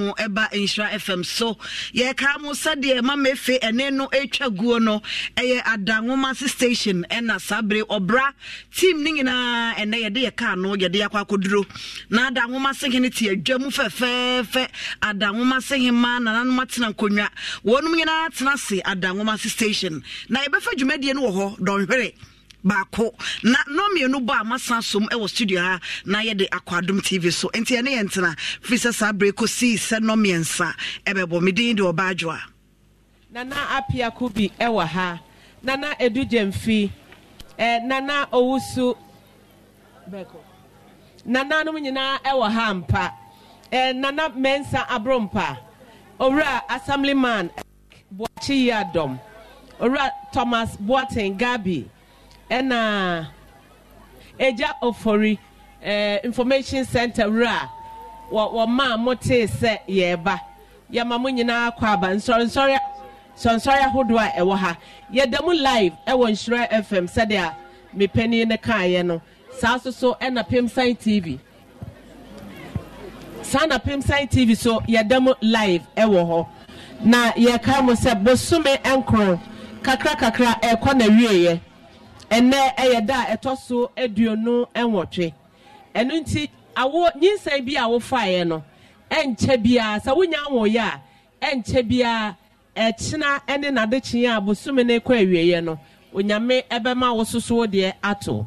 ho ɛba nhyira fm so yɛkaa mo sɛdeɛ mama efe ɛne no atwa guo no ɛyɛ adanwomase station ɛna saa bere ɔbra team ne nyinaa ɛnɛ yɛde yɛ kaa no yɛde akɔ akɔduro na adanwomase he no te adwa mu fɛfɛɛfɛ adanwomase he ma nananom atena nkonnwa wɔnom nyinaa tena ase adanwomase station na yɛbɛfa dwumadie no wɔ hɔ dɔnhwere baako na nɔmmienu bɔ a masan som wɔ studio ha na de akɔ adom tv so nti ɛne yɛ ntena firi sɛ saa berɛ kɔsii sɛ nɔmmiɛnsa ɛbɛbɔ medin de ɔba adwo nana apiako bi ɛwɔ ha nana edu gyemfi ɛɛ nana owusu bɛko nananom nyinaa ɛwɔ ha mpa ɛɛ nana mɛnsa abrompa owura assemblyman buakye yi adɔm owura thomas boateng gabi. ɛna agya ofori ɛɛ eh, information center wura wɔ wɔma a mote sɛ yɛreba yɛma mo nyinaa kɔ aba nsɔrɔnsɔrɔ nsɔrɔnsɔrɔ ahodoɔ a ɛwɔ ha yɛda mu live ɛwɔ Nsura fm sɛdeɛ mepani ne kaayɛ no saa nso so ɛna pemsan tv saa na pemsan tv so yɛda mu live ɛwɔ hɔ na yɛka mo sɛ bosome nkron kakra kakra ɛkɔ na wie yɛ. ɛnɛ ɛyɛ da a ɛtɔ so aduonu nwɔtwe ɛno nti awo nyinsan bi a yɛ no ɛnkyɛ biara sɛ wonya awɔyɛ a ɛnkyɛ biara ɛkyena ne n'adekye a bosome ne kɔ awieɛ no onyame ɛbɛma wo soso deɛ ato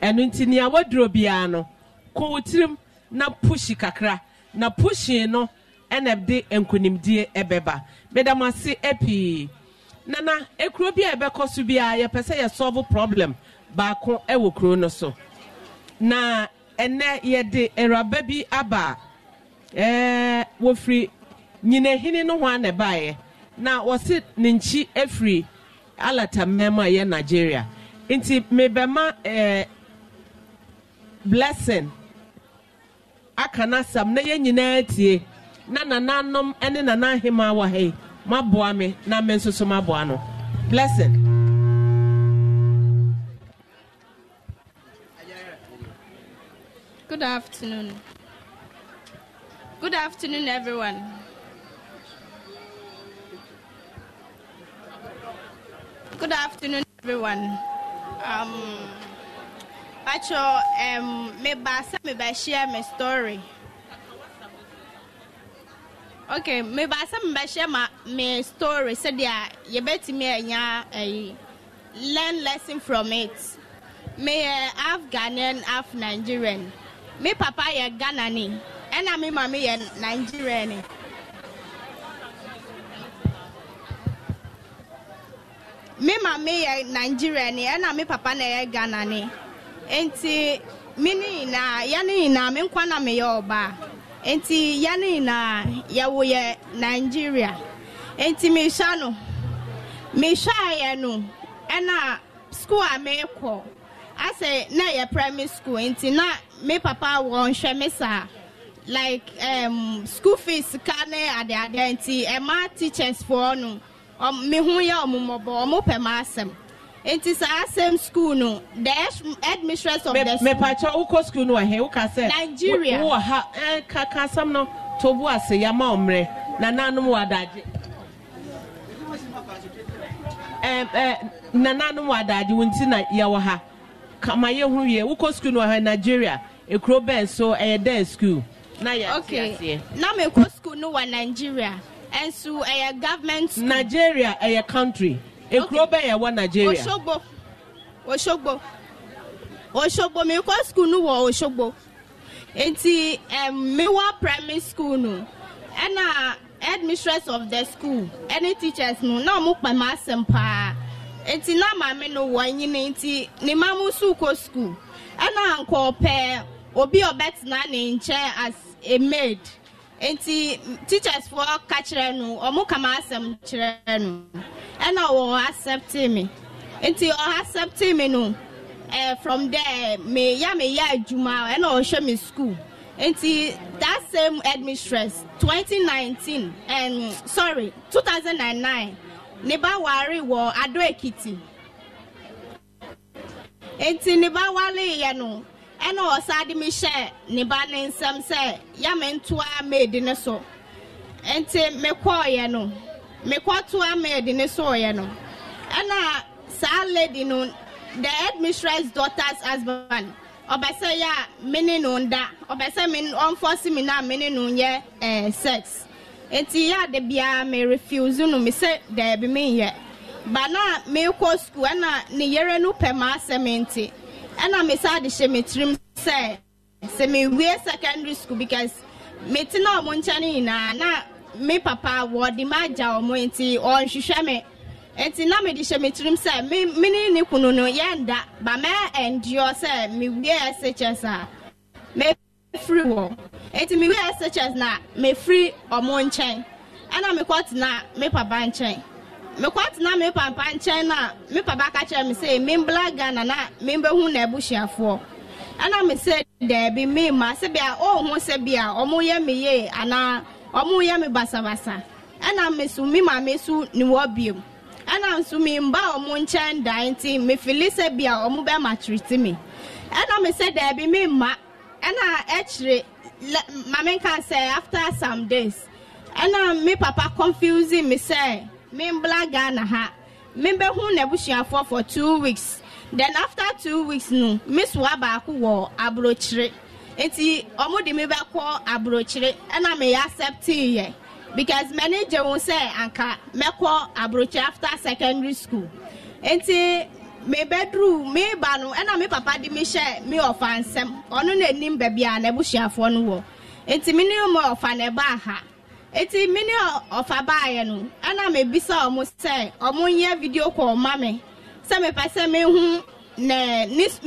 ɛno nti nea waduro biara no kɔ wo tirim na pushi kakra na pushi no ɛna ɛde nkunimdie ɛbɛba medamase ɛpii nana ekuro bi a ɛbɛkɔ so biara yɛpɛ sɛ yɛsɔlve problem baako ɛwɔ kuro no so na ɛnɛ yɛde awuraba bi aba a ɛɛ wɔfiri nyinahini no ho ana ɛbaeɛ na wɔsi ne nkyi afiri alata mmɛm a ɛyɛ nigeria nti mebɛma ɛɛ blessing aka na n'asam na yɛn nyinaa tie na nananom ne nanahema wɔ ha yi. maboa me na me nso so maboa no blessing. Good afternoon. Good afternoon, everyone. Good afternoon, everyone. Um, actually, um, me basa me bashia my story. ok mmebaasa mbɛhyɛ ma me story sɛdeɛ yɛbɛtumi anya ayi eh, learn lesson from it meyɛ eh, half ghanaian half nigerian me papa yɛ ghanani ɛna me maame yɛ nigerian me maame yɛ nigerian ɛna me papa na yɛ ghanani nti me ne nyinaa yɛ ne nyinaa me nkwa na ya ɔbaa nti ya na nyinaa yɛwɔ yɛ nigeria nti mehwɛ no mehwɛeɛ no ɛna school a meekɔ asɛ na yɛ primary school nti na me papa wɔ nhwɛ me saa like um, school fees sika ne adeade nti ɛma e teachers foɔ no me ho yɛ ɔmo mmɔbɔ ɔmo pɛ m asɛm nti saa same school no the headmistress of me, the school. mepatwa wokɔ school no ɔhɛn eh, woka sɛ. nigeria wowɔ ha ɛɛ eh, kaka asam no tobu ase yama ɔmrɛ nananom wɔ adagye. ɛɛ ɛɛ nananom wɔ adagye wɔn ti na eh, yɛwɔ ha kama yɛ ho wokɔ school no ɔhɛn nigeria ekuro bɛn so ɛyɛ dɛn school na yɛ ati aseɛ. okay na mekɔ school no wɔ nigeria ɛnso ɛyɛ government school. nigeria ɛyɛ country. ekuro bɛyɛ wɔ nigeria osogbo osogbo osogbo mi kɔ sukuu no wɔ osogbo nti um, mi wɔ primary school no ɛna headmistress of the school ɛne teachers no na ɔmo kpɛm asɛm paa nti na maame no wɔ nyini nti ne ma mo so kɔ sukuu ɛna nkɔɔ pɛɛ obi ɔbɛtena ne nkyɛn as a maid. nti teachers fo ka kyerɛ no ɔmo kama asɛm kyerɛ no ɛna wɔ accept me nti ɔ accept me no ɛɛ eh, from there me ya me ya adwuma ɛna ɔhwɛ me school nti that same headmistress 2019 ɛn sorry 2009 ne ba ware wɔ ado ekiti nti ne wale yɛ no ɛna ɔsa de mi hyɛ ne ba ne nsam sɛ yame ntoa maid ne so nti mekɔɔyɛ no mekɔtoa maid ne so ɔyɛ no ɛna saa lady no the headmistress daughter's husband ɔbɛsɛ yɛ a mene no nda ɔbɛsɛ me ɔmfɔ si mi na mene no yɛ ɛɛ eh, sex nti yɛ ade biara me refuse no me sɛ dɛɛbi me nyɛ ba na mekɔ school ɛna ne yere no pɛ maa sɛ nti ɛna me saa de hyɛ me tirim sɛ sɛ mewie secondary school because mete na ɔmo nkyɛn nyinaa na mi papa wɔde ma agya ɔmo nti ɔnhwehwɛ me nti na mede hyɛ mi tirim sɛ me me ne ne kunu no yɛnda ba mɛ ɛndiɔ sɛ mewie ɛsɛkyɛs a mefiri wɔ nti mewie ɛsɛkyɛs na mefiri ɔmo nkyɛn ɛna mekɔ tena me papa nkyɛn. mekwatena me papa nkyɛn na me papa ka kyerɛ me sɛ membla ghana na membɛhu na abusuafoɔ ɛna me sɛ daabi mema sɛbia ɔnhu sɛbia ɔmoyɛ me yie anaa ɔmoyɛ me basabasa ɛna me so me maame so ne wɔ biom ɛna nso memba ɔmo nkyɛn dan nti mefili sɛbia ɔmo bɛmatiriti me ɛna me sɛ daabi mema ɛna ɛkyire mame nka sɛ after some days ɛna me papa confusing me sɛ membla ghana ha membɛhu n'abusuafoɔ for two weeks then after two weeks no mesoa baako wɔ aburokyire nti wɔn de mi bɛkɔ aburokyire ɛna mi yɛ accepting yɛ because mɛni gye ho sɛ anka mɛkɔ aburokyire after secondary school nti mebɛduru meba no ɛna me papa de mi hyɛ mi ɔfa nsɛm ɔno na anim baabi a n'abusuafoɔ no wɔ nti mi ne mu ɔfa n'ɛba ha. eti mmiri a no ana m ebisa ọmụ sɛ ɔmo nyɛ video kɔ ɔma mi sɛ mepɛ sɛ mehu na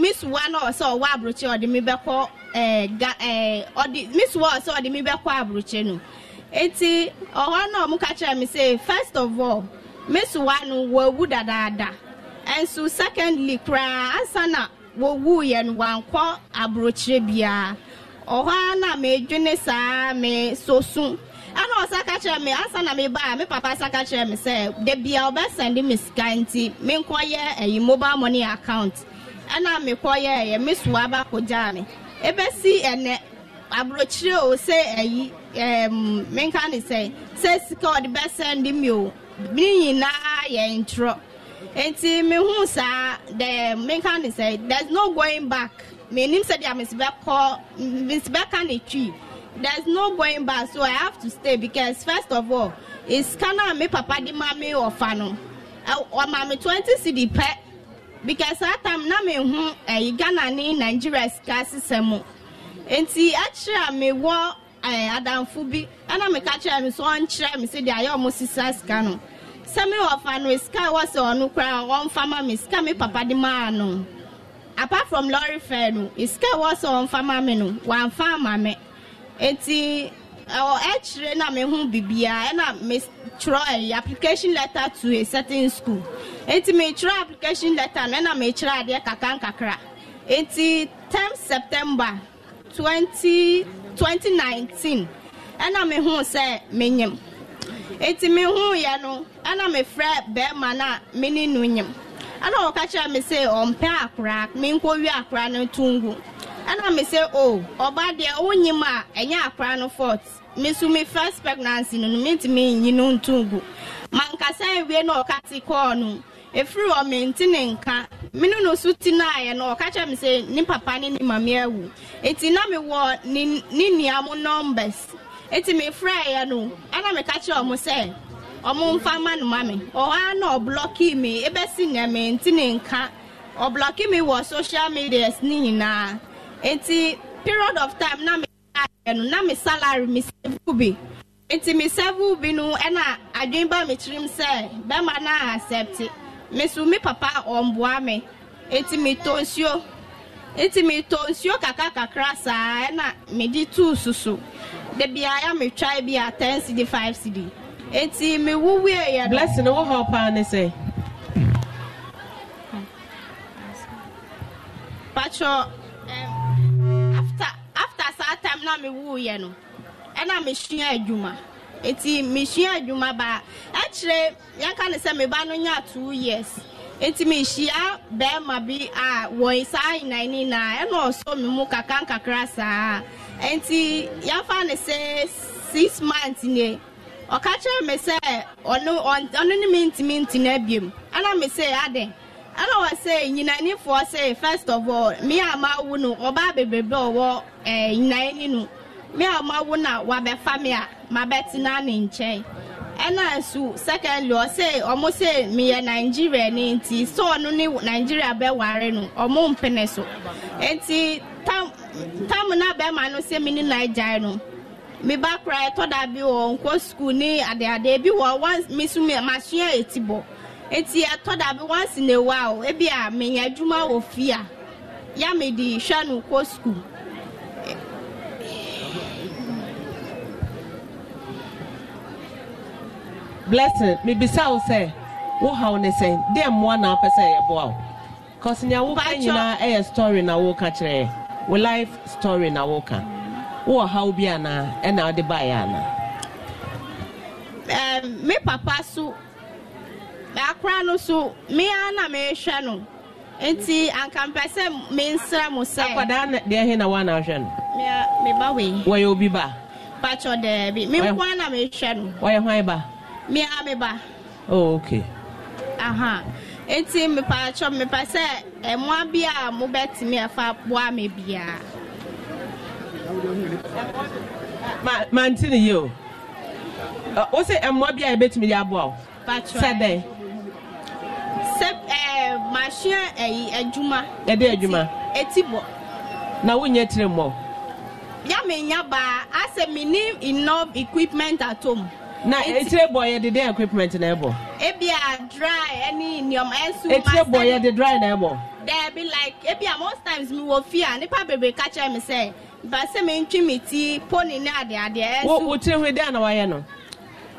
misuwa na ɔsɛ ɔwɔ aburukyi ɔde mi bɛkɔ eti ɔhɔ na ɔmo ka kyerɛ first of all misuwa no dada ada nso secondly koraa ansa na wɔwu yɛ no wankɔ aburukyi bịa ɔhɔ na mɛdwene saa mɛ soso. ana ɔsa ka kyerɛ me ansa na meba me papa sa ka kyerɛ me sɛ da bia di me sika nti menkɔyɛ ayi mobile money account ɛna mekɔyɛ ɛyɛ me soa ba kɔgyaa me ɛbɛsi ɛnɛ aburokyire o sɛ ayi ɛɛm menka ne sɛ sɛ sika ɔde bɛsɛnde mi o ne nyinaa yɛ ntorɔ nti mehu saa dɛ menka ne sɛ is no going back menim sɛdeɛ mesibɛkɔ mesibɛka ne twi there's no going back so i have to stay because first of all it's kind of me papa di mami ọfa no ọma mi twenty cd pẹ because that time na mi hu ẹyi ghana ni nigeria sika sisẹ mu nti akyerɛ a mi wɔ ɛɛ adanfo bi ɛna mi ka kyerɛ mi so ɔnkyerɛ mi si di ayɛ ɔmo sisa sika no sɛ mi ɔfa no sika ɛwɔ sɛ ɔno kura ɔnfa ma mi sika mi papa di maa no apart from lorry fare no sika ɛwɔ sɛ ɔnfa ma mi no wɔnfa ama mi. eti ɛkyerɛ e na mehu bibia ɛna e metwerɛ ɛyɛ application letter to a certain school eti metwerɛ application letter no ɛna e mekyerɛ adeɛ kakra nkakra eti term september twenty twenty nineteen ɛna mehu sɛ menyim eti mehu yɛ no ɛna mefrɛ bɛrima na mene no nyim ɛna ɔka kyerɛ me sɛ ɔmpɛ akora menkɔwie akora no to ɛna me sɛ o oh, ɔba deɛ wonyim a ɛnyɛ akora no fort me me first pregnancy no no mentumi nyi no nto gu mankasa awie na ɔka te kɔɔ no ɛfiri hɔ mente ne nka mene no so te no ayɛ no ɔka kyerɛ me sɛ ne papa ne ne mame awu ɛnti na mewɔ ne nnua mo numbers ɛnti mefrɛeɛ no ɛna meka kyerɛ ɔmo sɛ ɔmo mfa ma no ma me ɔhɔ na ɔblɔki me ɛbɛsi nea mente ne nka ɔblɔki me wɔ social medias ne nyinaa nti period of time na me ayɛ no na me salary me save bi nti me save bi n'u ɛna adwene ba me tirim sɛ bɛrima na accept me so me papa ɔmboa me nti me tɔ nsuo nti me to nsuo kaka kakra saa ɛna me di two soso debi aya me twa bi a ten cd five cd nti me wuwie yɛ. blessing wɔ hɔ paa ne sɛ. patro. na mewuiɛ no ɛna mesua adwuma nti mesua adwuma baa akyerɛ yɛnka ne sɛ meba no nya two years nti mehyia bɛrima bi a wɔn saa nnan ni na ɛna ɔsɔ me mu kakra nkakra saa nti yɛmfa ne sɛ six months nie ɔka kyerɛ me sɛ ɔno ɔno ne me ntumi ntina biem ɛna me sɛ adɛn ɛna wɔ sɛ nyinanifoɔ sɛ first of all me a ma wo no ɔbaa bebrebe ɔwɔ ɛɛ eh, nyinani no me a ma wo na wabɛfa me a ma bɛtena ne nkyɛn ɛna nso secondly ɔsɛ ɔmo sɛ meyɛ nigeria ne nti sɛ ɔno ne nigeria bɛware no ɔmo mpene so nti tam tam na bɛrima no sɛ me ne nigeria no meba koraa ɛtɔ da bi wɔ nkɔ sukuu ne adeade bi wɔ me so eti bɔ. nti ɛtɔ da bi once in a ebi a menya adwuma wɔ fie ya mi di hwɛ no kɔ school. blessing mibisa wo sɛ wo haw ne sɛ deɛ mmoa na apɛ sɛ ɛyɛ boa wo cause nea woka nyinaa ɛyɛ story na woka kyerɛ wo life story na woka wowɔ haw bi anaa ɛna wode baeɛ anaa me papa so akora no so mmea na mehwɛ no nti anka mpɛ sɛ mensrɛ mo sɛ akwadaa deɛ he na woana wohwɛ no meba wei wɔyɛ obi ba bakyɛ daabi menkoa na mehwɛ no wɔyɛ hwan ba mmea meba oh, ok aha nti mepaakyɛ mepɛ sɛ eh, mmoa bi a mobɛtumi afa boa me biara mante ne yie o wosɛ mmoa bi a yɛbɛtumi de aboa wo sɛ dɛn sɛ ɛɛ masua ɛyi adwuma. ɛde adwuma. eti bɔ. na wonyɛ tiri mɔ. ya mi nya baa asɛ mi ni enough equipment at home. na etire bɔ yɛ de den equipment na ɛbɔ. ebi a dry ɛni nneɛma ɛnso. etire bɔ yɛ de dry na ɛbɔ. dɛbi like ebi a most times mi wɔ fi nipa bebree kakyɛ mi sɛ basɛ mi ntwi mi ti poni ne adeadeɛ. wo wo tiri hu den na wayɛ no.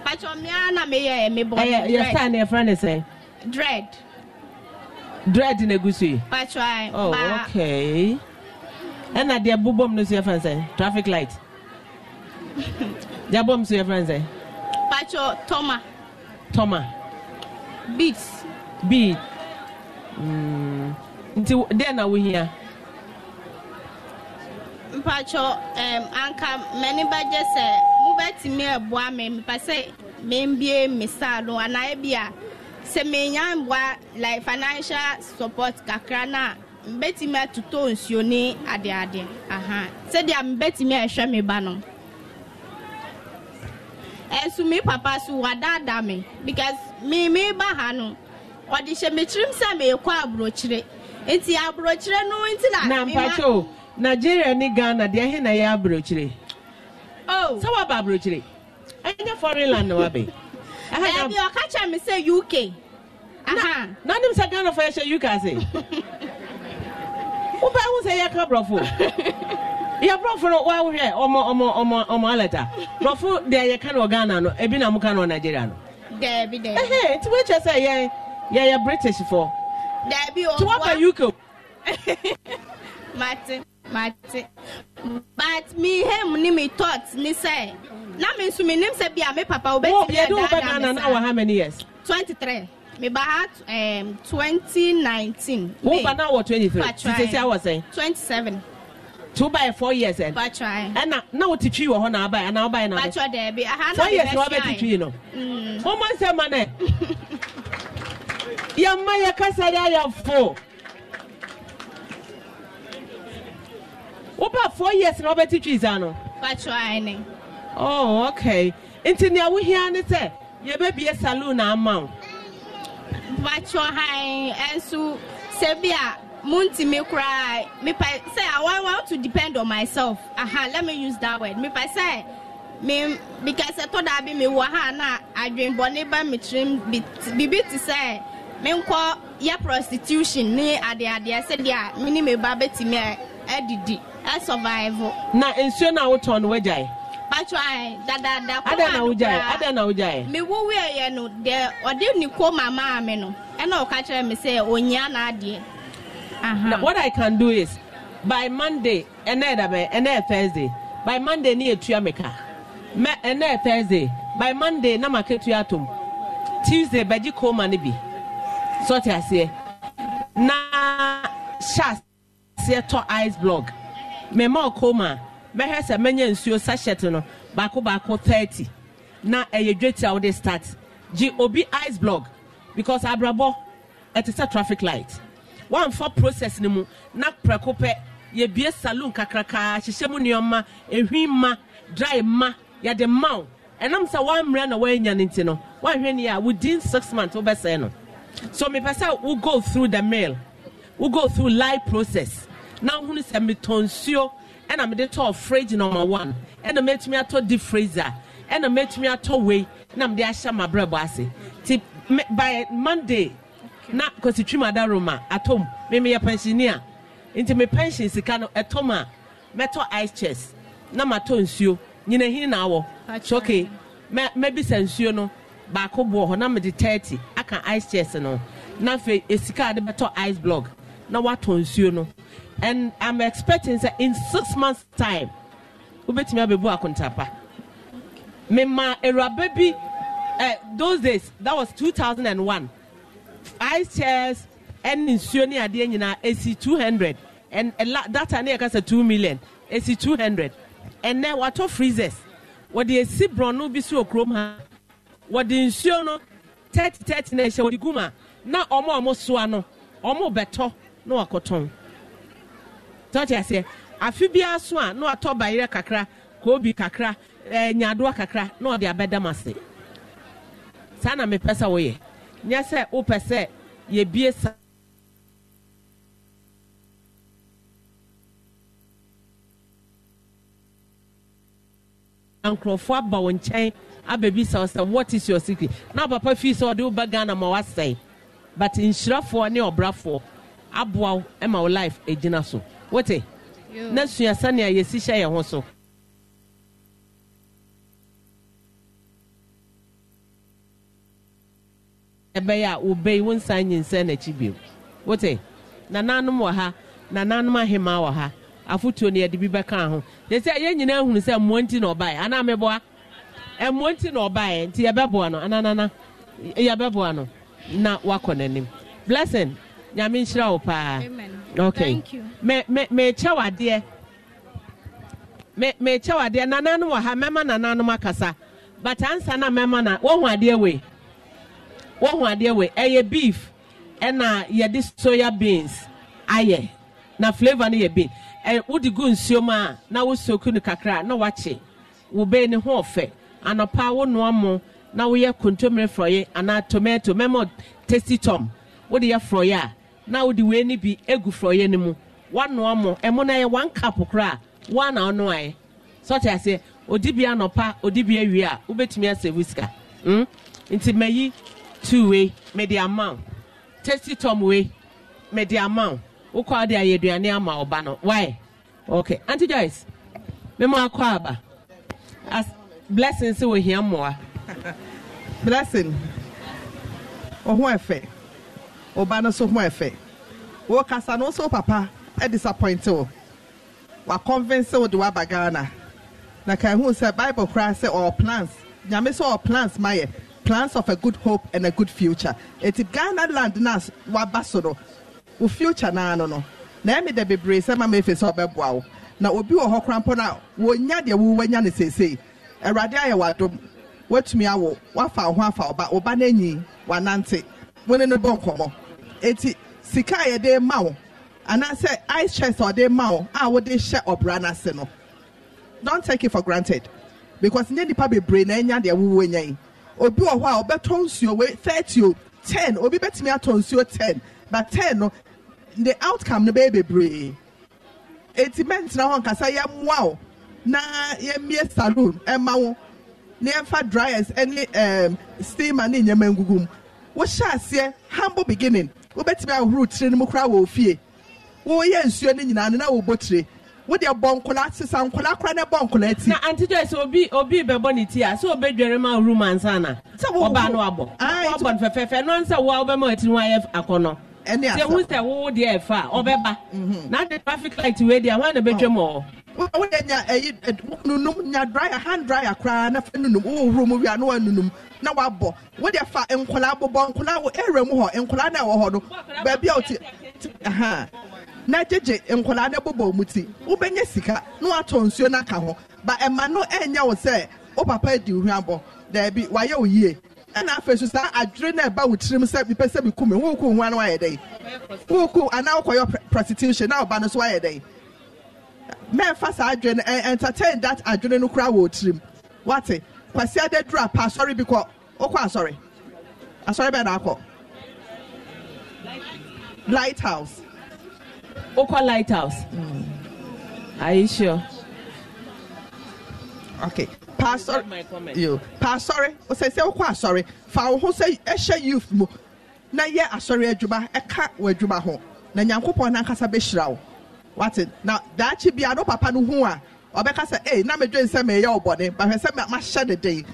pàtó mi a na mi yɛ mi bɔ. ɛyɛ yɛ star ni ɛfrɛ ni sɛ. dread dread na egu so yi. ɔtwa oh, okay ɛna deɛ bobom no so yɛ fɛn sɛ traffic light deɛ bom so yɛ fɛn sɛ. patro tɔma. tɔma. beat. beat mm. nti deɛ na wohia. mpatro um, anka mɛni bɛgye sɛ mo bɛ ti mi ɛboa mi mpɛ sɛ mɛ n bie mi saa no anaa bia. sɛ menya mboa like financial support kakra na mbɛtumi atotɔ nsuo ne adeade aha sɛdeɛ mbɛtumi ɛhwɛ e me ba no ɛnso e me papa so wadaada me because me me ba ha no ɔde hyɛ me kyirim sɛ meekɔ aburokyire nti aburokyire no nti na. na mpacho nigeria ni ghana deɛ ɛhe na ɛyɛ aburokyire. oh sɛ waba aburokyire ɛnyɛ foreign land na wabɛn. ɛbi ɔka sɛ uk. nanim sɛ ghanafo yɛhyɛ uk ase wobɛ sɛ yɛka borɔfo yɛ borɔfo no woawohwɛ ɔmɔ alɛta borɔfo deɛ yɛka no ɔghana no ebi na moka no ɔnigeria no nti woakyɛ sɛ yɛyɛ britishfoɔ daabi uk mate but me hem ni me thought ni sɛ na me nso me nim sɛ a me papa wo bɛtumi ɛda na me sa. Ghana na wɔ how many years. twenty three me ba ha um, twenty nineteen. wo ba na wɔ twenty three titi si awɔ sɛn. twenty seven. two by four years ɛn. Eh? patrai. ɛna eh, na wo ti twi wɔ hɔ na aba yɛ eh, na aba yɛ na four years na wabɛ ti twi no. mo mm. mɔ nsɛm ma nɛ. yamma yɛ kasa de ayɛ fo. woba four years na wobɛte twi za no ne oh okay nti nea wohia ne sɛ yɛbɛbie saloon ama wo batwɔ han ɛnso sɛ bi a montimi koraa mepɛ sɛ i want to depend on myself Uh huh. let me use that word pa sɛ me because ɛtɔ da bi mewɔ ha na adwenbɔne ba me tirim biribi te sɛ menkɔ yɛ prostitution ni ne adeadeɛ sɛdeɛ a me ne me ba bɛtumi adidi ɛsɔvaivu. na nsuo na awotɔn no wagya yi. patwa dadaada kɔma adan na wogya yi adan na wogya yi. mi wuwu yɛ no deɛ ɔde ne ko ma maa mi no ɛna ɔka kyerɛ mi sɛ onyia n'adeɛ. na what i can do is by monday ɛnɛ ɛdabɛ ɛnɛ yɛ thursday by monday ni etua mi ka mɛ ɛnɛ thursday by monday na ma ketua tom tuesday bɛgye kɔma ne bi sɔte aseɛ na hyɛ aseɛ tɔ ice block mema ɔkɔ mu a mɛhɛ sɛ mɛnya nsuo sachet no baako baako thirty na ɛyɛ dwetí a wɔde start gye obi ice block because abrabɔ ɛte sɛ traffic light wɔamfa process no mu na prɛko pɛ yɛbie saloon kakrakaa hyehyɛ mu nneɛma ehwin ma dry ma yɛde ma o ɛnam sɛ wɔammerɛ na wɔanya ne ti no wɔahwɛ ni a within six months wɔbɛsɛɛ no so mepɛ sɛ wo go through the mail wo go through live process na ahunu sɛ metɔ nsuo ɛna mede tɔ fridge number one ɛna metumi atɔ deep freezer ɛna metumi atɔ wei na mede ahyɛ mabrɛbɔ ase ti by monday na kɔsi twim adaroma atɔm mmemme yɛ pensionia nti me pension sika no ɛtɔm a mɛtɔ ice chest na ma matɔ nsuo nyinahin na awɔ soke mɛbisa nsuo no baako boɔ hɔ na mede thirty aka ice chest no na afei esika a de bɛtɔ ice block na watɔ nsuo no and I'm expecting that in six months' time, wobɛtumi abɛbu akontapa mema awuraba bi uh, eh, those days that was 2001 ice chairs ɛne nsuo ne adeɛ nyinaa AC 200 and that time ne yɛka 2 million AC 200 and ɛnɛ watɔ freezers wɔde esi AC bi so wɔ kurom ha wɔde nsuo no 30 30 na ɛhyɛ wɔde gu mu a na ɔmo a ɔmo soa no ɔmo bɛtɔ tɔɔkye aseɛ afi biara so a na watɔ bayerɛ kakra koobi kakra ɛɛ nyaadoa kakra na ɔde abɛdam ase saa na mepɛ sɛ woyɛ nyɛ sɛ wopɛ sɛ yɛbie saa. nkurɔfoɔ aba wɔn nkyɛn abɛbisa sɛ what is your secret na papa fi sɛ ɔde woba ghana ma wasɛe but nhyirafoɔ ne ɔbrafoɔ aboa wo ma wo life ɛgyina so wote na sua sɛnea yɛsi hyɛ yɛn ho so ɛbɛyɛ a wobɛyi wo nsa nyinsɛ n'akyi bio wote nananom wɔ ha nananom ahema wɔ ha afotuo no yɛde bi bɛka ho yɛsɛ yɛn nyinaa hunu sɛ mmoa nti na ɔbaeɛ anaa meboa mmoa nti na ɔbaeɛ nti yɛbɛboa no ananana yɛbɛboa no na wakɔ n'anim blessing nyame nhyira wo paa okay mekyerɛ wadeɛ mekyerɛ wadeɛ nananom wɔ ha mɛma nananom akasa but ansa na mɛma na wɔhu adeɛ wei wɔhu adeɛ wei ɛyɛ beef ɛna yɛde soya beans ayɛ na flavour no yɛ bean ɛ wode gu nsuo mu a na wosoku no kakra na wakye wo bɛn ne ho ɔfɛ anɔpa wo mo na woyɛ kontomire frɔye anaa tomato mɛmɔ tasty tom wode yɛ frɔye a na wode wei no bi egu frɔyɛ no mu wanoa mɔ ɛmo no yɛ one cup koraa wana ɔnoaɛ sɛ ɔte aseɛ odi bi anɔpa odi bi awie a wobɛtumi asɛ wo sika hmm? nti mayi two wei mede ama wo tasty tom wei mede ama wo wokɔ a ayɛ aduane ama ɔba no why Ok, anti joyce mema akɔ aba as blessing sɛ wɔhia mmoa blessing ɔho ɛfɛ ɔba no nso ho ɛfɛ wɔkasa no nso wo papa e disappoint wo wakɔnvince wo de waba ghana na ka ehu sɛ bible koraa sɛ ɔwɔ plans nyame sɛ ɔwɔ plans ma yɛ plans of a good hope and a good future eti ghana land na waba so no wo future naa no no na ɛmi dɛ bebree sɛ mama efe sɛ ɔbɛboa wo na obi wɔ hɔ koraa mpo na wonya deɛ wowɔ nya ne seesei awurade ayɛ wadom watumi awo wafa wo ho afa ɔba ɔba n'enyi wanante wɔne no bɔ nkɔmɔ eti sika a yɛde ma wo anaasɛ ice chest a ɔde ma wo a wɔde hyɛ ɔbra n'ase no don't take it for granted because nye nipa bebree na enya deɛ wuwo enya yi obi wɔ hɔ a ɔbɛtɔ nsuo wei thirty o ten obi bɛtumi atɔ nsuo ten but ten no the outcome no bɛyɛ bebree eti mɛntena hɔ nkasa yɛ mua o na yɛ mie saloon ɛma wo na yɛ fa dryers ɛne ɛɛm steamer ne nyɛma ngugu mu wɔhyɛ aseɛ humble beginning wobɛtumi ahoro tire no mu koraa wɔ fie wɔyɛ nsuo no nyinaa no na wɔbɔ tire wode bɔ nkola sisan nkola kora ne bɔ nkola ti. na aunty joyce obi obi bɛ bɔ ne ti a so obe dwere ma oru mansa na. sɛ wo ɔbaa no abɔ ɔbɔ no fɛfɛɛfɛ n'o nsa wo a wobɛ ma ɔti no ayɛ akɔnɔ. ɛni asa sɛ wo sɛ wo deɛ ɛfa ɔbɛ mhm. na de traffic light wei deɛ wɔn na bɛ twɛ mu ɔ. wode nya nunum nya dryer hand dryer koraa na fa nunum wohoro mu wia na wa na wabɔ fa nkɔlaa bobɔ nkɔlaa wɔ area mu hɔ na ɛwɔ hɔ no baabi a wɔte na gyegye nkɔlaa na bobɔ mu ti wobɛnya sika na watɔ nsuo ba ɛma no wo sɛ wo papa daabi wayɛ wo yie ɛna afei so saa adwere na ɛba wo tirim sɛ sɛ a na wayɛ dɛn anaa wokɔyɛ prostitution na ɔba no so mmefa saa adwene eh, eh, entertain that adwene no kura wɔ tirim wate kwasi adedura pa asɔre bi kɔ okɔ asɔre ah, asɔre bɛn na akɔ lighthouse. okɔ lighthouse. Hmm. are you sure. okay pastor yo pastor osese okɔ asɔre fa wo ho sɛ ɛhyɛ e youth mu na yɛ asɔre adwuma ɛka e wɔ adwuma ho na nyankopɔn nankasa bɛhyira wo. wate na daakye bia no papa no hu a ɔbɛka sɛ ee na medwe nsɛ meyɛ ɔbɔne bahwɛ sɛ mahyɛ ne den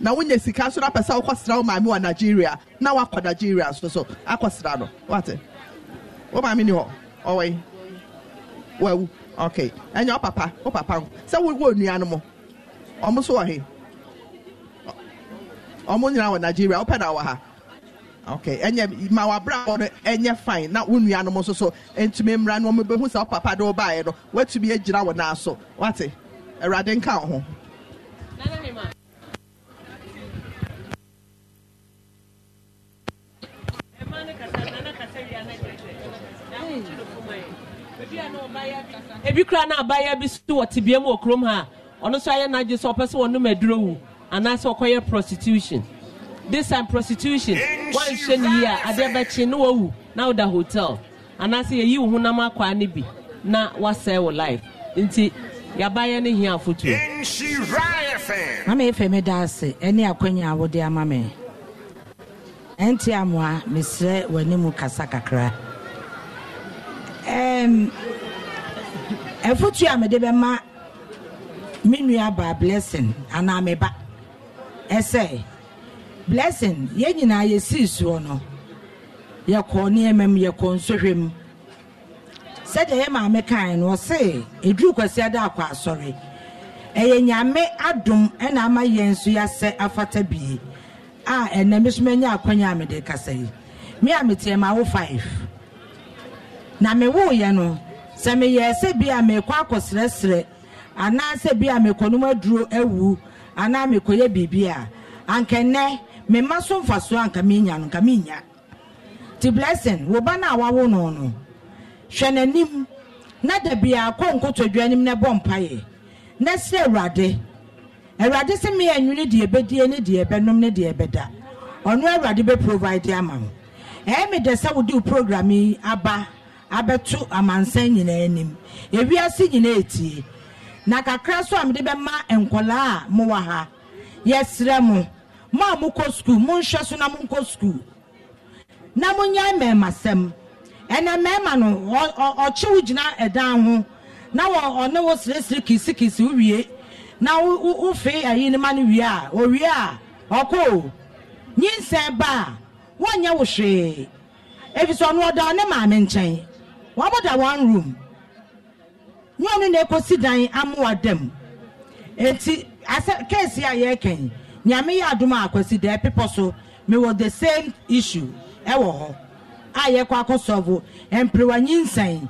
na wonya sika so na pɛ sɛ wokɔsra wo maame wɔ nigeria na woakɔ nigeria so so akɔsra no wate wo maame ni hɔ ɔwɔ yi wawu okay ɛnyɛ ɔpapa wo papa sɛ wowɔ nnua no mo ɔmo so wɔ he ɔmo nyinaa wɔ nigeria wopɛ na wɔ ha okay ɛnyɛ ma wabra hɔ no ɛnyɛ fine na wo nuanom nso so ntumi mmra no ɔmobɛhu sɛ papa de wobaeɛ no woatumi agyina wo naa so wate awurade nka wo ho ebi kura na abaayewa bi so wɔ tibia mu wɔ kurom ha ɔno nso ayɛ n'agye sɛ ɔpɛ sɛ ɔnum aduro wu anaasɛ ɔkɔyɛ prostitution. this time prostitution wanhwɛ ne yie a adeɛ bɛkye na wawu na woda hotel anaasɛ yɛyi wo honam akwaa no bi na wasɛe wo life nti yabayɛ ne hia afotuo mama yɛfɛ me da ase ɛne akwanya a wode ama me ɛnte amoa mesrɛ w'animu kasa kakra ɛfotuo a mede bɛma me nua baa blessing anaa me ba ɛsɛ blessing yɛn nyinaa yɛsii soɔ no yɛkɔɔ nneɛma mu yɛkɔɔ nsɔhwɛ mu sɛdeɛ yɛ maame kan no ɔse eduru kwasi ada akɔ asɔre ɛyɛ nyame adum ɛna ama yɛn nso yɛasɛ afata bie a ɛnna mi nso mɛnya akɔnya a mɛde kasa yi mi a mɛte ɛma awo five na mɛwo yɛ no sɛ mɛyɛ ɛsɛ bi a mɛkɔ anaa anaasɛ bi a mɛkɔ nom aduro awu anaa mɛkɔ yɛ biribi a ankɛnɛ. memma so mfasoɔ a nka menya no nka menya nti blessing wo ba no a wawo no no hwɛ n'anim na da biara kɔ nkotodwe anim na bɔ mpaeɛ na sɛ awurade awurade sɛ meyɛ nwene deɛ ɛbɛdie ne deɛ ɛbɛnom ne deɛ ɛbɛda ɔno awurade bɛprovide ama wo ɛyɛ me dɛ sɛ wode wo program yi aba abɛto amansan nyinaa anim ewiase nyinaa etie na kakra so a mede ma nkɔlaa a mowɔ ha yɛsrɛ mo. Yes, ma mokɔ sukuu monhwɛ so na monkɔ sukuu na monyɛ mmarima sɛm ɛnɛ mmarima no ɔkye gyina ɛdan ho na ɔne wo seresere kisikisi wowie na wofe ayi ne ma no wie a owie a ɔkɔ nyinsɛn ba a wɔnyɛ wo hwee efisɛ ɔno ɔda ne maame nkyɛn wɔbɛda one room nyɛ ɔno na ekosi dan amoa dɛm eti asɛ keesi a yɛrekɛn. nyame yɛ adom a akwasi dɛ pepɔ so mewɔ the same issue ɛwɔ hɔ a yɛkɔ akɔsɔvo mperewanyinsɛn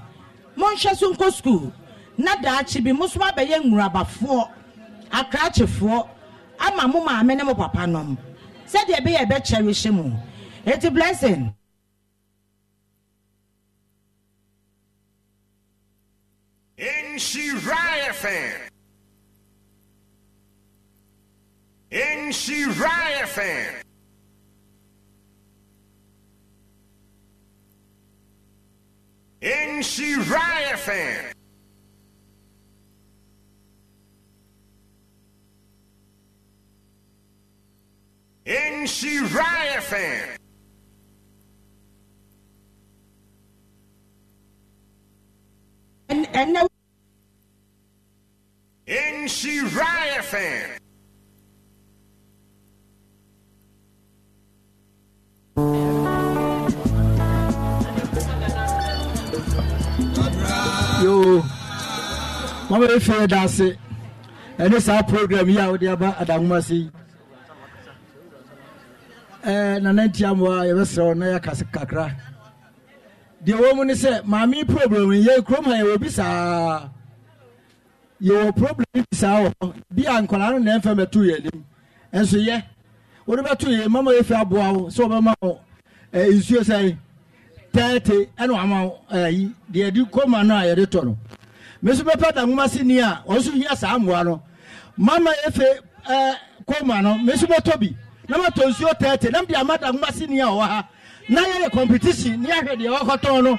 monhwɛ so nkɔ sukuu na daakye bi mo so abɛyɛ nwurabafoɔ akrakyefoɔ ama mo maame ne mo papa nom sɛdeɛ ɛbɛyɛ ɛbɛkyɛrehyɛ mu eti blessing nhyira yɛ fɛn in Shirai In Shirai In Shirai And, and no. In Shirai yoo wọn bɛ fi ɛda ase ɛne saa program yi a wɔde aba adahoma se yi ɛɛ nana ntia mu a yɛbɛsrɛ wɔn na yɛ kase kakra deɛ wɔn mu ne sɛ maame program yi yɛ kurom ha yɛ wɔ bi saa yɛwɔ problem bi saa wɔ hɔ bi a nkwadaa no na ɛnfɛn bɛtu yɛ anim nso yɛ wɔde bɛtu yɛ mama yɛ fi aboa wo sɛ wɔbɛma wɔ ɛɛ eh, nsuo sɛn thirty ɛna wɔn ayi deɛ di kɔma no a yɛde tɔ no mɛ nso bɛpɛ da nwoma ni a wɔn nso hia saa mmoa no mama efe ɛɛ kɔma no mɛ nso bɛtɔ bi na ma tɔ nsuo thirty na de ama da nwoma si ni a ɔwɔ ha na yɛyɛ competition ni ahwɛ deɛ wɔkɔtɔn no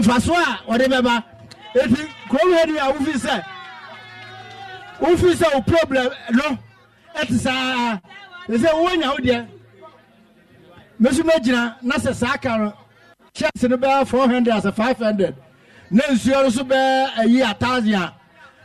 mfaso a wɔde bɛba eti kurom hɛ ni a wofi sɛ wofi sɛ o problem no ɛte saa ɛsɛ wɔn nya o deɛ kyɛnse no bɛyɛ four hundred asɛ five hundred ne nsuo no so bɛyɛ ayi ataase a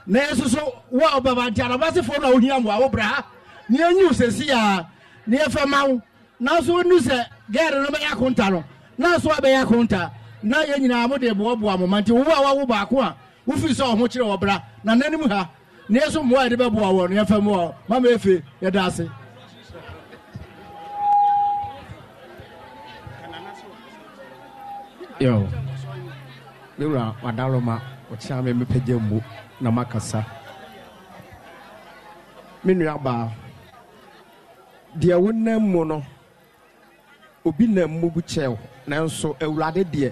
na yɛso so wo a ɔbɛba nti anabasefoɔ no a wohia mmoa wo bra ha ne yɛnyi wo a ne yɛfɛ ma wo nanso sɛ gɛɛre no bɛyɛ akonta no nanso abɛyɛ akonta na yɛn nyinaa mo de boaboa mo ma nti wo a wawo baako a wofiri sɛ ɔho kyerɛ wɔ na nanim ha ne yɛso mmoa a yɛde bɛboa wɔ no yɛfɛ mu wɔ mama efe yɛda ase yo me wura wadaroma ɔkyea me mepɛgya mu na makasa me nua baa deɛ wonam mu no obi nam mu bu kyɛw nanso awurade deɛ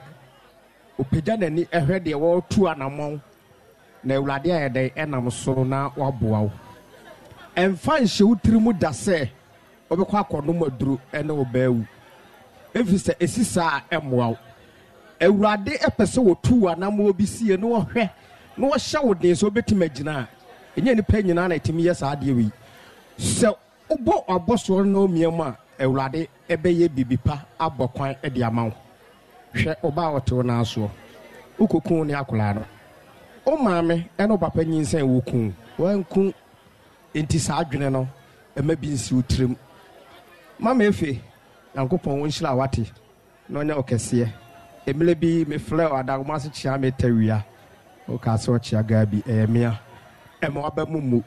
ɔpagya n'ani ɛhwɛ deɛ wɔretu anammɔn na awurade ayɛ dɛn ɛnam soro na waboa wo ɛmfa nhyɛ wo tiri mu da sɛ wɔbɛkɔ akɔnom aduro ɛne wo baa wu ɛfiri sɛ ɛsi saa ɛmmoa wo awurade pɛ sɛ wɔtu wɔ anammoɔ bi sie na wɔhwɛ na wɔhyɛ wo den sɛ wobɛtumi agyina a ɛnyɛ nipa nyinaa na ɛtumi yɛ saa adeɛ wei sɛ wobɔ abɔsoɔ no mmiɛ mu a awurade ɛbɛyɛ biribi pa abɔ kwan de ama wo hwɛ ɔbaa a ɔte wo nan soɔ wokɔku ne akwaraa no wo maame ɛne ɔpapa nyinsɛn wɔku wanku enti saa adwene no ɛma bi nsi wo tirim mama efe nyankopɔn wo nhyira a wate na ɔnyɛ ɔkɛseɛ emile bi mefrɛ ɔadankoma ase kyea metawia woka sɛ ɔkyea gaa e, e e bi ɛyɛ mea ɛma wabɛmu mu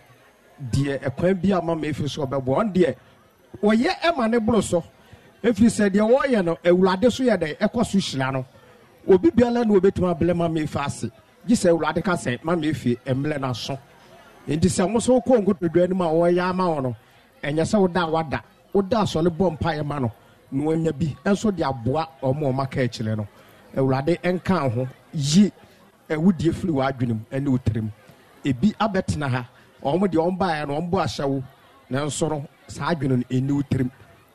deɛ ɛkwan bi ama ma ɛfiri so ɔbɛboa ɔn deɛ wɔyɛ ɛma ne boro so ɛfiri sɛ deɛ wɔyɛ no awurade so yɛ dɛ ɛkɔ so hyira no obi biara na obɛtumi abɛlɛ ma ma ɛfi ase gye sɛ awurade ka sɛ ma ma ɛfi ɛmlɛ n'aso nti sɛ mo so wokɔ nkotodwa anim a wɔyɛ ama wɔ no ɛnyɛ sɛ woda a wada woda asɔre bɔ mpa ɛma no na wɔnya bi ɛnso de aboa ɔmo ɔma ka akyerɛ no awurade nka ho yi awudie firi w'adwene mu ne wo tirim ebi abɛtena ha wɔn deɛ wɔn baeɛ no wɔn bɔ ahyɛwo nanso no saa adwene no ɛni wo tirim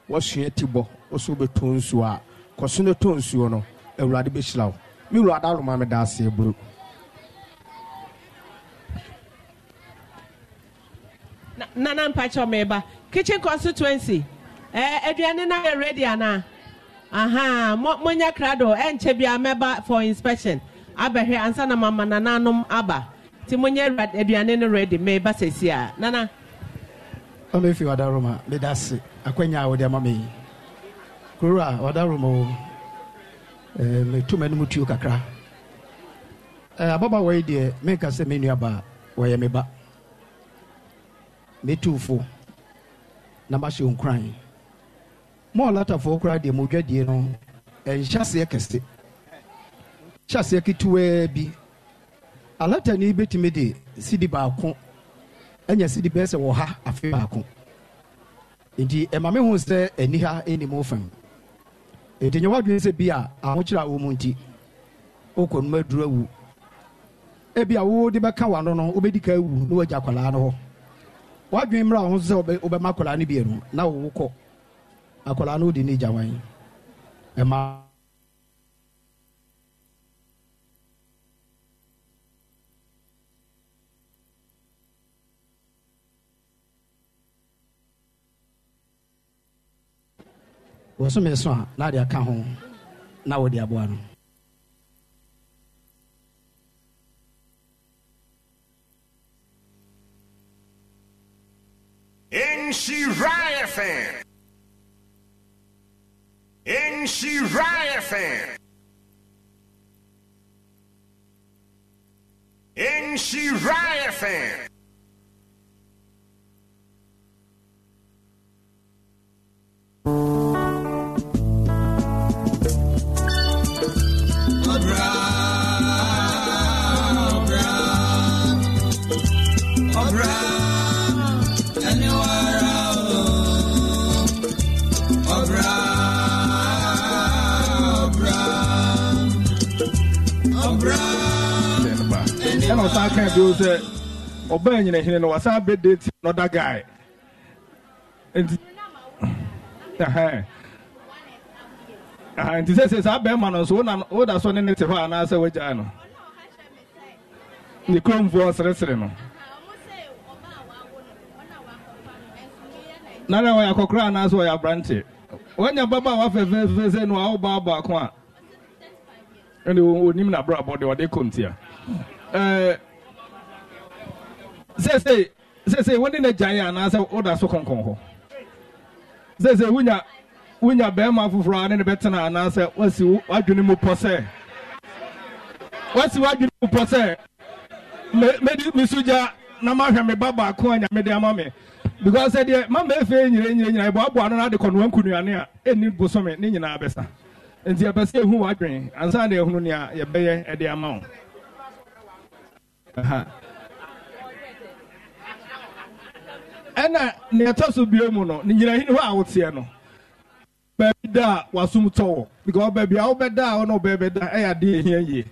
wɔsua ti bɔ wɔsɔ bɛtɔ nsuo a kɔso no tɔ nsuo no awurade bɛhyira wo mi wura adaalo maame da aseɛ buru. nana mpakyɛ ɔmɛɛba kitchen constituency ɛɛ aduane na yɛ ready anaa. aha monyɛ krado ɛnkyɛ bia mɛba for inspection abɛhwɛ ansa na mama nananom aba nti monyɛ aduane e no ready meba sɛsi a nana ɔmɛfi wadaroma meda se akwanya a wode ama me kuro a wadaroma o metu m'anom tuo kakra ababa wɔyi deɛ menka sɛ me nuaba wɔyɛ me ba metuufo na mahyɛ onkuran ma ɔlatafoɔ koraa deɛ modwadie no ɛnhyɛseɛ kɛse hyɛseɛ ketewaa bi alatani bɛtumi de sidi baako ɛnya sidi bɛɛ sɛ ha afe baako nti ɛma me ho sɛ ani ha ɛnim wo fam nti nyɛ woadwene sɛ bi a ahokyerɛ a wɔ mu nti wokɔ nom aduru awu ebi a wode bɛka wano no wobɛdi ka awu na woagya akwadaa no hɔ woadwene mmerɛ a ho sɛ wobɛma akwadaa no bianu na wowokɔ akwadaa no di ne gya wan mmaa. wɔsome so a na ade aka ho na wɔde aboa no In Shiraya fan. in Shirai In Shirai e aka ebi o sẹ ọba ẹnyina hin na wasa abe guy nti nti sẹ sẹ saa bẹẹma no nso o da ne ne te hɔ anaasɛ no ne no nana akɔkora anaasɛ wanya baba a wafɛfɛfɛ sɛ no a wobaa baako a ɛne onim na abrabɔ ɔde sɛsei eh, sɛsei wone na gyae anaasɛ woda so kɔnkɔn hɔ sɛsei wonya wonya bɛrima foforɔ a ne ne bɛtena anaasɛ wasi w'adwene mu pɔ sɛ wasi w'adwene mu pɔ sɛ medi misu gya na mahwɛ me ba baako a nyame de ama me because sɛ deɛ mama efe nyina nyina nyina ɛbɔaboa ano na ade kɔ noa nkunuane a ɛnni bosome ne nyinaa bɛsa nti ɛpɛ sɛ ehu w'adwene ansa na ehunu nea yɛbɛyɛ ɛde ama wo ɛna nea ɛtɔ so bie mu no ne nyinahene hɔ a woteɛ no baabi da a wasom tɔ wɔ because baabi a wobɛda a ɔna wobɛbɛda ɛyɛ adeɛ ɛhia yie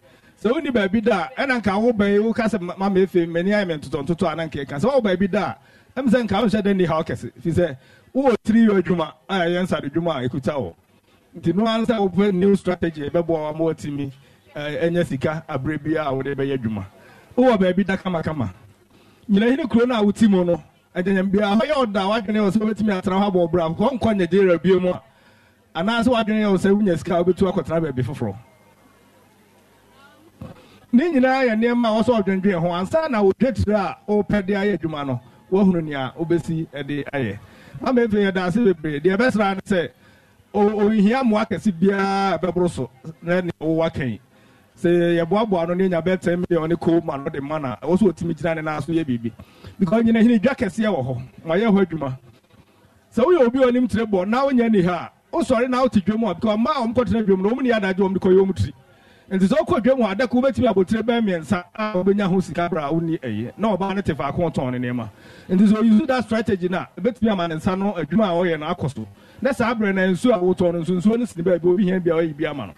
sɛ woni baabi da a ɛna nka wobɛn yi woka sɛ mama efe m'ani ayɛ me ntotɔntoto a na nka ɛka sɛ wɔwɔ baabi da a ɛm sɛ nka wohyɛ dɛ ni ha ɔkɛse fi sɛ wowɔ tiri yɛ adwuma a ɛyɛ nsade dwuma a ɛkuta wɔ nti no ansa wopɛ new strategy ɛbɛboa wa ma wɔtumi ɛnyɛ sika aberɛ bi a wode bɛyɛ adwuma wowɔ baabi da kamakama nyina hene kuro no a woti mu no ɛnyanyambia hɔ yɛ ɔda wadwene wɔ sɛ wobɛtumi atena hɔ abɔ bra kɔ nkɔ bio mu a anaasɛ wadwene yɛ wɔ sɛ wonya sika wobɛtu akɔtena baabi foforɔ ne nyinaa yɛ nneɛma a wɔ ɔdwendwen ho ansa na wodwa a wopɛ de ayɛ adwuma no woahunu nea wobɛsi de ayɛ ama afei yɛda ase bebree deɛ ɛbɛsra ne sɛ ohia mmoa kɛse biara sɛ yɛboaboa no ne nya bɛ ten million ne ko ma no de ma na ɛwɔ so otumi gyina ne nan so yɛ biribi because nyina hini dwa kɛseɛ wɔ hɔ wɔayɛ hɔ adwuma sɛ woyɛ obi a onim tire bɔ na wonya ni ha a wosɔre na wote dwam a because ɔmaa a wɔmkɔtena dwam no wɔm ne yɛ adagye wɔm de kɔyɛ wɔm tiri nti sɛ wokɔ dwam adaka wobɛtumi abotire bɛn mmiɛnsa a wobɛnya ho sika berɛ a wonni ɛyɛ na ɔbaa no te faako tɔn ne nneɛma nti sɛ ɔyusu that strategy no a ɛbɛtumi ama ne nsa no adwuma a ɔyɛ no akɔ so na saa berɛ na nsuo a wotɔn no nso no sene baabi obi hia bi ɔyɛ bi ama no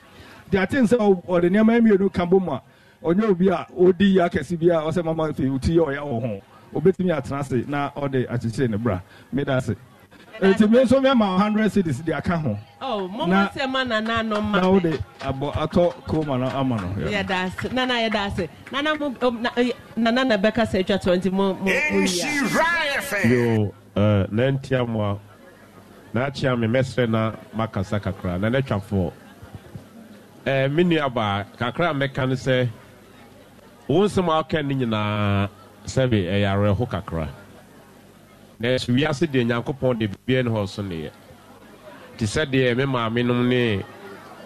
deɛ ate sɛ ɔde nneɛma mmienu ka bɔ mu a ɔnyɛ obi a ɔdi yi akɛse bi a ɔsɛ mama afei ɔti yɛ ɔyɛ wɔ ho obetumi atena ase na ɔde akyekyere ne bra meda ase eti mi nso mi ama hundred cities de aka ho. na na o de abɔ atɔ kuroma na ama ah, no. nana yɛda nana mo nana oh, na bɛka sɛ atwa twenty mo mo mo yia. yo ɛɛ eh, n'antia mu a n'akyia mi mɛsrɛ na makasa kakra na n'atwa fo. Eh, me nuabaa kakra a mɛka ne sɛ wo nsɛm aka woka no nyinaa sɛbe ɛyɛ awerɛho kakra nanso wiase deɛ nyankopɔn de biribiara ne hɔ so neyɛ nti sɛdeɛ me maamenom ne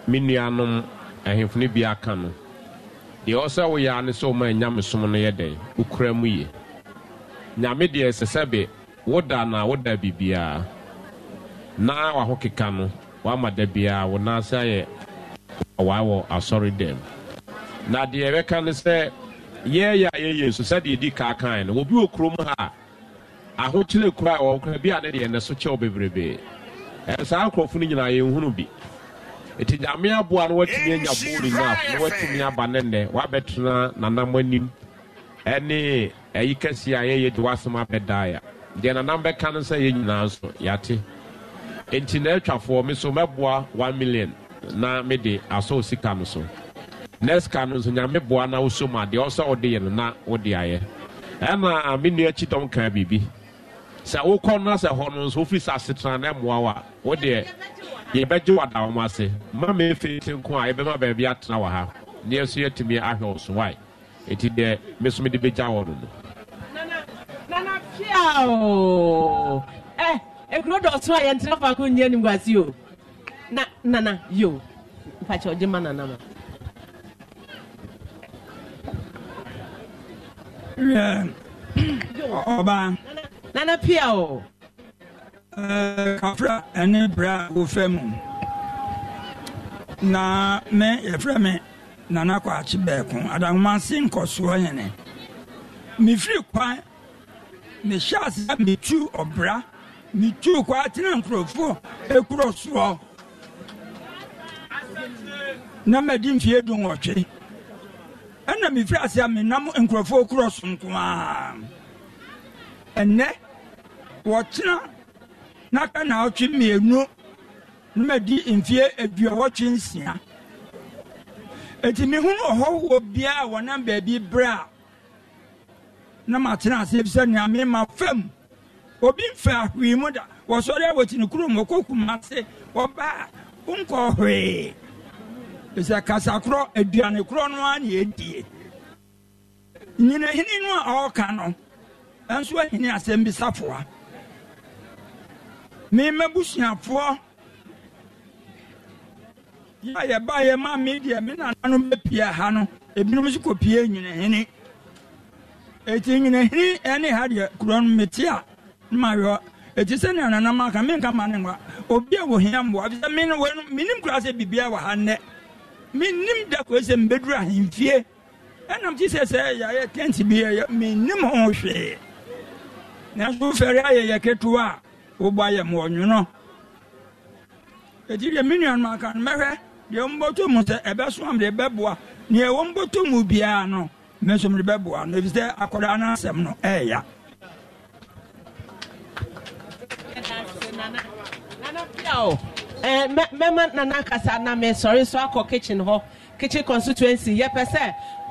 me nuanom ahemfo no bi aka no deɛ ɔsɛ woyɛ a ne sɛ woma ɛnya mesom no yɛ dɛn wokura mu yie nyame deɛ sɛ sɛbe woda na woda biribiara na wahokeka no wama da biara wo nan sɛ ayɛ awaa wɔ asɔre dɛm na deɛ ɛbɛka ne sɛ yɛyɛ a yɛyɛ nso sɛdeɛ di kaakan no obi wɔ kurom ha a ahokyere kura a wɔn kura bi a ne deɛ ne so kyɛw bebrebee ɛsaa nkurɔfo no nyinaa yɛnhunu bi ɛti nyame aboa no watumi anya boolu nyaaf na watumi aba ne nnɛ wabɛtena nanam anim ɛne ɛyi kɛse a yɛyɛ de wasɛm abɛdaeɛ deɛ nanam bɛka no sɛ yɛ nyinaa nso yɛate enti na atwafoɔ me so mɛboa 1 million na mede asɔ sika no so na no nso nyame boa na wosɔ mu adeɛ ɔsɛ ɔde yɛ no na wode ayɛ ɛna ah, me nua akyi dɔm kaa biribi sɛ wokɔ no sɛ hɔ no nso wofiri sɛ asetena na ɛmmoa wo a wodeɛ yɛbɛgye wadawo m ase ma mefe tenko a yɛbɛma baabi atena wɔ ha ne yɛso yɛatumi ahwɛ wo so wae ɛti deɛ me so mede bɛgya wɔ no no nana fia o ɛ eh, ekuro a yɛntena faako nyɛ nimguase o na nana yo mpacha ọjịma na nana ọba nana pia o oh. eh, kafra ɛne bra wofɛ mu na me yɛfrɛ me nana kɔ akye bɛɛko adakomase nkɔsoɔ yɛne mefiri kwan mehyɛ ase metu ɔbra metu kɔ atena nkurɔfoɔ ɛkurɔ soɔ na madi mfie du nwɔtwe ɛna mefiri ase a menam nkurɔfoɔ kurɔ so nkoaa ɛnɛ wɔkyena na ka naawɔtwe mmienu na madi mfie aduɔwɔtwe nsia eti mehunu ɔhɔhoɔ biara wɔnam baabi berɛ a na matena ase bisɛ nea mema fam obi mfa ahwee mu da wɔsɔre a wɔti ne kurom wɔkɔ kumase wɔbaa wonkɔ hwee sɛ kasakorɔ korɔ no a na ɛdie nyinahini no a ɔreka no ɛnso ahini asɛm bisafoa memabusuafoɔ yɛ a yɛbaeɛ ma me deɛ me nananom bɛpie ha no ebinom nso kɔpie nyinahini eti nyinahini ɛne ha deɛ kuro no mete a ne ma yɔ eti sɛ nea nanam aka menka ma ne ngwa obi a wɔhia mmoa fisɛ mene menim kora sɛ biribiaa wɔ ha nnɛ menim da kɔ sɛ mebɛduru ahemfie ɛnam ti sɛ sɛ yɛayɛ tent bi ɛyɛ menim ho hwee nanso fɛre ayɛ yɛ ketewa a wobɔ ayɛ mɔnwono ɛti deɛ me nuanom aka no mɛhwɛ deɛ ɔmbɔto mu sɛ ɛbɛso am de bɛboa neɛ wɔmbɔto mu biara no me nso mede bɛboa no ɛfi akɔdaa no no ɛɛya Nana, nana, pia Eh, mɛma nana kasa na mesɔre so akɔ kitchen hɔ kitchen constituency yɛpɛ sɛ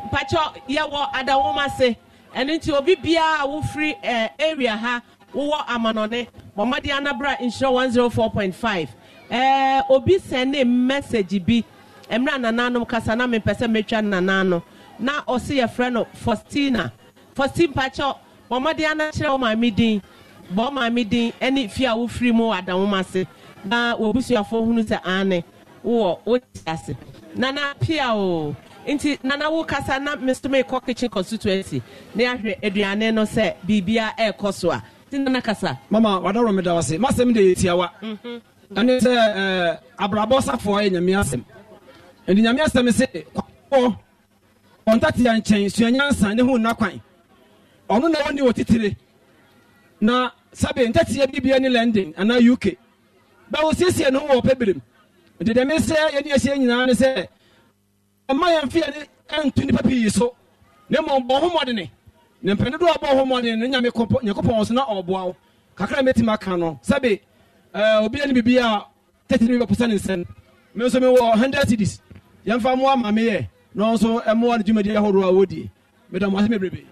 mpakyɛ yɛwɔ adawoma se ɛno nti obi biara a wofiri eh, area ha wowɔ amanɔne bɔmmɔde anabra one nhyira 104.5 eh, obi sɛne message bi mmerɛ nananom kasa na mepɛ sɛ mɛtwa nana no na ɔse yɛfrɛ no faustina faustin pakyɛ bɔmmɔde anakyerɛ wo maame din bɔ maame din ne fie a wofiri mu adawoma se na wɔabusuafoɔ hunu sɛ ane wowɔ wote ase nana pia o nti nana wokasa na mestome kɔ kitchen constituency na yɛahwɛ aduane no sɛ biribia ɛrekɔ so a nti nana kasa mama wadarɔ meda wase masɛm de yɛtiawa mhm. ɛne sɛ eh, abrabɔ safoɔ yɛ nyame asɛm ɛnti nyame asɛm sɛ kwaɔ ɔntatea nkyɛn suanyansa ne ho nna kwan ɔno na wɔne wɔ titire na sabe ntatea bibia ne london anaa uk báwo siesie no wɔ ɔpɛ birim nti dɛm ɛsɛ yɛne ahyia nyinaa ne sɛ ɛma yɛn mfe yɛne ɛnto nnipa pii so na mmom bɔ ho mmɔdene ne mpɛne dodoɔ a ɔbɔ ho ne nyame nyankopɔn so na ɔboa wo kakra mɛtumi aka no sɛbe obia ne biribi a tɛti ne bɛposa ne nsɛm me nso mewɔ hundred cities yɛmfa mmoa ma meyɛ na ɔnso ɛmmoa no dwumadiɛ eh, ahodoɔ eh. a wɔdie medamase mebrebe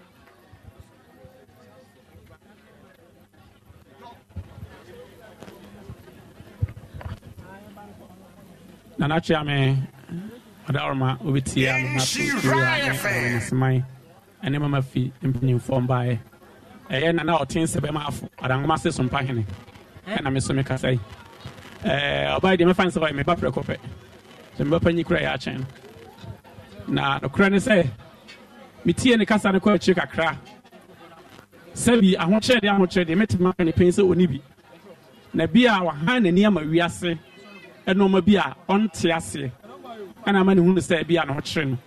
na n'akyerɛ ame ɔdaworoma obitia nonaseman ɛne mama fi mpanimfoɔ mbaeɛ ɛyɛ nana ɔte sɛ bɛma afo adangoma se so mpahene ɛna me so mekasa yi ɔbae deɛ mɛfa ne sɛ ɔyɛ meba prɛko pɛ sɛ mebɛpa nyi kora yɛ akyɛn no na nokorɛ ne sɛ metie ne kasa no kɔ akyiri kakra sɛbi ahokyerɛ deɛ ahokyerɛ deɛ mɛtumi apɛ ne pɛn sɛ ɔni bi na bi a wahan n'ani ama wiase nneɛma bi a ɔnte aseɛ ɛna ama ne hunu sɛ ebi a na ɔkyerɛ no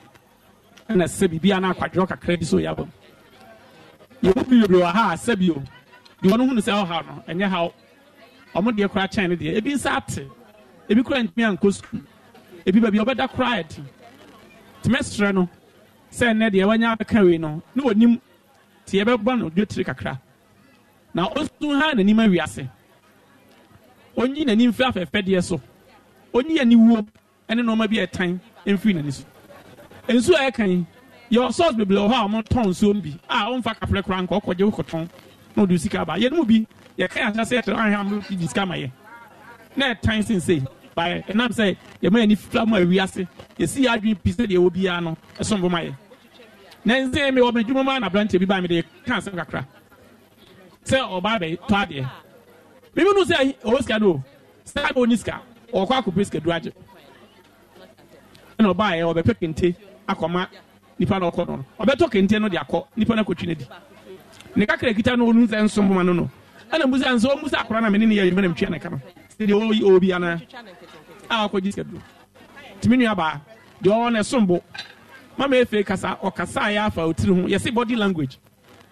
ɛna sɛ biribi a akwadwerɛ kakra bi so yɛ abam yɛwɔ bi wɔ ha a sɛ bio deɛ ɔno hunu sɛ ɔha no ɛnyɛ haw ɔmo deɛ koraa kyɛn ne deɛ ebi nsa ate ebi koraa ntumi ankɔ sukuu ebi baabi ɔbɛda koraa ɛdi tɛmɛsirɛ no sɛ ɛnɛ deɛ wanya aka wei no ne wɔnim tie bɛbɔ no dwetiri kakra na ɔnso ha n'anim awiase onyi n'anim fi afɛɛfɛdeɛ so oni aniwuo ɛne nneɛma bi ɛtan mfiri n'ani so nsuo a ɛka yi yɛ ɔsɔs bebree wɔ hɔ a wɔtɔn nsuo bi a wɔmfa kapre kora nka ɔkɔgye kɔtɔn na ɔde sika aba yɛn mu bi yɛka yɛn ahyɛ sɛ yɛtɔ ahwɛ amu di sika ma yɛ na ɛtan sensei baɛ ɛnam sɛ yɛma yɛn ni fila mu a ɛwi ase yɛsi yɛ adwene pi sɛ deɛ ɛwɔ biara no ɛsom bɔ yɛ na nsɛn mi wɔ mi mu a n'aberanteɛ bi ba mi de kan asɛm kakra sɛ ɔbaa bɛ tɔ adeɛ bibi nu sɛ ɔwɔ sika do sɛ abe oni sika ɔkɔ akɔ brisket do agye ɛna ɔbaa yɛ ɔbɛpɛ kente akɔma nipa na ɔkɔ no ɔbɛtɔ kente no de akɔ nipa na akɔtwi no di ne kakra kita no onu sɛ nso poma no no ɛna musa nso ɔmu sɛ akora na mene ne yɛ yɛmɛ na mtwea ne ka no sɛ deɛ ɔyi ana a ɔkɔ gye sika duro tumi nua baa deɛ ɔwɔ ne sombo mama efe kasa ɔkasa a yɛ afa otiri ho yɛsi body language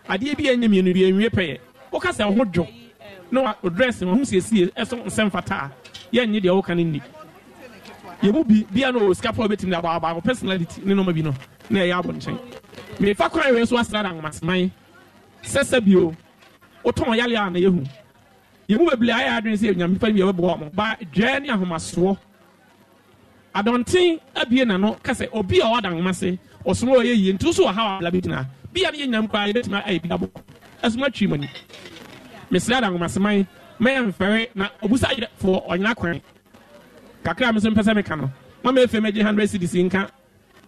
adeɛ bi yɛ nye mienu deɛ nwie pɛyɛ ɔkasa ɔho dwo na ɔdrɛs ɔho siesie ɛso nsɛm fataa yɛnnye deɛ woka no nni yɛmu bi bia no ɔwɔ sika pa wobɛtumi de abaabaako personality ne nɔma bi no na ɛyɛ abɔnkyɛn mefa kwan wei so asra da nwomaseman sɛsɛ bio wotɔn yale a na yɛhu yɛmu bebree ayɛ adwene sɛ yɛnyame pa bi yɛbɛboa mo ba dwɛɛ ne ahomasoɔ adɔnten abie no kasɛ obi a ɔwɔ da nwoma se ɔsono ɔyɛ yie ntu so wɔ ha wabla bi gyina bia ne yɛnyam koraa yɛbɛtumi ayɛ bi abɔ ɛsoma twi mani mesrɛ da nwomaseman mɛyɛ mfɛre na obusa yerɛ foɔ ɔnyina kwan kakra me so mpɛ sɛ meka no mama ɛfɛ mɛgye 100 cedis nka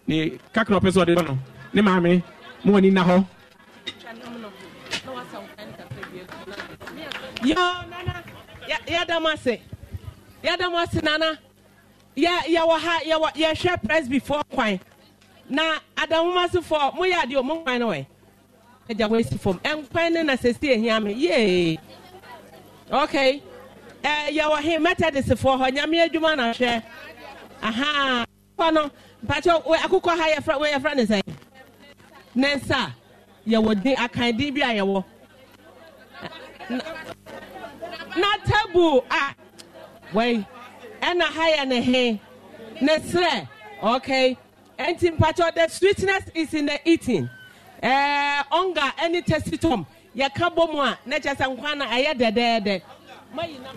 ne kakra ɔpɛ sɛ ɔde dɔ no ne maame ma ɔni nna hɔ yɛda m ase yɛda m ase nana yɛwɔ ha yɛhwɛ presbyfoɔ kwan na adahomasefoɔ moyɛ adeɛ ɔmo kwan no ɛ agya wɔasi fam ɛnkwan ne na sɛsi ɛhia me yee okay ẹ eh, yẹwọ hin methodist fọ họ nyame adwuma na hwẹ aha kọ no mpatsọ akokɔ ha yɛfrɛ wɔyɛfrɛ ne sɛ ne nsa yɛwɔ din akan din bi a yɛwɔ na table a wɛyi ɛna ha yɛ ne hin ne srɛ okay ɛnti mpatsọ the sweetness is in the eating ɛɛ eh, ɔnga ɛne testitom. yɛka bɔ mu a na kyɛ sɛ nkwa na ɛyɛ dɛdɛɛdɛ mayi nam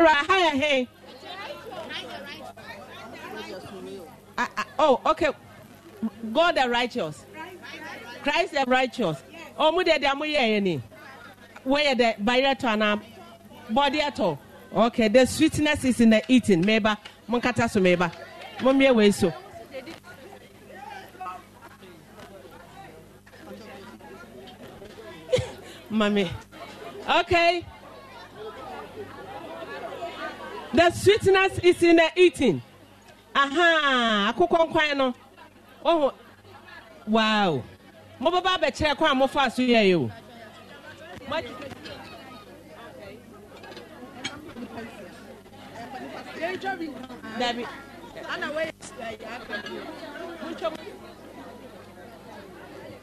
ɔra ha yɛ he oh okay god the righteous christ the righteous Oh, mude deɛ mo yɛ yɛ ni wɔyɛ dɛ bayerɛ tɔ anaa bɔdeɛ okay the sweetness is in the eating meba mo nkata so meba mo mmea wei so. Mommy. Okay. The sweetness is in the eating. Aha, akokɔ nkwan no. Oh, wow. Mo baba abɛkyerɛ kwan a mo fa so yɛ o.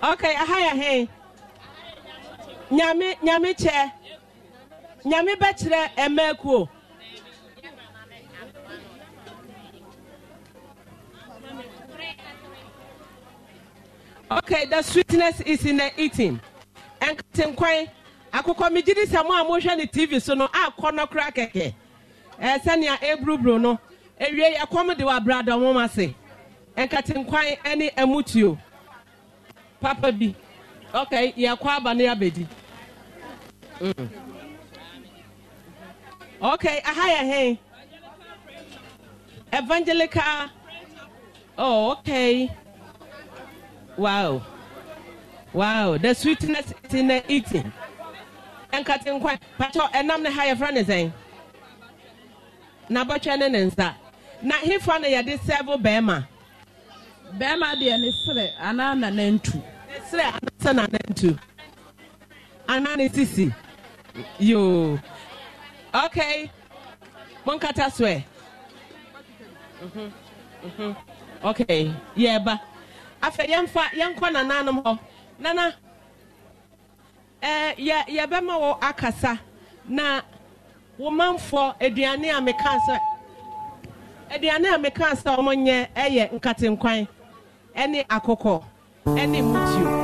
Okay, aha ya hɛn nyame nyame kyɛ nyame bɛkyerɛ ɛmɛ kuo. okay the sweetness is in the eating nkatenkwan akokɔmegyedi sɛ mo a mohwɛ ne tv so no akɔ no kora kɛkɛ ɛɛ sɛnea ɛburuburu no ewie ɛkɔm de wabradɔm ase nkatenkwan ne ɛmutuo papa bi ok yɛkɔ aba ne abɛdi ok aha yɛ hɛn Evangelica. oh ok wow wow the sweetness is in the eating nkate nkwa patɔ ɛnam ne ha yɛfrɛ ne sɛn n'abɔtwɛ ne ne nsa na hefa no yɛde sɛbo bɛrima bɛrima deɛ ne sere anaa na nantu. ɛsrɛ anasɛ nanantu anaa ne sisi yoo okay monkata so ɛ mhm, mhm. okay yɛɛba afɛ yɛmfa yɛnkɔ nananom hụ nana ɛɛ eh, yɛ yɛbɛma wɔ akasa na wɔmanfoɔ eduane a meka sɛ aduane a meka sɛ wɔn nyɛ ɛyɛ nkatenkwan ɛne akụkọ. they mu you.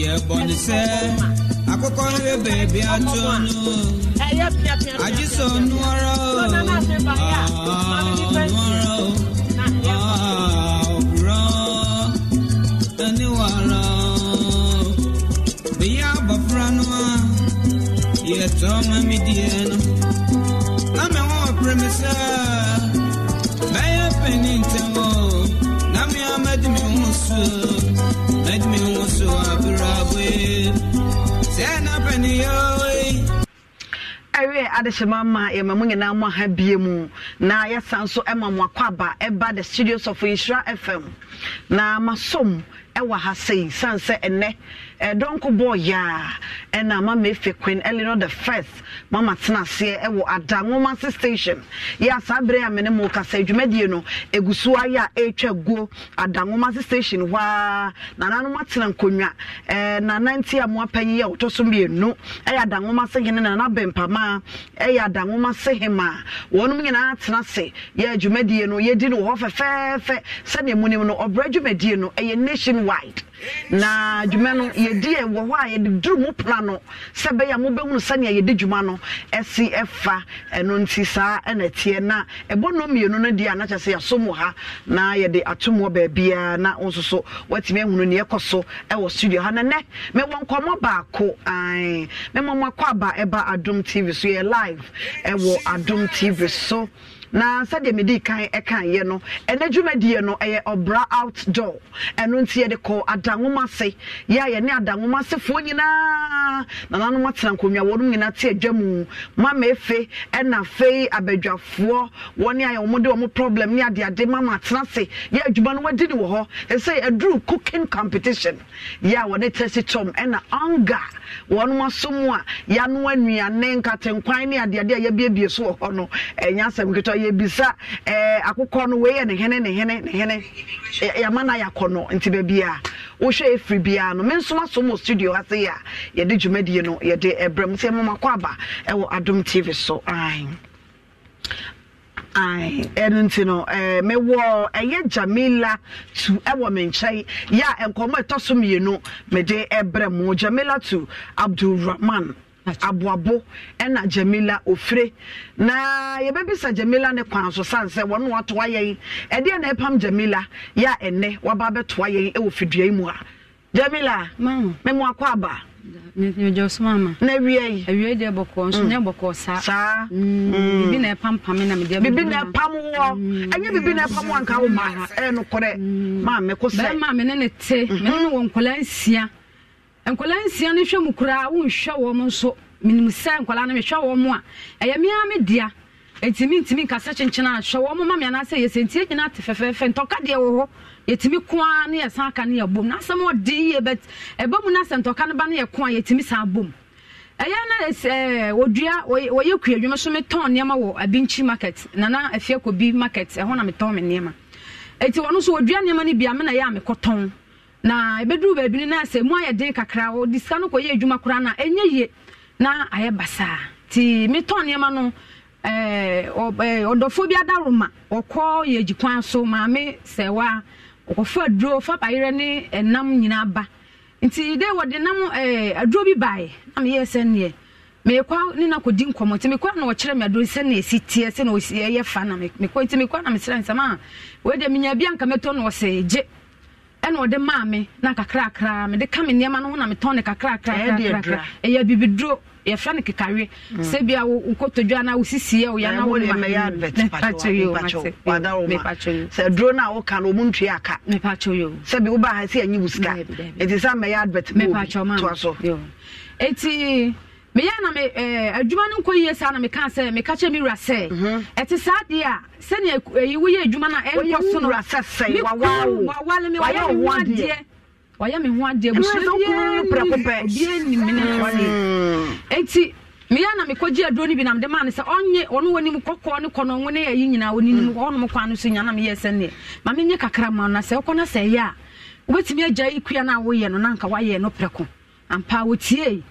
yɛbɔne sɛ akokɔ yɛ baabi ato no agye sɛ ɔnoara ɔnoara ɔborɔ ɛne wara meyɛ abɔfra no a yɛtɔ ma me deɛ no pere me sɛ bɛyɛ pani ntɛm o na me amadi me ho so adehyɛma ma yɛma mo nyinaa mo aha bie mu na yɛsa nso ma mo akɔ aba ɛba the studios of nhyira fm na masom ɛwɔ ha sei sane sɛ ɛnɛ ɛdɔnko bɔɔ yaa ɛna mama efe queen eleanor the first mama tena aseɛ ɛwɔ ada nwoma se station yɛ asaa bere a mene mo kasa dwumadie no egu so ayɛ a ɛretwa guo ada nwoma se station waa nananom atena nkonnwa ɛɛ nananti a mo apanyin yɛ ɔtɔ so mmienu ɛyɛ ada nwoma se hene nana mpama ɛyɛ ada nwoma se hema wɔn nyinaa tena se yɛ dwumadie no yɛdi no wɔ hɔ fɛfɛɛfɛ sɛdeɛ mo nim no ɔbrɛ dwumadie no ɛyɛ nationwide. na dwuma no yɛdi ɛwɔ hɔ a yɛde duru mu pona no sɛ bɛyɛ a mobɛhunu sɛnea yɛde dwuma no ɛsi ɛfa ɛno nti saa ɛna ɛteɛ na ɛbɔ no mmienu no deɛ a nakyɛ sɛ yɛasom ha na yɛde atom wɔ baabiaa na wo nso so woatumi ahunu neɛ ɛkɔ so ɛwɔ studio ha nɛnɛ mewɔ nkɔmmɔ baako ae mema mo aba ɛba adom tv so yɛ live ɛwɔ adom tv so na sɛdeɛ mede kan ɛkaeɛ eh, no ɛnɛ dwumadie no ɛyɛ ɔbra outdoor ɛno nti yɛde kɔ adanwoma ase yɛ a yɛne adanwoma asefoɔ nyinaa nananom atena nkonnwa wɔnom nyinaa te adwa mu mama efe ɛna afei abadwafoɔ wɔne a wɔn de wɔn problem ne adeade mama atena ase yɛ adwuma no wɔadi ne wɔ hɔ ɛsɛ ɛduru cooking competition yɛ a wɔde tɛsi tɔm ɛna anger wɔn asom a yanoa nnuane nkatenkwan ne adeade a yɛbiebie so wɔ hɔ no ɛnyɛ asɛm ketewa yɛbisa ɛɛ eh, akokɔ no wei yɛ ne hene ne hene ne hene yɛama no ayakɔ no nti baabi a wohwɛ efiri biara no me nso asom studio ase a yɛde dwumadie no yɛde ɛbrɛ mu sɛ ɛmo ma aba ɛwɔ adom tv so ae ɛno nti no eh, mewɔ ɛyɛ jamila tu ɛwɔ me nkyɛn yɛ a nkɔmmɔ ɛtɔ so mmienu mede ɛbrɛ mo jamila tu abdulrahman aboabo ɛna jamila ofire na yɛbɛbisa jamila ne kwan so san sɛ wɔn watoa yɛn ɛdeɛ na ɛpam jamila yɛ a ɛnɛ waba abɛtoa yɛn ɛwɔ fidua yi mu a jamila mɛmo akɔ aba mɛgya ɔsom ama na awia yi awia deɛ bɔkɔɔ nso mm. nyɛ bɔkɔɔ saa saa mm. Mm. bibi na ɛpampame na na ɛpam wɔ ɛnyɛ bibi na ɛpam wɔ anka wo ma ɛyɛ nokorɛ maame ko sɛ bɛrima me te me ne ne mm-hmm. wɔ nkɔla nsia nkɔla nsia no hwɛ mu koraa wonhwɛ wɔ m nso menim a ɛyɛ mea me dea ɛntimi ntimi nkasa kyenkyen ahwɛ wɔ m ma me anaasɛ yɛsɛ ntie nyina te fɛfɛɛfɛ ntɔka deɛ wɔ yɛtumi ko a ne yɛsan aka ne yɛbom na asɛm ɔden yie bɛt ɛbɛ mu no asɛntɔka no ba ne yɛko a yɛtumi san bom ɛyɛ na ɛɛ wɔdua wɔyɛ kua adwuma so metɔn nneɛma wɔ abinkyi market nana afia kobi market ɛhɔ na metɔn me nneɛma eti wɔn nso wɔdua nneɛma no bia me na yɛ a mekɔtɔn na ebeduru baabi no na sɛ mu ayɛ den kakra wɔde sika no kɔyɛ adwuma koraa na ɛnyɛ yie na ayɛ basaa ti metɔn nneɛma no ɛɛ ɔdɔfo bi adaroma ɔkɔ yɛ agyi kwan so maame sɛwa wɔfa aduro fa bayerɛ ne ɛnam nyinaa ba nti de wɔde nam ɛɛ eh, aduro bi baeɛ na meyɛɛ sɛ mekɔ ne na kɔdi nkɔmmɔ nti mekɔ na wɔkyerɛ me aduro sɛne ɛsi teɛ sɛne ɛyɛ fa na mekɔ nti mekɔ na mesrɛ nsɛm a wɔde menya bi anka mɛtɔ no wɔsɛ gye ɛna ɔde maa na kakrakra mede ka me nneɛma no ho na metɔn ne kakrakrakrakra ɛyɛ bibiduro yɛfrɛ no kekawe sɛ bia wokɔtɔdwa na wosisiɛ ya na womsɛ duro no a woka no ɔmu ntue meyɛ na me eh, adwuma no nkɔ yie saa na meka sɛ meka kyerɛ me wura sɛ mhm. ɛte saa deɛ a sɛnea eh, woyɛ adwuma no a ɛnkɔ so no mewawale mewayɛ wo adeɛ wayɛ me ho adeɛ busuabiaa enti meyɛ na mekɔgye aduro no bi na mede maa no sɛ ɔnye ɔno wɔnim kɔkɔɔ ne kɔnɔngo ne ɛyi nyinaa ɔninim ɔnom kwan no so nya na meyɛ sɛneɛ ma menyɛ kakra ma no na sɛ wokɔ no sɛ ɛyɛ a wobɛtumi agya ikua no a woyɛ no na anka woayɛ no prɛko ampa wotiei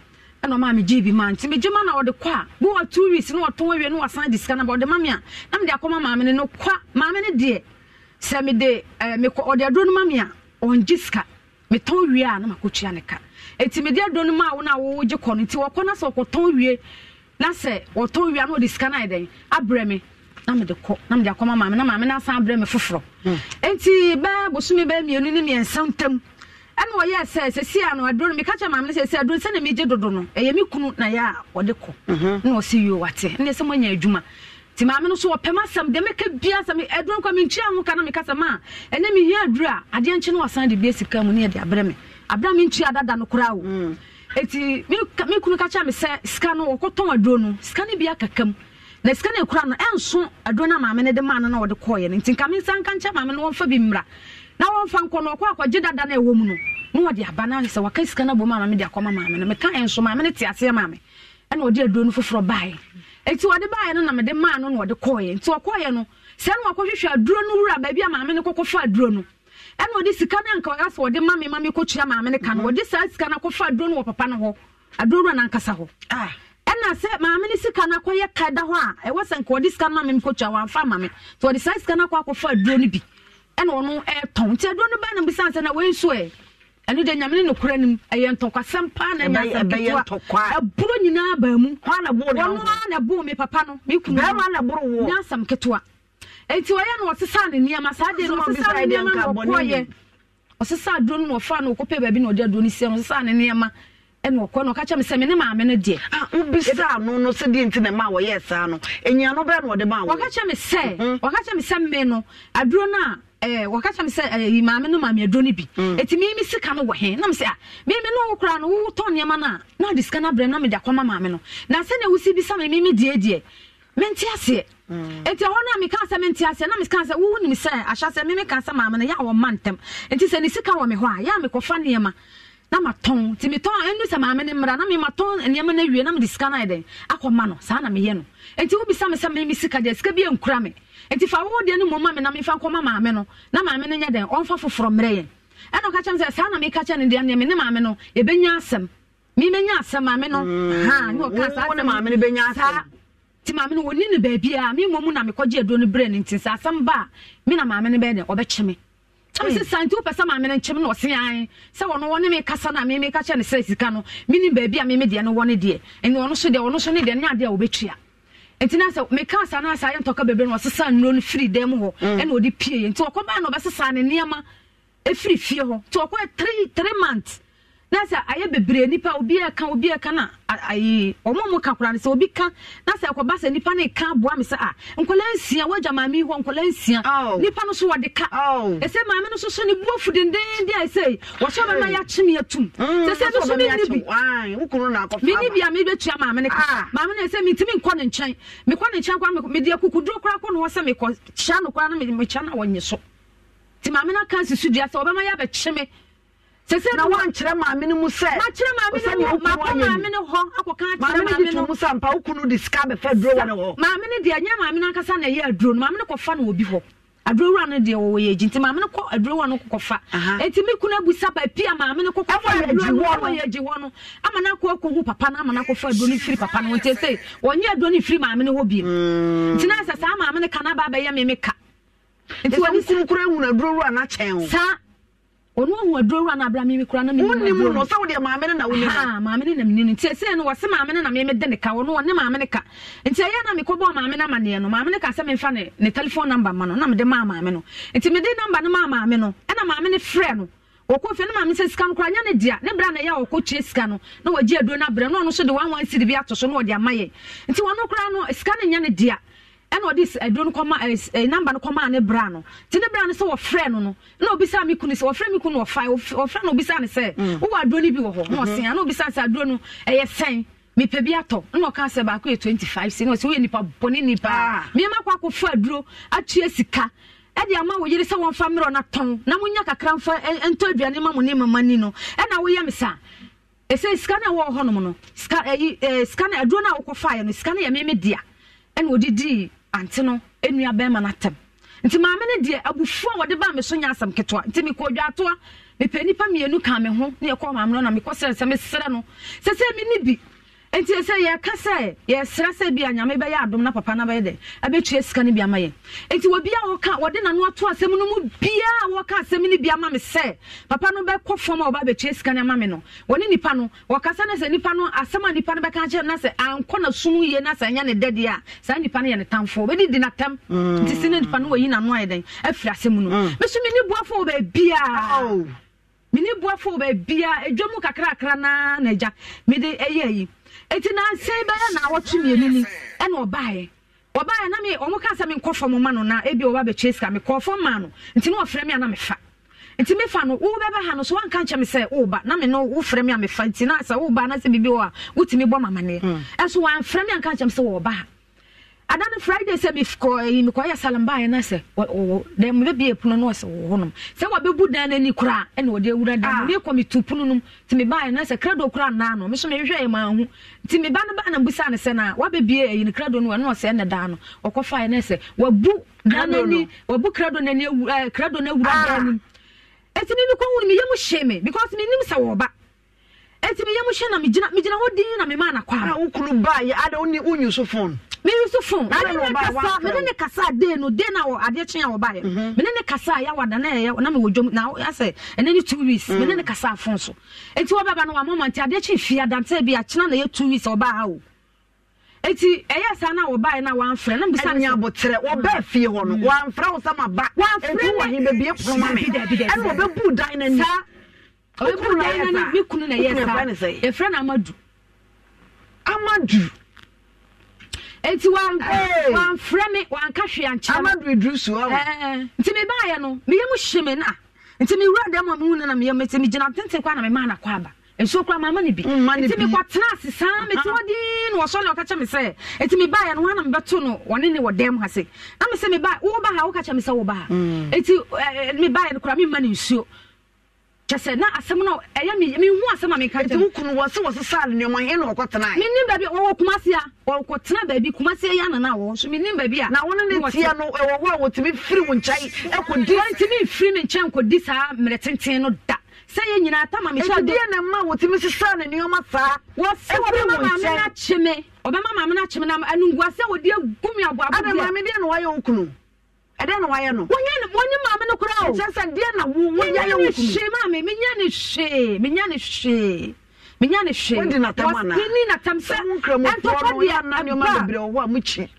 ɛna ɔma megye bi ma nti megye ma na ɔde kɔ a bi wɔ two weeks ne wɔtɔn awie ne wɔsan de sika no ba ɔde ma me a na mede akɔma maame no no kwa maame no deɛ sɛ mede ɛɛ mekɔ ɔde aduro no ma me a ɔngye sika metɔn wie a na mako tua ne ka eti mede adɔ no mu a wɔn a wɔwɔ gye kɔ no nti wɔkɔ na sɛ wɔkɔtɔn wie na sɛ wɔtɔn wie a na wɔde sika na ayɛdɛn abrɛ me na mede kɔ na mede akɔ ma maame na maame na abrɛ me foforɔ hmm. eti bɛɛ bosomi bɛɛ mmienu ne mmiɛnsa ntam ɛna wɔyɛ sɛ sɛsi ano aduro no mi kakyɛ maame sɛ sɛ aduro sɛ na mi gye dodo no ɛyɛ mi kunu na yɛ a wɔde kɔ mhm. na wɔsi yio wate ɛna sɛ mo nya adwuma nti maame no so wɔpɛm asɛm deɛ mɛka bia asɛm aduro nkwa mentua ho ka na mekasa ma a ɛnɛ mehia aduro a adeɛ nkye no wɔsan de bie sika mu ne yɛde abrɛ me abrɛ mentua dada no koraa wo ɛti mm. mekunu ka kyerɛ me sɛ sika no wɔkɔtɔn aduro no sika no bia kakam na sika no ɛkura no ɛnso aduro no maame no de maa no na wɔde kɔɔyɛ no nti nka mensa nka nkyɛ maame no wɔmfa bi mmra na wɔmfa nkɔ no wɔkɔ akɔgye dada no ɛwɔ mu no na wɔde aba no sɛ wɔka sika no abɔ mu a maame de akɔma maame no meka ɛnso maame no te aseɛ maame ɛna wɔde aduro no foforɔ baeɛ nti wɔde baayɛ no na mede maa no na wɔde kɔɔyɛ nti wɔkɔɔyɛ no sɛ na wɔkɔhwehwɛ aduro no wura baabi a maame no kɔkɔfa aduro no ɛna wɔde sika no anka ɔyɛ sɛ wɔde ma me ma me kɔkyia maame no ka no wɔde mhm. saa sika no akɔfa aduro no wɔ papa no hɔ aduro no nankasa hɔ ah. ɛna sɛ maame no sika no akɔyɛ ka da hɔ a ɛwɔ sɛ nka wɔde sika no ma me m kɔkyia wɔamfa ma me nti wɔde saa sika no akɔ akɔfa aduro no bi ɛna ɔno ɛɛtɔn nti aduro no bɛɛ na bisa sɛ na wɔnsuɛ ɛno deɛ nyame ne nokora nim ɛyɛ ntɔkwasɛm paa na ɛnyɛ ɛboro nyinaa baa mu ɔno na ɛboo me papa no me kunu nyansɛm ketewa ɛnti wɔyɛ no wɔsesa ne nneɛma saa deɛ no wɔsesa ne nneɛma na wɔkɔɔyɛ ɔsesa aduro no wɔfa no wɔkɔpɛ baabi na ɔde aduro no sie no ɔsesa ne nneɛma ɛna ɔkɔ no ɔka kyerɛ me sɛ me ne maame no deɛ ah, wobisaa no no sɛdeɛ nti na ma wɔyɛ saa no ɛnyia no bɛɛ na ɔde ma wɔ ɔka kyerɛ me mhm. Eh, wɔkasa me sɛ eh, maame no maame aduro no bi ɛti mm. mimi sika no wɔ he na mesɛ ah, mimi no wokora no wotɔ nneɛma no a na ade sika no abrɛ no na mede akɔma maame no na sɛnea wosi bi sa me mimi deɛdeɛ mente aseɛ ɛti mm. ɛhɔ no a meka sɛ mente aseɛ na meka sɛ wowonim sɛ ahyɛ sɛ meme ka sɛ maame no yɛ a wɔma ntɛm ɛnti sɛ ne sika wɔ me hɔ a yɛ a mekɔfa nneɛma na matɔn nti metɔn ɛnu sɛ maame ne mmra na me matɔn nneɛma no awie na mede sika no ayɛ dɛn akɔ ma no saa na meyɛ no nti wobisa me sɛ meme sika deɛ sika bi ankura me nti fa wowo deɛ no mmom ma me na memfa nkɔma maame no na maame no nyɛ dɛn ɔmfa foforɔ mmerɛ yɛn ɛna ɔka kyerɛ me sɛ saa na meka kyerɛ no deɛ neɛ me ne maame no ɛbɛnya asɛm memɛnya asɛm maame no mm. ha ne ɔka saa nti maame no wɔni ne baabi a memmɔ mu na mekɔgye aduro no berɛ no nti sɛ asɛm ba a me na maame no bɛyɛ dɛn ɔbɛkye me ɛmi sɛ santi wopɛ sɛ maame no nkyɛm na ɔse an sɛ wɔno wɔne me kasa no a meme ka kyɛ ne sɛ sika no menim baabi a meme deɛ no wɔne deɛ ɛne ɔno so deɛ ɔno so ne deɛ ne adeɛ a wɔbɛtua nti na sɛ meka asa no asa yɛ ntɔka bebree no ɔsesa nnuro no firi dan mu hɔ mm. ɛna ɔde pie nti ɔkɔbaa na ɔbɛsesa ne nneɛma ɛfiri fie hɔ nti ɔkɔɛ three three months na sɛ ayɛ bebree nipa obi ɛka obi ɛka na ayi ɔmo mo ka koraa no sɛ obi ka na sɛ ɛkɔba sɛ nipa no ka aboa mi sɛ a nkɔlaa nsia wagya maame yi hɔ nkɔlaa nsia oh. nipa no so wɔde ka oh. ɛsɛ maame no so so ne bu ofu dendenden a ɛsɛ wɔsɔ bɛma yɛakye mi atum mm, sɛ sɛ ɛno so mi ni bi mi ni bi a mi bɛtua maame no ka ah. maame no ɛsɛ mi ti mi nkɔ ne nkyɛn mi kɔ ne nkyɛn kɔ mi di akukuduro koraa kɔ ne hɔ sɛ mi kɔ kyia no koraa no mi kyia na wɔ nye so ti maame no aka nsi so dua sɛ ɔbɛma yɛ abɛkye mi sese na wankyerɛ maame no mu sɛ makyerɛ maame no mu makɔ maame no hɔ akɔka akyerɛ maame no mu sa mpa wo kunu de sika bɛfa duro wɔ ne hɔ maame no deɛ nyɛ maame no ankasa na ɛyɛ aduro no maame no kɔfa no wɔ bi hɔ aduro wura no deɛ wɔwɔ yɛ agyi nti maame no kɔ aduro wura no kɔfa nti me kunu abu sa baabi a maame no kɔkɔ fa aduro no ɛwɔ yɛ hɔ no ama no akɔ akɔhu papa no ama no akɔfa aduro no firi papa no nti sɛ wɔnyɛ aduro ni firi maame no hɔ bio nti na sɛ saa maame no ka no abɛyɛ me ka nti wɔne sim ɔno ahu aduro wura no abra mimi kora na mewonim no sɛ wodeɛ maame no na wonim maame no nam nino nti sɛ no wɔse maame no na meme de ne ka wɔno wɔne maame no ka nti ɛyɛ na mekɔbɔɔ maame no amanneɛ no maame no ka sɛ memfa ne ne telephone number ma no na mede maa maame no nti mede number no maa maame no ɛna maame no frɛ no wɔkɔ fɛ no maame sɛ sika no koraa nyɛ ne dea ne berɛ a na ɛyɛ a wɔkɔ kyerɛ sika no na wɔgye aduro no abrɛ na ɔno so de wanwan siri bi ato so na wɔde ama yɛ nti wɔno koraa no sika no nyɛ ne dea ɛna ɔde aduro no kɔma ɛɛ namba no kɔma ne bra no te ne bra no sɛ wɔfrɛ no no na obisa mi kunu sɛ wɔfrɛ mi kunu wɔfa wɔfrɛ no obisa ne sɛ mm. wowɔ aduro no bi wɔ hɔ na ɔsɛn mm-hmm. na obisa sɛ aduro no ɛyɛ sɛn mepɛ bi atɔ na ɔka sɛ baako yɛ twenty five sɛ na ɔsɛ woyɛ nipa bɔne nipa ah. mmiɛnma kɔ akɔfo aduro atua sika ɛde ama wo yere sɛ wɔmfa mmerɛ no atɔn na monya kakra mfa ntɔ aduane ma mo ne mama ni no ɛna woyɛ me saa ɛsɛ sika no a ɛwɔ hɔnom no sika ɛyi ɛɛ sika no aduro no a wokɔfaeɛ no sika no yɛ meme dea ɛna wɔde ante no nua bɛrima no atam nti maame no deɛ abufuo a wɔde baa me so nyɛ asɛm ketewa nti mekɔ odwaatoa mepɛ nnipa mmienu ka me ho ne yɛkɔɔ maame no na mekɔsrɛ sɛ mesrɛ no sɛ sɛ me ne bi nti sɛ yɛka sɛ yɛsrɛ sɛ bi a nyame bɛyɛ adom na papa no bɛyɛ dɛ ɛbɛtue sika no bi ama yɛ nti wɔbi a wɔka wɔde nano ato asɛm no mu biaa wɔka asɛm no bi ama me sɛ papa no bɛkɔ fam a wɔba bɛtue sika no ama me no wɔne nipa no wɔkasa no sɛ nipa no asɛm a nipa no bɛka kyerɛ na sɛ ankɔ na som yie na sɛ ɛnyɛ ne dɛdeɛ a saa nipa no yɛ ne tamfoɔ wɔbɛdi di natam mm. nti si ne nipa no wɔyi nano ayɛ dɛn afiri asɛm no mm. meso mene boafo wɔ baabiaa mene boafo wɔ baabiaa adwa mu kakrakra naa na agya mede ɛyɛ yi eti na nsɛn bɛyɛ na awɔtwe mmienu ni ɛna ɔbaeɛ ɔbaeɛ na mi ɔmo ka mi nkɔ fam ma no na ebi ɔba bɛkyerɛ sika mi kɔɔ fam maa no nti na ɔfrɛ mi a na mi fa nti mi fa no wobɛba ha no so nka nkyɛn mi sɛ woba na mi no wofrɛ mi a mi fa nti na sɛ woba na sɛ bibi wɔ a wotumi bɔ mamaneɛ mm. ɛso wanfrɛ mi a nka nkyɛn mi sɛ wɔba ha. adane no friday sɛ eh, mekɔyɛ salembaɛ na sɛ mebɛbia ɛpono no ɔsɛ wo honom sɛ wabɛbu dan no ani ah. koraa ɛne wɔde awura da mekɔ metu pono nom nti mebaɛ na sɛ krado koraa nnaa no meso mehwehwɛ ɛ maa ho nti meba no baa na mbusa no sɛ eh, no a wabɛbie ɛyi no krado no ɛne ɔsɛ ɛne daa no ɔkɔfaɛ no sɛ wabu danani wabu krado no ani eh, krado no awura daa nim ɛnti me mekɔhu no meyɛ ah. mu hye me because menim sɛ wɔba ɛnti meyɛ mu hye na megyina hɔ din na mema anakɔ ah, wokunu baayɛ ada wonyu so phone mene nso fom mene ne kasa de no de na adeɛ kye a wɔbaeɛ mhm. mene ne kasa a yɛawada na ɛyɛ na mewɔ dwom na asɛ ɛne ne two weeks mm. mene ne kasa afon so enti wɔbɛba no wamɔma nti adeɛ kye fie adantɛ bi akyena na ɛyɛ two weeks a wɔbaa o eti ɛyɛ saa na wɔbaeɛ na wɔamfrɛ na mbisa ɛnyɛ abotrɛ wɔbaa mm. fie hɔ no mm. wɔamfrɛ wo sɛ ma ba wɔamfrɛ wɔ he bɛbie poroma me ɛne wɔbɛbu dan no ani saa ɔbɛbu dan no ani me kunu na ɛyɛ saa yɛfrɛ no amadu amadu nti wamfrɛ me wanka hwe ankyerɛ eh, eh. nti mebaeɛ no meyɛ mu hye me no a nti mewura dɛ ma mehu no na meyɛ mete megyina tenten kɔ a na memaa nakɔ aba nsuo kora mama ne bi mm, nti mekɔtena ase saa mete wɔden uh-huh. no wɔsɔne ɔka kyɛ me sɛ ɛnti mebaeɛ no hana mebɛto no wɔne ne wɔ dɛm ha se na me sɛ meba woba ha woka kyɛ me sɛ woba ha ɛnti mm. eh, mebaeɛ no kora memma ne nsuo kyɛsɛ na asɛm no ɛyɛ mi mi hu asɛm a mi ka kyɛn. nti nkunu wɔ se wɔ se saal nneɛma yɛn na wɔkɔ mi nim baabi wɔwɔ kumasi a wɔkɔ tena baabi kumasi yɛ anana wɔn so mi nim baabi a. na wɔn ne tia no ɛwɔ hɔ a wɔtumi firi wɔn nkyɛn ɛkɔ di. wɔntumi firi ne nkyɛn kɔ saa mmerɛ tenten no da sɛ yɛ nyinaa tam a mi hyɛ do. etudiɛ na mma wɔtumi sisan ne nneɛma saa. wɔsi wɔbɛma maame n'akyeme ɔbɛma maame n'akyeme na anunguase a wɔde egu mi aboabo deɛ. ada maame deɛ na wayɛ okunu ɛdɛ na wayɛ no wɔnyɛ no wɔnyɛ maame no koraa o kyerɛ sɛ deɛ na wo wɔnyɛ yɛ wo kunu hwee maame menya ne hwee menya ne hwee menya ne hwee wɔdi natam ana wɔdi natam sɛ ɛntɔkɔ deɛ ɛba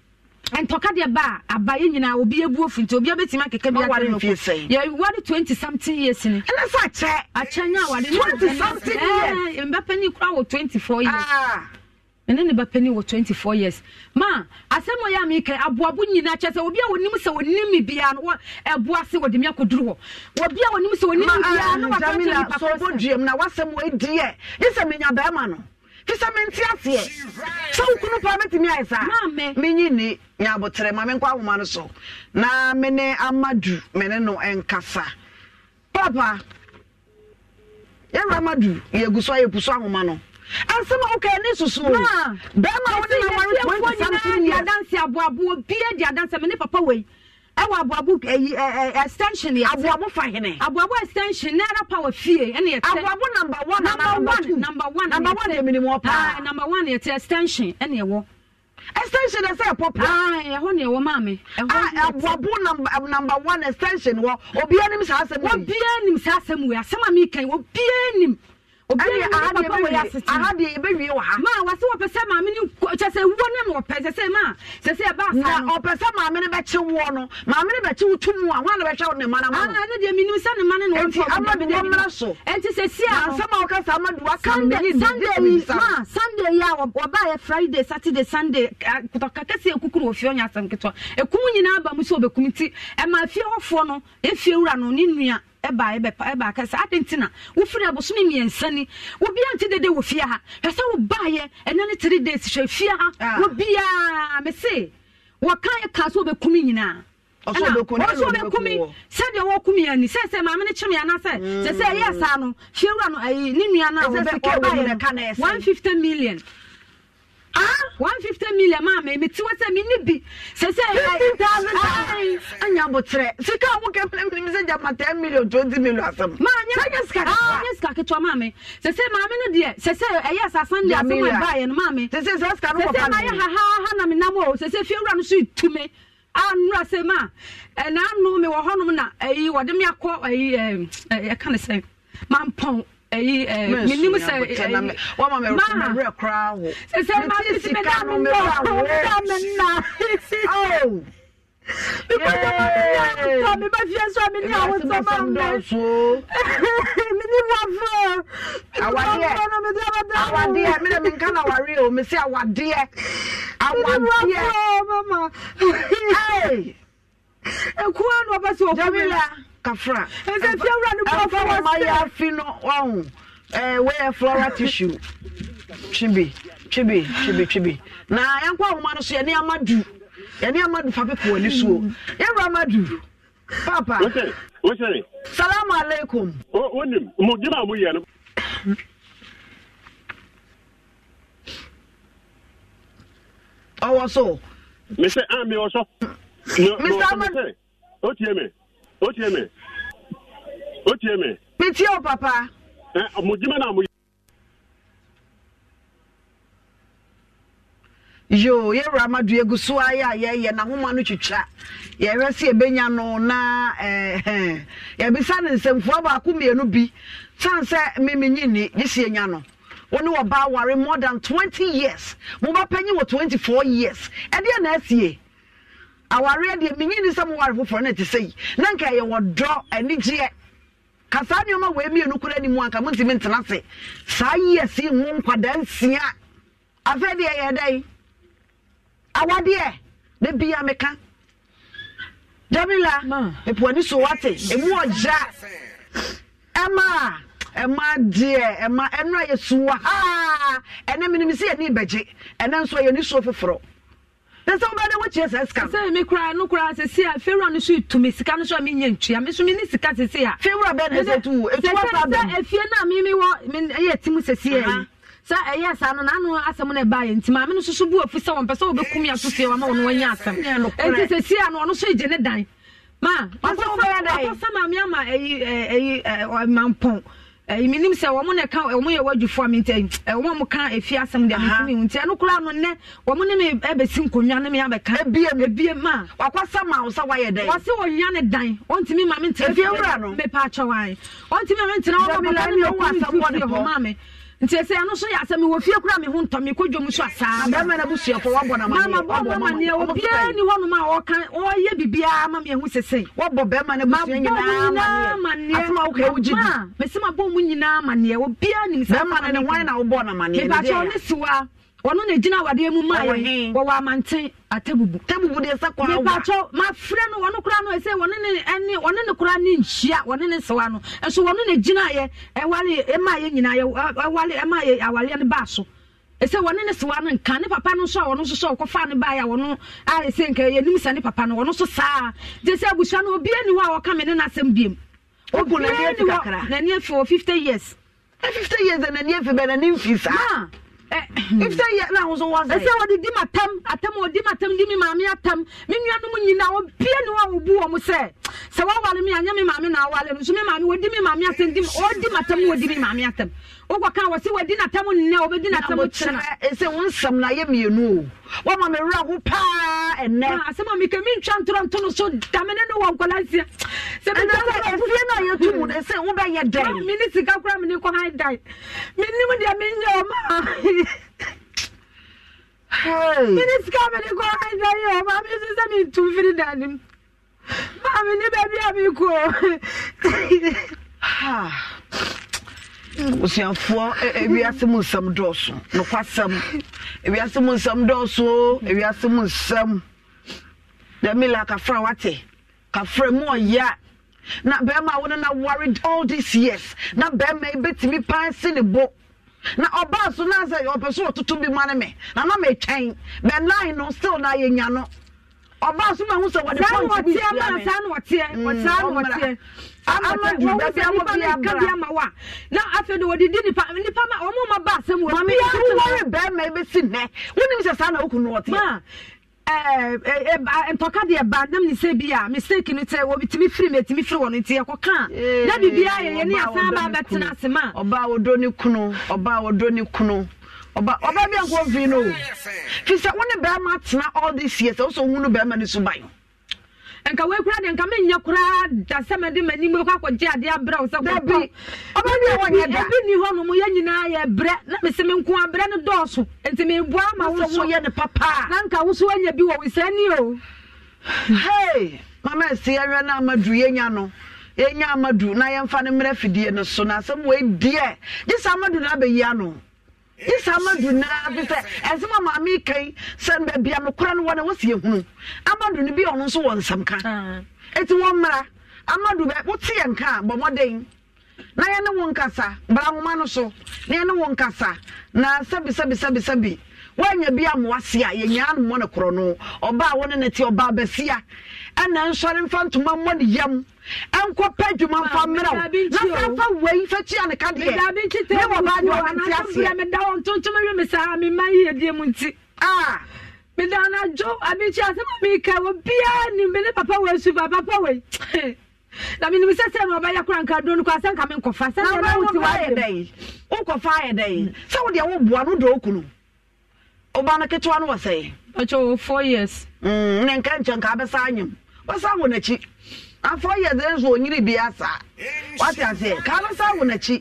ntɔka deɛ ba a aba yɛ nyinaa obi ebu ofin nti obi abɛtumi akeka bi atare no yɛ wari twenty something years ni. ɛna sɛ akyɛ akyɛ nya awari twenty something years. Eh, mbɛpɛ ni kura wɔ twenty four years. Ah ɛne ne bɛpɛni wɔ 24 years ma asɛm ɔyɛ ameka aboabo nyina kyɛ sɛ obi a wɔnim sɛ wɔnim me biaa no ɛboa se wɔde me akɔduru hɔ obi a wɔnim sɛ wɔnim me biaa no ah, wɔsɔbɔdwam na wasɛm wɔadiɛ gye sɛ menya bɛrima no fi sɛ mente aseɛ sɛ wokunu paa mɛtumi ayɛ saa menyi ne nyaabotrɛ ma menkɔ ahoma no so na mene amadu mene no ɛnkasa papa yɛwura amadu yɛgu so a yɛpu so ahoma no asɛm a wokaa ne susu bɛrima aboaboɔ bia de adanse me papa wei ɛwɔ aboabo eh, eh, eh, extension aboabo fa hene aboabo extension power fie aboabo number one number number one number one yɛ minimu ah, ah, ah, number one extension ɛwɔ extension ɛsɛ ɛpɔ paa ɛhɔ ɛwɔ maame ɛhɔ aboabo number number one extension wɔ obiara nim saa asɛm obiara nim saa asɛm asɛm a mi kan obiara nim. obiara na ne papa wɔ yɛ asete aha deɛ yɛbɛwie wɔ ha maa wɔsɛ wɔpɛ sɛ maame ne kyɛ sɛ wuo ne na ɔpɛ sɛ sɛ maa sɛ sɛ ɛba asa no ɔpɛ sɛ maame ne bɛkye woɔ no maame ne bɛkye wotu mu a wɔn a na bɛhwɛ ne ma na ma no ana ne deɛ minim sɛ ne ma ne na wɔn fɔ ama de wɔn mmerɛ so ɛnti sɛ si a nsɛm a wɔka ama de wasa sunday sunday yi maa sunday yi a wɔba yɛ friday saturday sunday kutɔka kɛse ekukuru wɔ fie ɔnyɛ ketewa ekum nyinaa ba mu sɛ ɔbɛkum ti ɛma no efie wura no ne ɛba ɛbɛpa ɛba akɛse adi nti wofiri abosomi mmiɛnsa ni obiara nti dede wɔ fie ha ɛsɛ wobaayɛ ɛnɛ ne three days hwɛ fie ha ah. obiara mese wɔkan ka so wɔbɛkumi nyinaa ɔsɔ bɛ sɛdeɛ wɔkumi ani sɛsɛ maame ne kyerɛ mi ana sɛ sɛsɛ ɛyɛ saa no fiewura no ne nua no one fifty million. Ah! one fifty million maa mi mi tiwọ sẹ mi ni bi sẹsẹ fifty thousand dollars anya abotire sika awo kẹfẹ mi mi sẹ jama ten million twenty million asem. maa nye sẹ nye sika ketewa nye sika ketewa maa mi sẹsẹ maame ni deɛ sẹsẹ ɛyɛ asasan de asem a ɛbaa yɛ no maa mi sẹsẹ sẹ sika no kɔ mi sẹsẹ n'ayɛ ha ha ha na mi nam o sẹsẹ fiewura no so itume nura sɛ maa ɛna anu mi wɔ hɔnom na ɛyi wɔde mi akɔ ɛyi ɛɛ ɛka ne sɛ maa mpɔn ɛyi ɛɛ minim sɛ ɛyi eh, eh, wama mɛ rɛ mɛ rɛ kura wo sɛsɛ maa mi si mi da mi nna o mi da mi nna awo because mi ba fiɛ sɔ mi ni awo sɔma mɛ mi ni wa fɔ awadeɛ awadeɛ mi na mi nka na awari o mi si awadeɛ awadeɛ awo ekuwa ni wa ba se o kun mi la kafra ɛfɛ ma yɛ afi no ɔho ɛɛ wɔyɛ flora tissue twibi twibi twibi twibi na yɛnkɔ ahoma no so yɛ nneɛma du yɛ nneɛma du papi kɔ ani so yɛwura ma du papa salamu alaikum. o nim mo gyina mo yɛ no. ɔwɔ so. mesɛ a mi wɔ so. mr amadu. o tie mi. o tie me o tie me. metie o papa. ẹ eh, mo jimẹ na mo. yoo yɛwura amadu egu so ayɛ a yɛyɛ n'ahoma no twitwa yɛhwɛ si ebenya no na ɛɛ eh, eh. yɛbisa ne nsɛmfua baako mmienu bi san sɛ mimi nyi ni yi si enya no wɔne wɔba aware more than twenty years mo ba panyin wɔ twenty four years ɛdeɛ na ɛsie. Awari deɛ menyi ne sɛ moware foforɔ no te sɛ yi na nka ɛyɛ wɔdɔ anigyeɛ kasa nneɛma wɔ mmienu kura ne mu anka montimi ntena se saa yi asi ho nkwadaa nsia afei deɛ yɛ dɛn awadeɛ na bia meka jamila epuani so wate emu ɔgya ɛma ɛma deɛ ɛma ɛnura yɛ suwa haa ɛnɛ minimu yɛ ni bɛgye ɛnɛ nso yɛ ni so foforɔ ɛsɛ wobɛdɛ wokyie sɛ sika sɛ me koraa no koraa sɛsi a fewura no so tumi sika no so a menya ntua me so mene sika sɛsi a fewura bɛ afie no a meme wɔ ɛyɛ tim sɛsi ayi ɛyɛ saa no naano asɛm no ɛbaeɛ nti maame no soso bu afu sɛ wɔmpɛ sɛ wɔbɛkum yɛ so fie wɔ ma wɔno wanya asɛm ɛnti sɛsi a no ɔno so gye ne dan ma ɔkɔ sa maame ama ayi ayi mampɔn Eh, menim sɛ wɔmo ne ka ɔmo yɛ wadwufoɔ me nti eh, wɔn mo ka efi asɛm deɛ metumi hu nti ɛno koraa no nnɛ wɔmo ne me ɛbɛsi nkonnwa ne me abɛka ebiem ebiem a wakɔsa ma wo sɛ wayɛ dɛn wɔsi wɔnyia ne dan wɔntumi ma me ntena akyɛw ayi wɔntumi ma me ntena wɔn mo bɛ mi lɛ ne hɔ maame nti sɛ ɛno so yɛ asɛm wɔ fie kora me ho ntɔ me kɔdwom so asaa bɛma no busuafo wɔbɔ namammama bɔmaneɛ obiaa ni hɔnom a ɔka ɔyɛ biribiaa ma meɛho sesei wɔbɔ bɛma no busuanyinaamanneɛmesɛ mabɔ mu nyinaa manneɛ obiaa nim sɛbɛma no ne hwan na wobɔ namaneɛ mepakyɛ ɔne siwa ɔno na gyina awadeɛ mu maa yɛn wɔwɔ amanten atabubu tabubu deɛ sɛ kora wa nipakyɛ mafrɛ no wɔno kora no ɛsɛ wɔne ne ɛne wɔne ne kora ne nhyia wɔne ne sewa no ɛso wɔno na gyina e e yɛ ɛwale ɛmaa e yɛ nyinaa yɛ ɛwale ɛmaa yɛ awaleɛ no baa so ɛsɛ wɔne ne sewa no nka ne papa no nso a nso sɛ ɔkɔfa ne baa yɛ a a ɛsɛ nka yɛnim sɛ ne papa no wɔno nso saa gye sɛ abusua no obiara ni hɔ a wɔka me ne n'asɛm biem obiara ni hɔ n'ani efi wɔ fifty years fifty years n'ani efi bɛ n'ani nfi saa. Eh, if ifisɛ yɛ na ahosuo wa zɛ. ɛsɛ wɔde di ma tɛm atɛm di ma tam di mi maame atɛm mi nuanom nyinaa wɔn pie ni wɔn bu wɔn sɛ sɛ wɔwale mi a nye mi maame na awale nso mi maame wɔdi mi maame atɛm di ma wɔdi ma tɛm wɔdi mi maame atɛm wokɔka wɔ sɛ wadi natam nnɛ wobɛdi natam kyena sɛ wo nsɛm no ayɛ mmienu o woama me ho paa ɛnnɛ asɛm ah, a meka mentwa ntorɔnto no so dame no wɔ nkɔla sɛ ɛfie no a mu sɛ wobɛyɛ dɛn mene sika kora mene kɔ dan menim deɛ menyɛ ɔma mene sika mene kɔ dan ɔma meso sɛ mentu mfiri danem maa mene baabi a mekɔ busuafoɔ ewiase mu nsɛm dɔɔso nokwasɛm ewiase mu nsɛm dɔɔso ewiase mu nsɛm dɛmila kafra wate kafra mu ɔya na bɛrima awo no na worried all these years na bɛrima ebetumi paa si ne bo na ɔbaa so na sɛ ɔpɛ so ɔtoto bi ma ne me na na ma bɛ nine no still na yɛ nya no ɔbaa so ma ho sɛ wɔde pɔnkye bi si ame saa na wɔteɛ saa na mm, wɔteɛ wɔsaa na wɔteɛ na afei de wɔdedi nipa nipa ma ɔmo ma ba asɛm wɔ mami tu wɔre bɛrima ebesi nɛ wɔnim sɛ saa na okun wɔte. maa ntɔka deɛ ba nam ne sɛ bi a mistake no tɛ wɔbɛtumi firi mɛtumi firi wɔ no nti yɛkɔka na biribia yɛyɛ ne yɛsan ba bɛtena ase ma ɔbaa wɔdɔ ne kunu ɔbaa wɔdɔ ne kunu ɔba ɔbaa bi nkɔ mfii no o fi sɛ wo bɛrima atena all this years sɛ wosɛ wohu no bɛrima ne so ban nka wakura de nka menyɛ koraa da sɛ mede m'anim kɔ akɔgye adeɛ abrɛ wo sɛ ebi ni hɔ nom yɛ nyinaa yɛ brɛ na mese me nko abrɛ no dɔɔso nti meboa ma wo so yɛ ne papaa na nka wo so anya bi wɔ wo ni o hei mama ɛsi yɛhwɛ no amadu yɛnya no yɛnya amadu na yɛmfa no mmerɛ afidie no so na asɛm wɔ diɛ gye sɛ amadu no abɛyi ano isamadu nyinaa bi sɛ ɛsɛm a maame ka yi sɛ baabi a mekora no wɔ no wɔsi ehunu amadu no bi ɔno nso wɔ nsɛm ka ah. eti wɔn mmara amadu bɛ wote yɛn ka bɔ mɔden na yɛn ne wɔn kasa balanwoma no so na yɛn ne wɔn kasa na sɛbi sɛbi sɛbi sɛbi wɔanya bi amoa si a yɛn nyinaa nomɔ ne korɔ no ɔbaa wɔne ne te ɔbaa bɛsia ɛna nsɔre nfa ntoma mmɔ ne yam. ɛnkɔ pɛ adwuma ah, mfa mmerɛ wo na sɛ mfa wei fa kyia ne ka deɛ ne wɔ meda wɔ ntontom asɛm meka wɔ biaa nim me ne papa wɔ asu fa papa wei na menim sɛ sɛ na ɔbɛyɛ kora nka do no kɔ asɛ nka menkɔfa sɛwotiwayɛ dɛn ayɛ dɛn sɛ wodeɛ woboa no wodɔ okunu ɔba no ketewa no wɔ sɛe bɛkyɛ wɔ four years mm, ne nka nkyɛ nka abɛsa anyem wɔsa wɔ n'akyi afọ yɛ dɛ nso onyini bi asa wate aseɛ kanasa wɔ n'akyi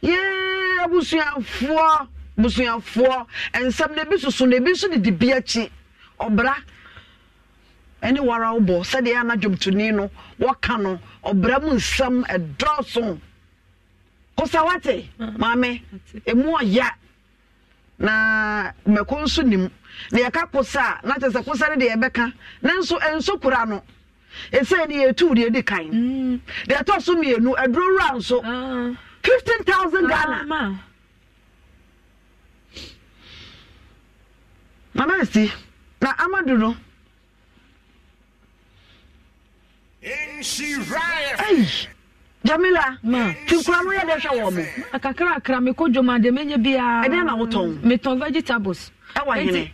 yee abusuafoɔ busuafoɔ nsɛm na ebi soso na ebi nso de di bi akyi ɔbra ɛne wara wobɔ sɛdeɛ anadwomtoni no wɔka no ɔbra mu nsɛm ɛdɔɔso kosa wate maame ɛmu ɔya na mɛko nso nim na yɛka kosa a na kyɛ sɛ kosa no deɛ yɛbɛka nanso ɛnso kura no ɛsɛ ne yɛtu deɛ di kan mm. deɛ ɛtɔ so mmienu aduro wura nso ah. fifteen thousand ah, ghana mama esi na amadu no. Hey, jamila tinkura no yɛ dɛ hwɛ wɔ mo akakrakra mekɔ dwom ade mɛnyɛ biaa ɛdeɛ na wotɔn metɔn vegetables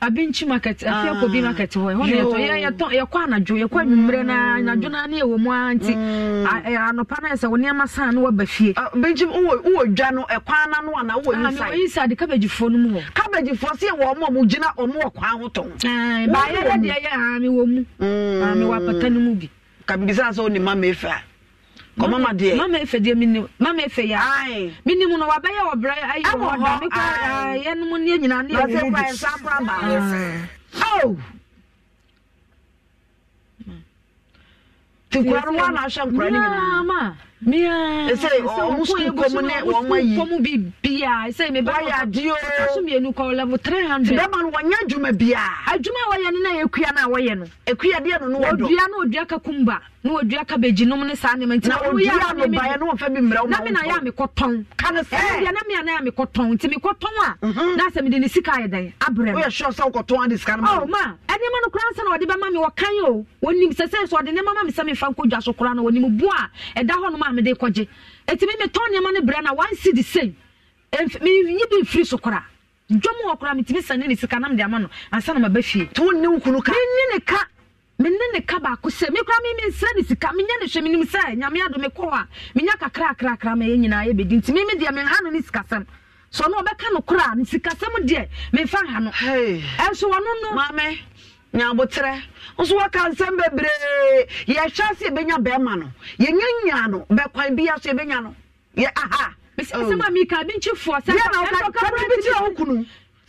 abinkyi market ah. afi akɔ bi market hɔ ɛhɔ na yɛtɔ yɛtɔ yɛkɔ anadwo yɛkɔ anwummerɛ na mm. anadwo na ne ɛwɔ mu a nti mm. anɔpa no yɛ sɛ wo nneɛma san no waba fie abinkyi ah, wowɔ dwa no ɛkwan na no ana wowɔ ah, inside inside kabagyifoɔ no mu hɔ kabagyifoɔ sɛ yɛwɔ ɔmo a mo gyina ɔmo wɔ kwan ho tɔn baayɛ deɛ yɛ aa mewɔ mu aa mewɔ apata no mu bi mm. kabisa sɛ wo ne ma ma ɛfɛ kɔmɔ ma mama efe deɛ mama efe ya minimu no wabɛyɛ wɔ brɛ ayi wɔ hɔ ɛɛ yɛnum ne nyinaa ne yɛ wɔ di awo tukura no wɔn ahyɛ nkura ne nyinaa miaa ɛsɛ ɔmo sukuu kɔmu ne wɔn ayi kɔmu bi bia ɛsɛ mi ba wɔyɛ adiwo ɛsɛ mienu kɔ na ekuya na wɔyɛ no ekuya deɛ no no na wɔdua cabbage nom ni saa nneɛma nti na woyɛ no baeɛ na wɔmfa bi mmerɛ na me na yɛ a mekɔtɔn ɛdeɛ na mea na yɛ mekɔtɔn nti mekɔtɔn a mhm. na sɛ mede ne sika ayɛ dɛn abrɛ woyɛ sure sɛ wokɔtɔn ade sika no ma ma ɛnneɛma no koraa sɛ na wɔde bɛma me wɔkan o wɔnim sɛ sɛ sɛ ɔde nneɛma ma me sɛ memfa nkɔ dwa so koraa no wɔnim bo a ɛda hɔ nom a mede kɔgye ɛti me metɔn nneɛma no brɛ na wansi de sei menyi bi mfiri so koraa dwom wɔ koraa metumi sane ne sika na mede ama no ansa na mabɛfie nti wonne wo kunu ka menni ne ka mene ne ka baako sɛ me meme nsrɛ ne sika menyɛ ne hwɛ menim sɛ nyame ado mekɔ a menya kakrakrakra ma ɛyɛ nyinaa yɛbɛdi nti meme deɛ menha no ne sikasɛm sɛ ɔno ɔbɛka no koraa ne sikasɛm deɛ memfa ha no ɛnso ɔno no mame nyabotrɛ nso wɔka nsɛm bebree yɛhwɛ sɛ yɛbɛnya bɛrima no yɛnyanyaa no bɛkwan bia so yɛbɛnya no yɛ aha mesɛ sɛm oh. a meka bi sɛ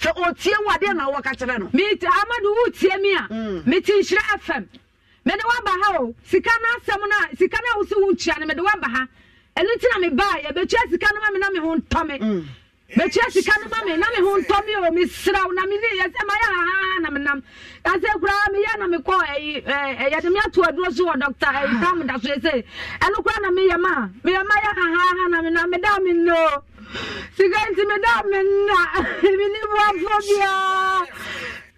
sɛ ɔtie wo adeɛ na wɔka kyerɛ no mete amado wotie me a mm. mete nhyirɛ fm mede woaba ha o sika no asɛm no a sika no a wo sɛ wonkyia no mede woaba ha ɛno nti na mebaa bɛtua sika no ma me na me ho ntɔme bɛtua mm. sika no ma me na me ho ntɔme o mesrɛ wo na mene sɛ mayɛ hahaa na menam asɛ koraa meyɛ na mekɔ yɛde me ato aduro so wɔ dɔkta tam da so ɛ sɛ ɛno koraa na meyɛ ma a meyɛ ma yɛ hahaa na menam meda me sika nti mi da mi nna mi ni buafo bia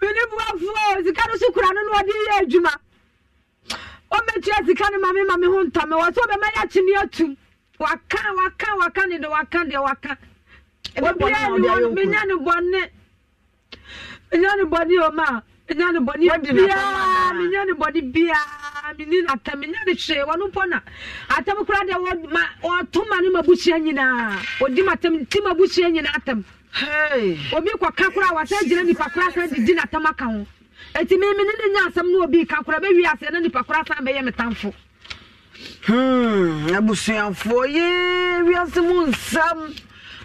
mi ni buafo sika no so kura no na ɔde yɛ adwuma ɔmɛtua sika no maame maame ho ntɔmɛ wɔ so ɔbɛma yɛ akyini atum waka waka waka ne de waka deɛ waka obiara ni wɔn menya ne bɔnne menya ne bɔnne o maa. menya ne bɔne biaa menya ne bɔne biaa meni natam menya ne hyee wɔno mpɔ na atam kora deɛ ɔto ma ne mabusua nyinaa ɔdi matam ti mabusua nyinaa tam obi kɔka kora a gyina nipa kora sa de di natam aka ho ɛti meme ne ne nya asɛm na obi ka kora bɛwie asɛ na nipa kora sa bɛyɛ me tamfo hmm, abusuafoɔ yɛ wiase mu nsɛm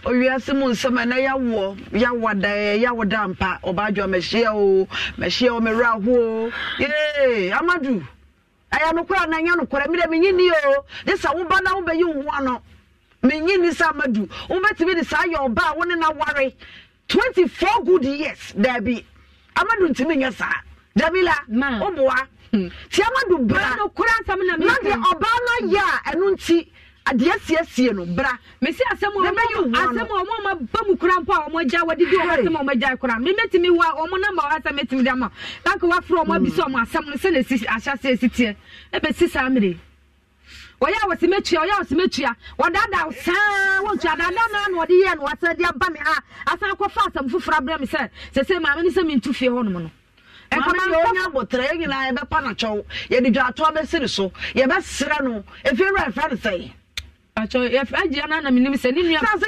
owiase mu nsɛm ɛna yawoɔ yawoɔ da yawoɔ da mpa ɔbaadwa mɛhyia o mɛhyia o mɛwura ahoo yee amadu ɛyɛ nokora na ɛnyɛ nokora mi dɛ menyi ni o de sa woba na wobɛyi wo ho ano menyi ni sɛ amadu wobɛtumi de saa yɛ ɔba a wo ne na ware twenty four good years daabi amadu ntumi nyɛ saa jamila woboa hmm. ti amadu bra na deɛ ɔbaa no yɛ a ɛno nti adeɛ siesie no bra mesi asɛm a ɔmo asɛm a mo ɔmo ba mu kura mpo a ɔmo gya wɔde di ɔmo asɛm a mo gya kura mi metumi wa ɔmo nama wa asɛm metumi de ama kanka wafura ɔmo hmm. abisa ɔmo asɛm no sɛ na esi ahyɛ se esi teɛ ebe si saa mmiri wɔyɛ awɔsi metua wɔyɛ awɔsi metua wɔdada saa wɔntua dada naa na wɔde yɛ no wɔsɛ de aba mi ha asan akɔfa asɛm foforɔ abirɛ mi sɛ sɛsɛ maame ne sɛ mi fie hɔ no nkɔmɔ yɛ onye abotire yɛ nyinaa yɛbɛpa n'akyɛw yɛde dwa atoa bɛsi ne so yɛbɛsrɛ no efi ewura efra ne sɛɛ. sɛ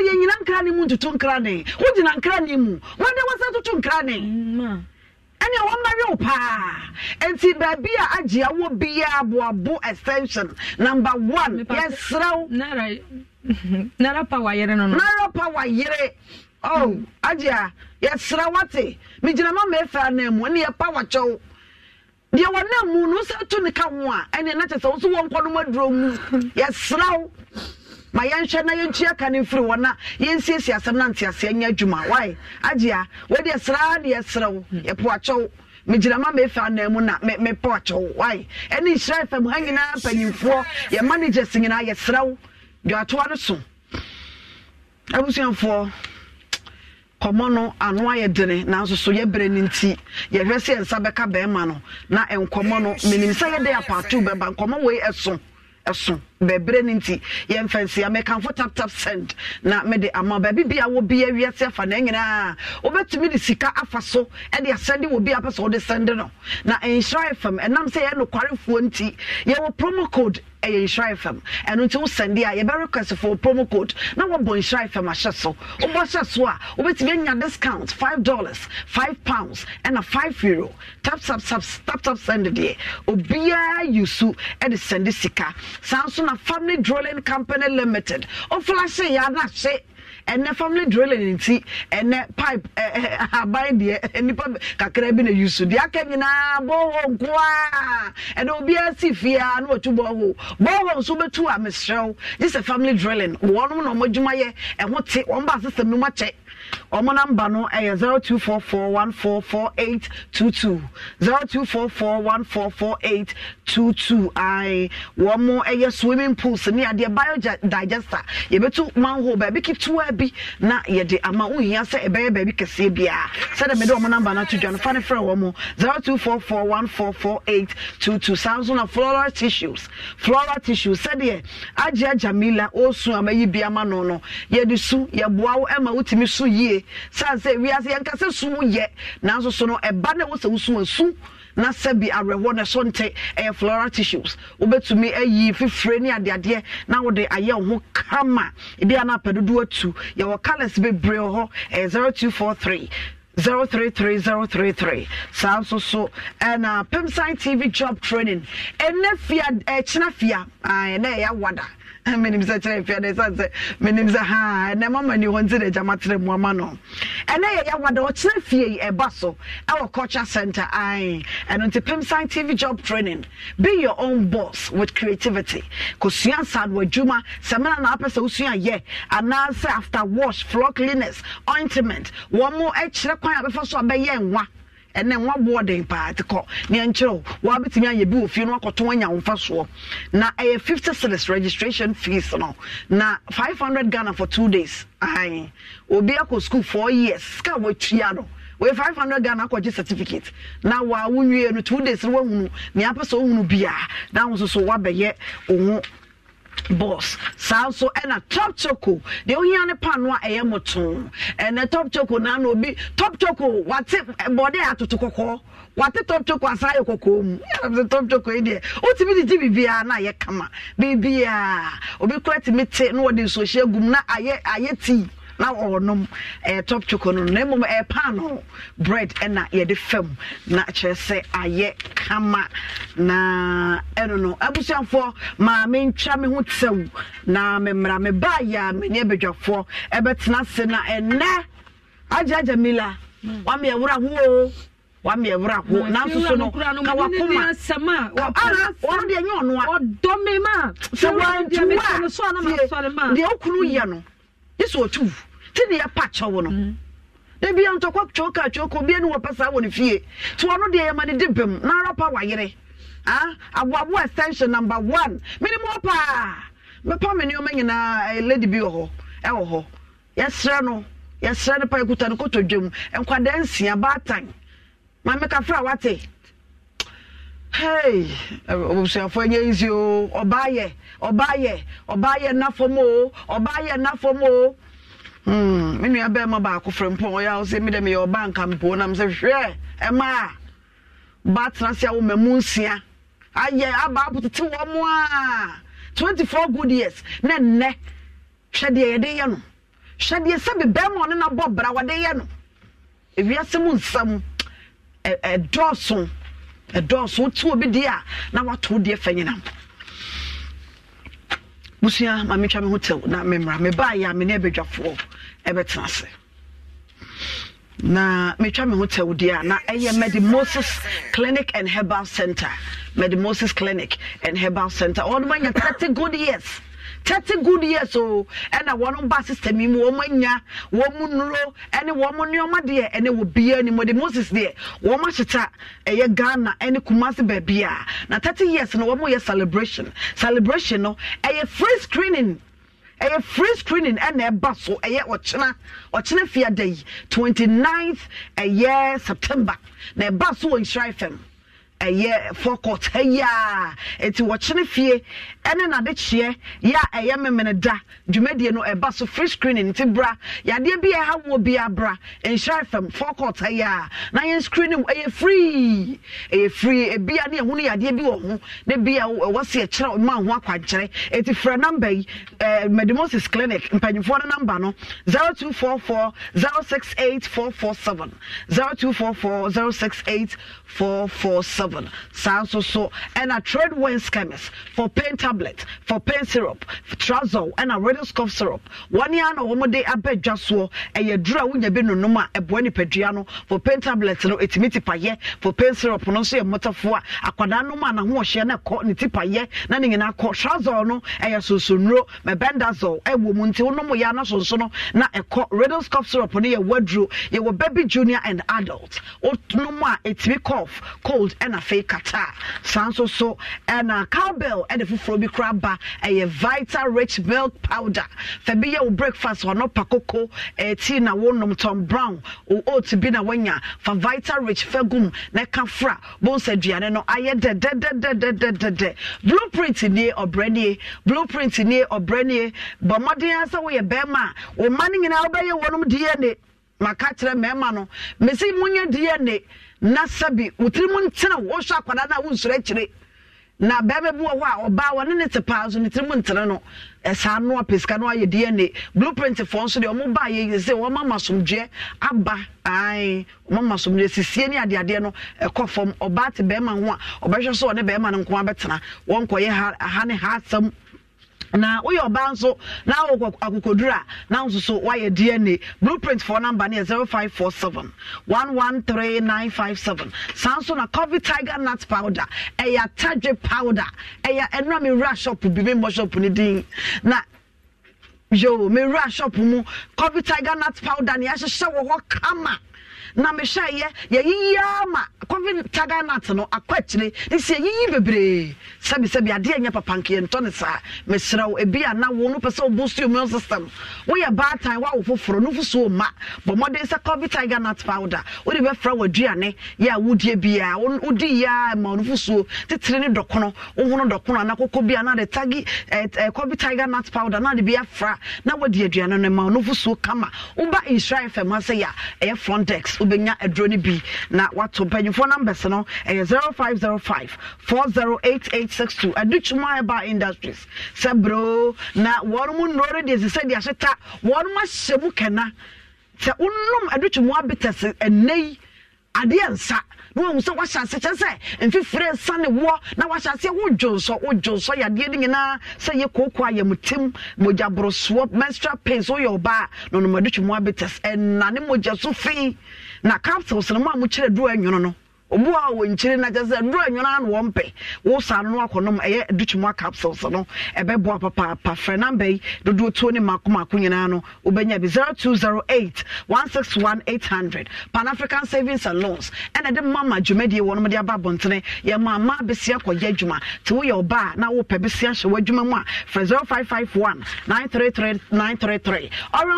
yɛnyina nkra ne mu ntoto nkra ne wogyina nkra ne mu wode wɔsɛ toto nkra ne ɛne wɔmmɛwe wo paa nti baabi a agye awɔ biaa boabo extension number one yɛserɛ wo pa wayere no agyea yɛserɛ wate megyina ma meɛfɛ anaa mu ɛne yɛpa wakyɛw deɛ wɔnam mu no wosɛ to ne ka ho a ɛne na kyɛ sɛ wo so wɔ aduro mu yɛserɛ wo ma yɛnhwɛ na yɛntua ka no mfiri wɔ na asɛm na nteaseɛ nyɛ adwuma wae agyea deɛ anan mu na mepɔ akyɛw wae ɛne nhyira fam ha nyinaa mpanyimfoɔ yɛ managers nyinaa yɛserɛ deɛ atoa no so abusuafoɔ kɔmɔ no ano ayɛ dene nanso so yɛbrɛ no nti yɛhwɛ sɛ yɛnsa bɛka bɛrima no na nkɔmɔ no menim sɛ yɛde bɛbrɛ no nti yɛmfa nsia mekamfo taptap send na mede ama baabi bia wɔ bia wiase afa na nyinaa wobɛtumi de sika afa so ɛde asɛnde wɔ bia pɛ sɛ wode sɛnde no na nhyira fm ɛnam sɛ yɛyɛ nokwarefoɔ nti yɛwɔ promo code ɛyɛ nhyira fm ɛno nti wosɛnde a yɛbɛ request for promo code na wɔbɔ nhyira fm ahyɛ so wobɔ hyɛ so a wobɛtumi anya discount five dollars five pounds ɛna five euro taptap send deɛ obiaa yusu ɛde sɛnde sika saa nso ghana family drilling company limited ɔflashe yɛ anahye ɛnɛ family drilling nti ɛnɛ pipe ɛɛ ahaban deɛ nipa kakra bi na yusu deɛ aka nyinaa bɔɔhɔ nkoa ɛnna obiara si fie a na wɔtu bɔɔhɔ bɔɔhɔ nso bɛtu a mesrɛw sɛ family drilling wɔn na wɔn adwuma yɛ ɛho te wɔn ba asesɛm no mu akyɛ ɔmo namba no ɛyɛ zero two four four one four four eight two two zero two four four one four four eight two two ae wɔn ɛyɛ swimming pools ne adeɛ bio digester yɛbɛtu manhole baabi ketewa bi na yɛde ama ohia sɛ ɛbɛyɛ baabi kɛseɛ biara sɛdeɛ mɛde ɔmo namba no ato dwa no fa ne frɛ zero two four four one four four eight two two samson na floral tissues floral tissues sɛdeɛ agye agyamila osu ama yi bi ama no no yɛde su yɛboawo ɛma wotumi su yi yie sane sɛ wiase yɛnkasɛ sum yɛ nanso so no ɛba no ɛwɔ sɛ wosum asu na sɛbi awerɛhoɔ no ɛso nte ɛyɛ floral tissues wobɛtumi ayi fifire ne adeadeɛ na wode ayɛ wo ho kama ebi ana apɛdodo atu yɛwɔ colors bebree hɔ ɛyɛ 0243 033033 saa nso so ɛna pemsan tv job training ɛnɛ fia ɛkyena fia ɛnɛ ɛyɛ awada menim sɛ kyerɛ fia ne ɛsiane sɛ menim sɛ ha ɛnɛ mama ni hɔ nti na agya matrɛ mu ama no ɛnɛ yɛyɛ awada ɔkyerɛ fie yi ɛba so ɛwɔ culture center ae ɛno nti pimsan tv job training be your own boss with creativity kɔsua nsad wɔ adwuma sɛmina na apɛ sɛ wosua yɛ anaasɛ after wash floor cleaners ointment wɔn mo kyerɛ kwan a bɛfa so a nwa ɛnɛ waboɔ den paa te kɔ nea nkyerɛ wo wabɛtumi ayɛ bi wɔ fie no akɔto anya wo mfasoɔ na ɛyɛ fifty cents registration fees no na hundred ghana for two days ahan obi akɔ school four years sika wɔatua no wɔyɛ hundred ghana akɔgye certificate na wɔawo nwie no two days no wahunu nea apɛ sɛ wohunu biaa na wo nso so woabɛyɛ wo ho boss saa nso ɛna top choco deɛ ohia ne pano a ɛyɛ motoo ɛnɛ top choco na na obi top choco wate bɔde atoto kɔkɔɔ wate top choco asan yɛ kɔkɔɔ mu ɛna top choco yi deɛ wotumi didi biribiara na ayɛ kama biribiara obi kura tumi te na wɔde nsuo hyɛ na ayɛ ayɛ tii. na wɔnom eh, top choko no na mmom ɛpano eh, bread ɛna yɛde fam na kyerɛ sɛ ayɛ kama na ɛno no abusuafoɔ maame mentwa me ho na memmra me baa yɛ a mene abadwafoɔ ɛbɛtena se na ɛnɛ agyagya mila wame hoo ho nanso so no sɛdeɛ ɛpa kyɛw no mm. da bia ntɔkwa twɛw ka twɛw ka obia ne wɔpɛ saa wɔ ne fie nti ɔno deɛ yɛma ne de bem na ara pa wayere aboaboa extension number one mene mɔ paa mepa me nneɔma nyinaa eh, lady bi wɔ hɔ ɛwɔ hɔ yɛsrɛ no yɛsrɛ no pa yɛkuta no kɔtɔ dwam nkwada nsia baatan ma mekafrɛ a wate hey abusuafoɔ nyɛ nsi o ɔbaayɛ ɔbaayɛ ɔbaayɛ nnafɔm o ɔbaayɛ nnafɔm o Hmm, me nua bɛrima baako fere mpo ɔyɛ awo sɛ mi dɛ meyɛ ɔba nka mpo nam sɛ hwɛ ɛma a ba atena se awo mɛmu nsia ayɛ aba apotete wɔ mo a twenty four good years na nnɛ hwɛ deɛ yɛde yɛ no hwɛ deɛ sɛbi bɛrima ɔne nabɔ bra wɔde yɛ no ewia ewiase mu nsɛm ɛdɔɔso ɛdɔɔso wotu obi deɛ a na wato deɛ fɛ nyinam. busua maame twa me ho tɛw na memmra mebaa yɛ a me ne ɛbɛdwafoɔ ɛbɛtena ase na metwa me ho tɛw deɛ a na ɛyɛ mede moses clinic and herbal center mede moses clinic and herbal center ɔno manya 30 good years thirty good years o ɛna wɔn ba system yi mu wɔn anya wɔn nnuro ɛne wɔn nneɛma deɛ ɛne wɔ bia anim wɔde moses deɛ wɔn ahyehyɛ ɛyɛ ghana ɛne kumasi baabi a na thirty years no wɔn yɛ celebration celebration no ɛyɛ eh, free screening ɛyɛ eh, free screening ɛna ɛba so ɛyɛ ɔkyena ɔkyena fiada yi twenty ninth ɛyɛ september na ɛba so wɔ nhyira fm ɛyɛ fɔkɔt ɛyaa eti wɔkyene fie ɛne n'adekyeɛ yɛ a ɛyɛ mmemmene da dwumadie no ɛba so free screening ti bra yadeɛ bi a ɛha wɔn bi abra nhyira fam fɔkɔt ɛyaa na yɛn screening ɛyɛ free ɛyɛ free ebia ne ɛho ne yadeɛ bi wɔ ho ne bia ɛwɔ si ɛkyerɛ ɔmo aho akwankyerɛ eti frɛ namba yi ɛɛ medimosis clinic mpanyinfoɔ ne namba no zero two four four zero six eight four four seven zero two four four zero six eight four four seven. 7 saa nso so ɛna trade winds chemist for pain tablet for pain syrup trazol ɛna redis cough syrup One year wɔn day, na wɔn just abɛ And you draw duro a wonya bi nonom a ɛboa Pediano for pain tablet no etimi tipayɛ for pain syrup no nso yɛ for. a akwadaa nom a n'ahoɔhyɛ na ɛkɔ ne tipayɛ na ne nyinaa kɔ trazol no ɛyɛ sonsonuro mɛbɛndazol ɛwɔ mu nti wɔn mo yɛ ano sonso no na ɛkɔ redis cough syrup no yɛ waduro yɛwɔ baby junior and adult wɔn nom a etimi cough cold ɛna afei kata saa so so ɛna cowbell ɛde foforɔ bi kora ba ɛyɛ vital rich milk powder fa bi yɛ wo breakfast ɔnɔpa koko ɛti na wonom tom brown wo oat bi na wanya fa vital rich fa gum na ɛka fra bonsa aduane no ayɛ dɛ dɛ dɛ dɛ dɛ dɛ dɛ dɛ blueprint nie ɔbrɛnie blueprint nie ɔbrɛnie bɔ mmɔden sɛ woyɛ bɛrima a wo ma no nyinaa wobɛyɛ wɔnom dna maka kyerɛ mmarima no mesi monyɛ dna na sɛbi wo tiri mu ntena wohwɛ akwadaa no a akyire na baa bi wɔ hɔ a ɔbaa wɔne ne te paa so ne tiri mu ntena no pesika no ayɛ dna blueprint foɔ nso deɛ ɔmo ba yɛ sɛ wɔma aba ae sisie ne adeadeɛ no ɛkɔ fam ɔbaa te ho a ɔbɛhwɛ so ɔne bɛrima no nko abɛtena wɔnkɔyɛ ha ne ha asɛm na woyɛ ɔbaa nso na wɔ akokoduru a na nso so wayɛ dna blueprint for number no yɛ 0547 113957 saa nso na covid tiger nut powder ɛyɛ atadwe powder ɛyɛ ɛnura me wura shop bi me mbɔ shop no din na yo me wura shop mu covid tiger nut powder ne yɛahyehyɛ wɔ hɔ kama na mehyɛ yɛ yɛyiyi ama covid taganat no akɔ akyire nsi yɛyiyi bebree sɛbisɛbi adeɛ nyɛ papa nkeɛntɔ ne saa mesrɛ wo ebi a na wo no pɛ sɛ wo boost immune system woyɛ baatan wawo foforɔ no fosuo ma bɔ mmɔden sɛ covid taganat powder wode bɛfra w'aduane yɛ a wodie biara wodi yɛ a ma no fosuo titiri ne dɔkono wo ho no dɔkono ana koko bi de tagi covid taganat powder na de bi afra na wadi aduane no ma no fosuo kama woba israel fam ha sɛ yɛ ɛyɛ frontex wobɛnya aduro no bi na wato mpanyimfoɔ numbers no ɛyɛ 0505 408862 adukyuma ɛba industries sɛ broo na wɔn mu nnuro deɛ sɛ deɛ ahyeta wɔn mu ahyɛ mu kɛna sɛ wonom adukyuma abitɛs ɛnɛ yi adeɛ nsa na wɔn sɛ wahyɛ ase kyɛ sɛ mfifire nsa ne woɔ na wahyɛ ase wodwo nsɔ wodwo nsɔ yadeɛ no nyinaa sɛ yɛ kooko a yɛmutem mogya borosoɔ menstrual pains woyɛ ɔbaa na ɔnom adutwi mu abetes ɛna ne mogya so fii na capsules no mu a mokyerɛ duro anwono no obu wɔnkyere no kyɛ sɛ duro nwona no wɔmpɛ wosa no no akɔnom ɛyɛ dutwumua capsules no ɛbɛboa papaapa frɛ namba yi dodoɔ tuo ne maakomaako nyinaa no wobɛnya bi 0208 pan african savings and loans ɛna de mama dwumadie wɔ nomde aba abɔntene yɛma ma bɛsia kɔyɛ adwuma nti woyɛ ɔba a na wopɛ bɛsia hyɛ w'adwuma mu a frɛ 0551 933933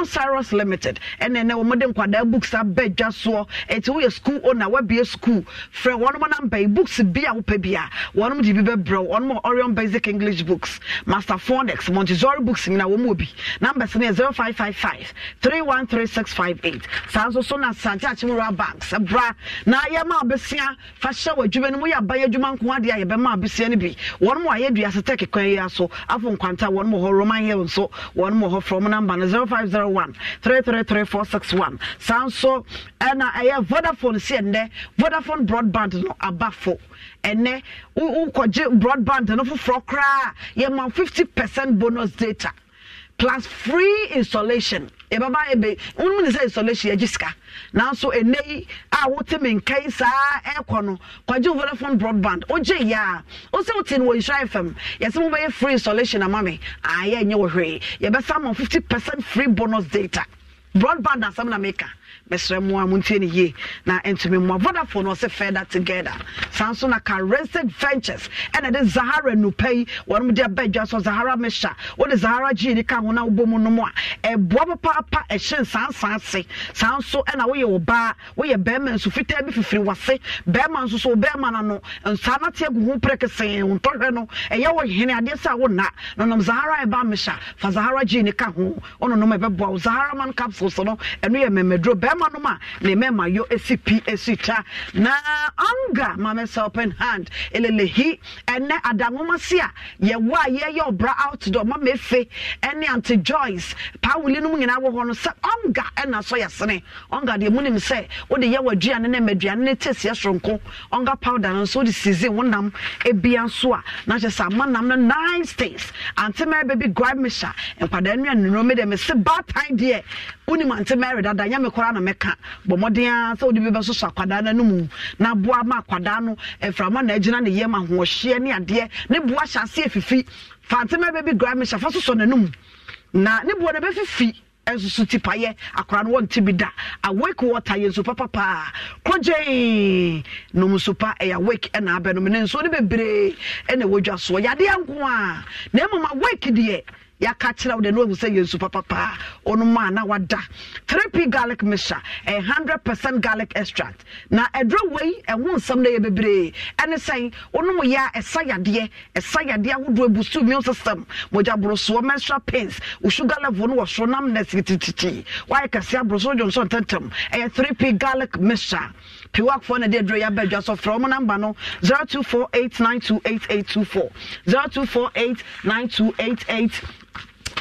cyrus limited ɛne ɛnɛ wɔmde nkwadaa books abɛ dwa soɔ ɛnti woyɛ school owner woabue school frɛ wɔnom namba yi books bi a wopɛ bi a wɔnom de bi bɛbrɛ wo ɔnom orion basic english books master phonics montessori books nyina wɔn wɔ bi numbers no yɛ 0555 313658 saa nso so na asante akyemora banks bra na yɛma abɛsia fa hyɛ wɔ adwuma no mu yɛ aban adwuma nko adeɛ a yɛbɛma abɛsia no bi wɔnom a yɛdua asetɛ kekwan yi aso afo nkwanta wɔnom hɔ roman hill nso wɔnom hɔ frɔm number no 0501 333 461 saa nso ɛna ɛyɛ vodafone si ɛndɛ vodafone broadband no abafo ɛnɛ wokɔgye broadband no foforɔ koraa yɛma 50 percent bonus data plus free installation ɛbɛba ebe wɔn mu sɛ installation yɛgye sika nanso ɛnɛ yi a wɔte mi nka yi saa ɛkɔ no kɔgye vodafone broadband ogye ya ɔsɛ wɔte no wɔ nhyira fm yɛsɛ mo free installation ama mi ayɛ nyɛ wɔ hwee yɛbɛsa ma fifty percent free bonus data broadband asɛm na meka mesrɛ mu a montie ne yie na ntumi mmoa vodafone ɔsɛ further together saa nso na carested ventures ɛna de zahara nnupa yi wɔnom de aba so zahara mehya wode zahara gyee ne ka ho na wobɔ mu nom a ɛboa papaapa ɛhyɛ nsansa ase saa nso ɛna woyɛ wo baa woyɛ bɛrima nso fitaa bi fifiri wase bɛrima nso so bɛrima na no nsaa nate agu ho prɛkesee wo ntɔhwɛ no ɛyɛ wo hene adeɛ sɛ wo na nonom zahara ɛba mehya fa zahara gyee ne ka ho ɔnonom ɛbɛboa wo zahara man capsules no ɛno yɛ mmɛmɛduro bɛrima nom a ne mɛma yɔ esi pi esi ta na anga maame sɛlpin hand elelehi ɛnɛ adanwoma si a yɛwɔ a yɛyɛ ɔbra outdoor maame efe ɛne anti joyce paawuli no mu nyinaa wɔ hɔ no sɛ anga ɛna so yɛ sene anga deɛ mu nim sɛ wode yɛ wɔ aduane ne mɛ aduane ne tesiɛ soronko anga powder no nso wode sisi wo nam ebia nso a na kyerɛ sɛ ama nam no nine states anti mɛ bɛbi guai mehyɛ nkwadaa e nua ne nneɛma de mɛ se baatan deɛ wonim ante mary dada nyɛ mekora na mɛka bɔ sɛ wode bi akwadaa no anom na boa ma akwadaa no ɛframa na agyina ne yam ahoɔhyeɛ ne adeɛ ne boa hyɛ aseɛ fifi fa bɛbi gra mehyɛ fa soso n'anom na ne boa no bɛfifi nsoso tipayɛ akora no wɔnte bi da awake water yɛ nsu papa paa nom nsu pa ɛyɛ awake ɛna abɛnom ne nsuo no bebree ɛna ɛwɔ dwa soɔ yadeɛ nko a na mmom awake deɛ yɛaka kyerɛ wo de na wahu sɛ yɛnsu papapaa ɔno mu a na wada 3p garlic mixture ɛyɛ 100 percent garlic extract na ɛdurɛ wei ɛho e nsɛm no yɛ bebree ɛne sɛn wonom yɛ a ɛsa e yadeɛ ɛsa e yadeɛ ahodoɔ abusu immune system mogya borosoɔ menstrual pains wo sugar level no wɔ soro nam nɛ sikitititi woayɛ kɛseɛ aborosoɔ dwonso ntɛntɛm ɛyɛ 3p garlic mixture piwakfoɔ na de aduro yɛ abɛ adwa so frɛ ɔmo namba no 0248928824 02489288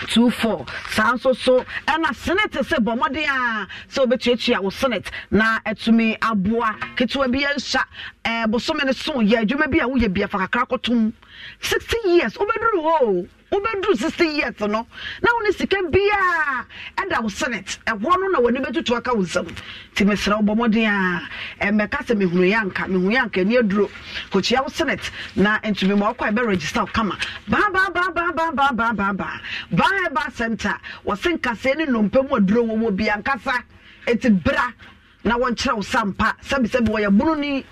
two four saa nso so ɛna senate sɛ bɔ mmɔden a sɛ wobɛtuatua wo senate na ɛtumi aboa ketewa bi ɛnhyɛ bosome no so yɛ adwuma bi a woyɛ biafa kakra kɔtom sixty years wobɛduru hɔ wobɛduru sixty years no na wo ne sika biaa ɛda wo senate ɛhɔ no na w'ani bɛtutu aka wo nsam nti mesrɛ wo bɔ mmɔden a ɛmmɛka sɛ mehunu yɛ anka mehunu yɛ anka ani aduro kɔkyia wo senate na ntumi ma wɔkɔ a ɛbɛregister wo kama baabaabaabaabaabaabaabaa baa ɛba center wɔse nkaseɛ ne nnompa mu aduro wɔ wɔ bi ɛti bra na wɔnkyerɛ wo sampa sɛbisɛbi wɔyɛ bunu ni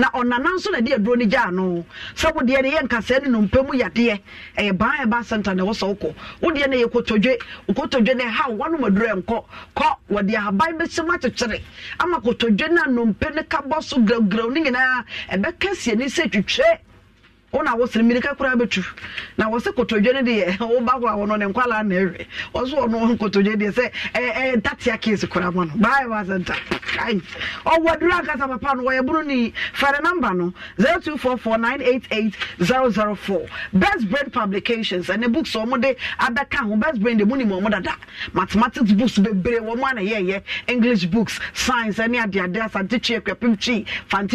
na ɔnana nso na ɛde aduro no gyaa no sɛ wodeɛ no yɛ nkasɛɛ no nompɛ mu yadeɛ ɛyɛ ban ɛba center ne ɛwɔ sɛ wokɔ wodeɛ no yɛ kotodwe kotodwe no ɛha wanom aduro ɛnkɔ kɔ wɔde ahaban bɛsi akyekyere ama kotodwe no a nompɛ no kabɔ so grɛwgrɛw no nyinaa ɛbɛka sie sɛ twitwe wọn na wosiri mmirika betu na wosi kotodwe ne deɛ woba hɔ a wɔn ne nkwalaa na ɛhwɛ wɔso wɔn kotodwe deɛ sɛ ɛɛ ɛɛ tatia keesi koraa ma no baayi wa sɛnta ayi ɔwɔ duro akasa papa no wɔyɛ bunu ni fɛrɛ namba no zero two four four nine eight eight zero zero four best brain publications ɛne books wɔn de adaka ho best brain de mu ni mu wɔn dada mathematics books bebree wɔn ana yɛyɛ english books science ɛne adeade asante twi ekwapim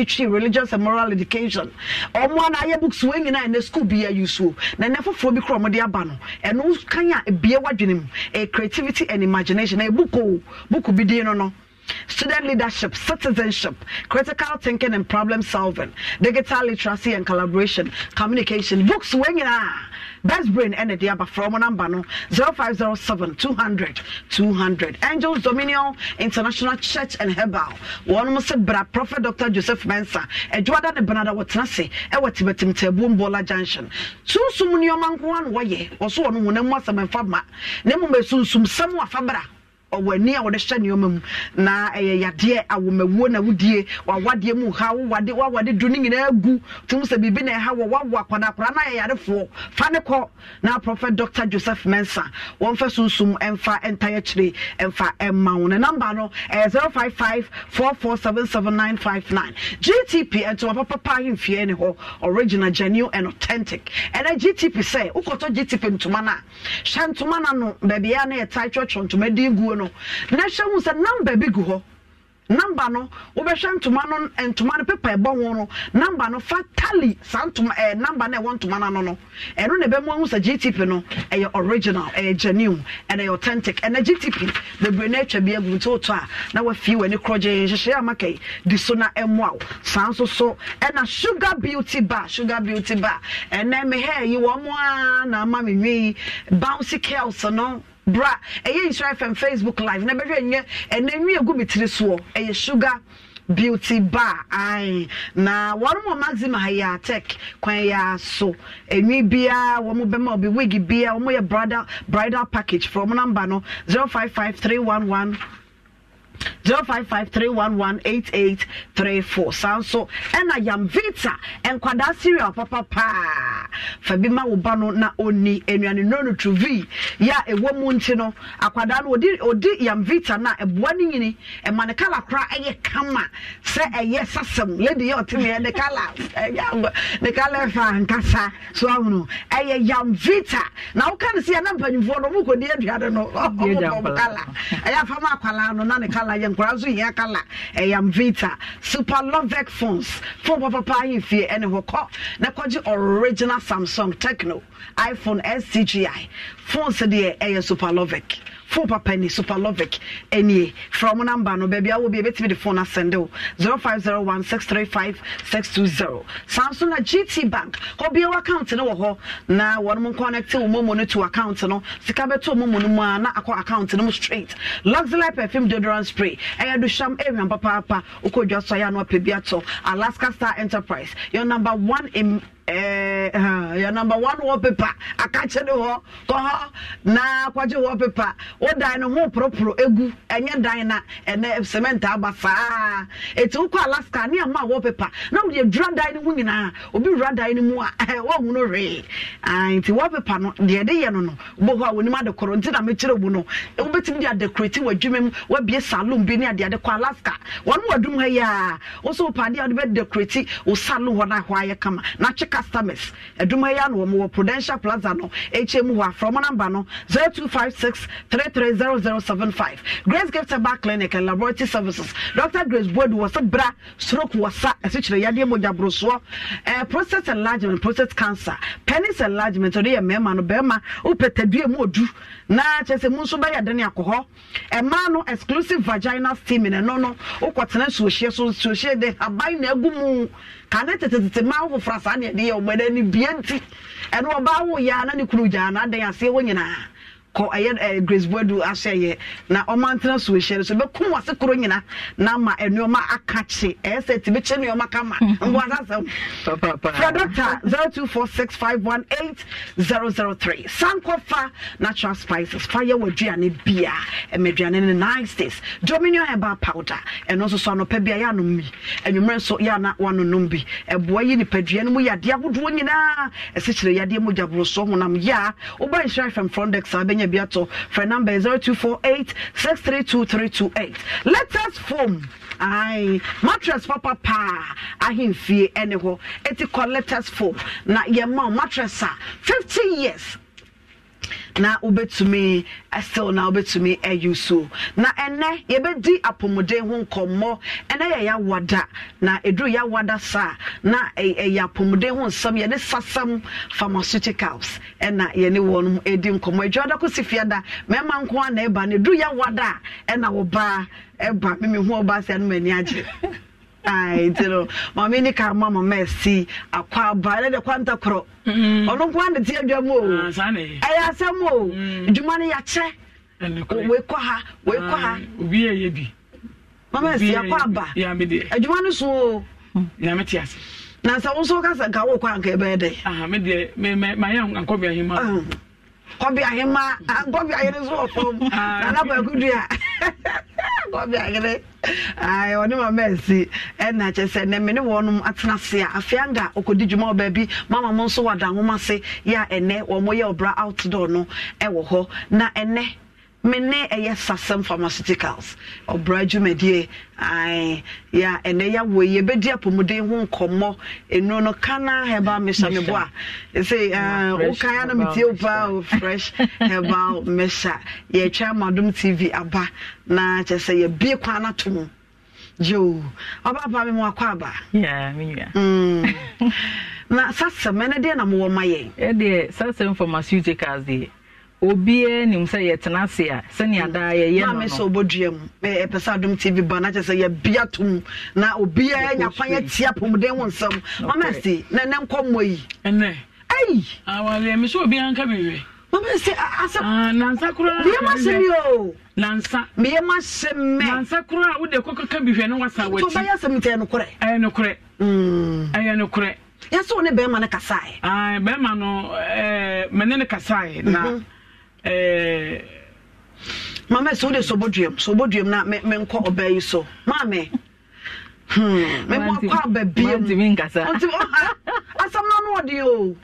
twi religious and moral education wɔn ana ayɛ books nso wɔn nyinaa ɛnɛ school bi ayi so na ɛnɛ foforɔ bi kora wɔde aba no ɛno kan a ebie wadwene mu ɛ creativity and imagination na ebuko buku bi den no no student leadership, citizenship, critical thinking and problem solving, digital literacy and collaboration, communication, books, when you best brain energy about from number no 0507 200 200 angels dominion international church and herbal one must bra prophet dr joseph mensa a jordan the banana what nasi a what tebum bola junction soon soon your man one way also on one was a man fama nemu me soon some some fabra ɔwɔ ani a wɔde hyɛ nneɛma mu na ɛyɛ yadeɛ awomawuo na wodie wawadeɛ mu ha wowade wawade du ne nyinaa gu tum sɛ biribi na ɛha wɔ wawo akwanakora na ɛyɛ yarefoɔ fa ne kɔ na prɔfɛt dr joseph mensa wɔmfa sunsum ɛmfa ɛnta akyire ɛmfa ɛmma wo ne namba no ɛyɛ 055 4477959 gtp ɛnto wapapapa ahemfie ne hɔ original genuine and authentic ɛnɛ gtp sɛ wokɔtɔ gtp ntoma no a hyɛ ntoma no no baabiaa na yɛtae twɛtwɛ ntoma din guo no na hyɛ hu sɛ namba bi gu hɔ namba no wobɛhwɛ ntoma no ntoma no pepa ɛbɔ ho no namba no fatally saa ntoma ɛɛ eh, namba no ɛwɔ ntoma no ano no ɛno na ɛbɛmu ahu sɛ gtp no ɛyɛ original ɛyɛ genuine ɛna ɛyɛ authentic ɛna gtp bebree no atwa bi agu nti wotɔ a na wafii w'ani korɔgye nhyehyɛ a maka yi di so na ɛmoa wo saa nso so ɛna sugar beauty bar sugar beauty bar ɛnɛ me hair yi wɔn a na ama me nwi bouncy curls no bra ɛyɛ nhyira fm facebook live na bɛhwɛ nyɛ ɛnɛ nwi egu mi tiri soɔ ɛyɛ sugar beauty bar ae na wɔn mu maxima ha yɛ tech kwan yɛ so enwi biara wɔn bɛma obi wig biara wɔn yɛ bridal bridal package for wɔn namba no zero five five three one one. 0553118834 saa nso ɛna yamvita nkwadaa cereal papa paa fa bi ma wo ba no na ɔni anuane nono truvi yɛ a ɛwɔ mu nti no akwadaa no ɔdi yamvita no a ɛboa no nyini ɛma ne kala kora ɛyɛ kama sɛ ɛyɛ sasɛm lady yɛ ɔte meɛ ne kala ne kala ɛfa nkasa so ahono ɛyɛ yamvita na woka no sɛ yɛ na mpanyimfoɔ no ɔmokɔdi aduane no ɔmobɔ kala ɛyɛ afama akwalaa no na ne kala kala yɛ nkora so yɛ kala ɛyam vita super lovec phones phone papapa ayi fie ɛne hɔ kɔ na kɔgye original samsung techno iphone scgi phones deɛ ɛyɛ super lovec phone papa ni superlovic ɛnie fra mo number no baabi awɔ bi ɛbɛtumi de phone asɛnde o 0501635620 samsung na gt bank obiawa account no wɔ hɔ na wɔnom connect wo momo no to account no sika bɛto momo no mu a na akɔ account no mu straight luxury perfume deodorant spray ɛyɛ dusham awiam eh, papaapa wokɔ dwa so ayɛ ano apɛ bi alaska star enterprise your number one in Eh, yɛ number one wallpaper pepa kyere hɔ kɔ na kwagye wallpaper wo dan no ho poroporo egu ɛnyɛ dan na ɛnɛ cement aba saa alaska ne wallpaper na mo dura dan no ho obi wura dan no mu a wɔn no ah, nti wallpaper no deɛ de yɛ no no bɔ hɔ a wɔnim na mekyerɛ bu no wobɛtumi de adekoreti wɔ adwuma mu wabie saloon bi ne adeade kɔ alaska wɔn mu dum ha yɛ wɔn nso wɔ paade a wɔde bɛ dekoreti wɔ saloon hɔ na ahɔ ayɛ kama na tweka customers adwuma yi ano wɔn wɔ prudential plaza no akyɛ mu hɔ a from number no 0256330075. grace gift bar clinic and laboratory services dr grace boyd wɔ sɛ bra stroke wɔ sa ɛsikyerɛ yadeɛ mogya borosoɔ ɛɛ eh, prostate enlargement process cancer penis enlargement ɔde yɛ mɛɛma no bɛɛma wopɛ tɛdua mu odu na kyerɛ sɛ mu nso bɛyɛ dene akɔ hɔ ɛmaa no exclusive vaginal steaming ɛno no wokɔtena suohyeɛ so suohyeɛ de aban na agu mu kane tetetete ma wo fofora saa neɛ de yɛ ɔmɔ no ne bia nti ɛne ɔbaa wo yɛ na ne kunu gyaa na adan aseɛ wɔ nyinaa kɔ ɛyɛ eh, grace boadu ahyɛyɛ na ɔmantena so ɛhyɛ no so bɛkum wase koro nyina na ama nneɔma aka kye ɛyɛ sɛ ti bɛkyɛ nneɔma ka ma mboasasɛm frɛ dɔkta 0246518003 sankɔfa natural spices fa yɛ wɔ aduane bia ɛma aduane no nices dominion herbal powder ɛno nso so anɔpa bi a yɛanom bi anwummerɛ nso yɛana woanonom bi ɛboa yi nipadua no mu yɛ adeɛ ahodoɔ nyinaa ɛsɛ kyerɛ yɛadeɛ mogyaboro so honam yɛ a wobɛ nhyira ebi ato frɛ number zero two four eight six three two three two eight latest foam aye. mattress papa I ahemfie ɛne hɔ eti kɔ latest foam na yɛ ma mattress a fifty years. na wobɛtumi still na wobɛtumi ayi so na ɛnɛ yɛbɛdi apɔmuden ho nkɔmmɔ ɛnɛ yɛ yɛawada na ɛduru yɛawada saa na ɛyɛ apɔmuden ho nsɛm yɛne sasɛm pharmaceuticals ɛna yɛne wɔn ɛdi nkɔmmɔ adwada kɔsi fiada mɛma nko a na ɛba no ɛduru yɛawada a ɛna wɔbaa ɛba meme ho ɔbaa sɛ no m'ani agye nti no maame ni ka ma mama esi akwa aba ne de kwanta koro. Mm-hmm. ɔno nko ande tie dwam o ah, ɛyɛ asɛm o mm. dwuma no yɛakyɛ weekɔ ha weekɔ ha ah, obi yɛ yɛ bi mama esi akwa aba adwuma no so o nyame te ase na sɛ nso kasa nka wo kɔ anka ɛbɛyɛ dɛ ah, me deɛ mayɛ nkɔbea hema kɔbea hema nkɔbea yɛ no so wɔ fam nana ya. bɔbiagere ɔne ma mɛsi ɛna kyɛ sɛ nɛ mene wɔnom atena se a afei anga ɔkɔdi dwuma wɔ baabi mama mo nso wada nwoma se yɛ a ɛnɛ wɔmɔyɛ ɔbra outdoor no ɛwɔ hɔ na ɛnɛ me ne ɛyɛ sasɛm pharmaceuticals ɔbra dwumadie yɛ ɛnɛ yɛawo yi yɛbɛdi apɔmuden ho nkɔmmɔ ɛnu no kana herbal mesha me boa ɛsɛ wokae na ah, metie wo paa o fresh herbal mesha yɛtwa madom tv aba na kyɛ sɛ yɛbie kwan no to mu gyeo ɔbaapa me mu akɔ aba mm. na sasɛm ɛnɛ deɛ na mowɔ ma yɛn ɛdeɛ sasɛm pharmaceuticals deɛ obiara nim sɛ yɛtena ase a sɛnea mm. daa yɛyɛ no maame sɛ mu ɛpɛ sɛ adom tv ba na kyɛ sɛ yɛbea tom na obiara nya kwan atia pɔmuden wo nsɛm mama se na nɛ nkɔ mmɔ yi ɛnɛ ai awareɛ me sɛ obiara nka bewie mama ah, nansa koraa deɛ ma sɛ nansa meyɛ ma hyɛ mɛ nansa koraa wode kɔkɔka bihwɛ no wasa wati so bɛyɛ asɛm ntɛ nokorɛ ɛyɛ nokorɛ ɛyɛ nokorɛ mm. yɛsɛ wo ne bɛrima no kasaeɛ no mene ne na mhm. Maame eh, mama sɛ wode sɔbɔdwam sɔbɔdwam na nkọ ɔbaa yi so maame memmɔakɔ aba biamasɛm asam no ɔde o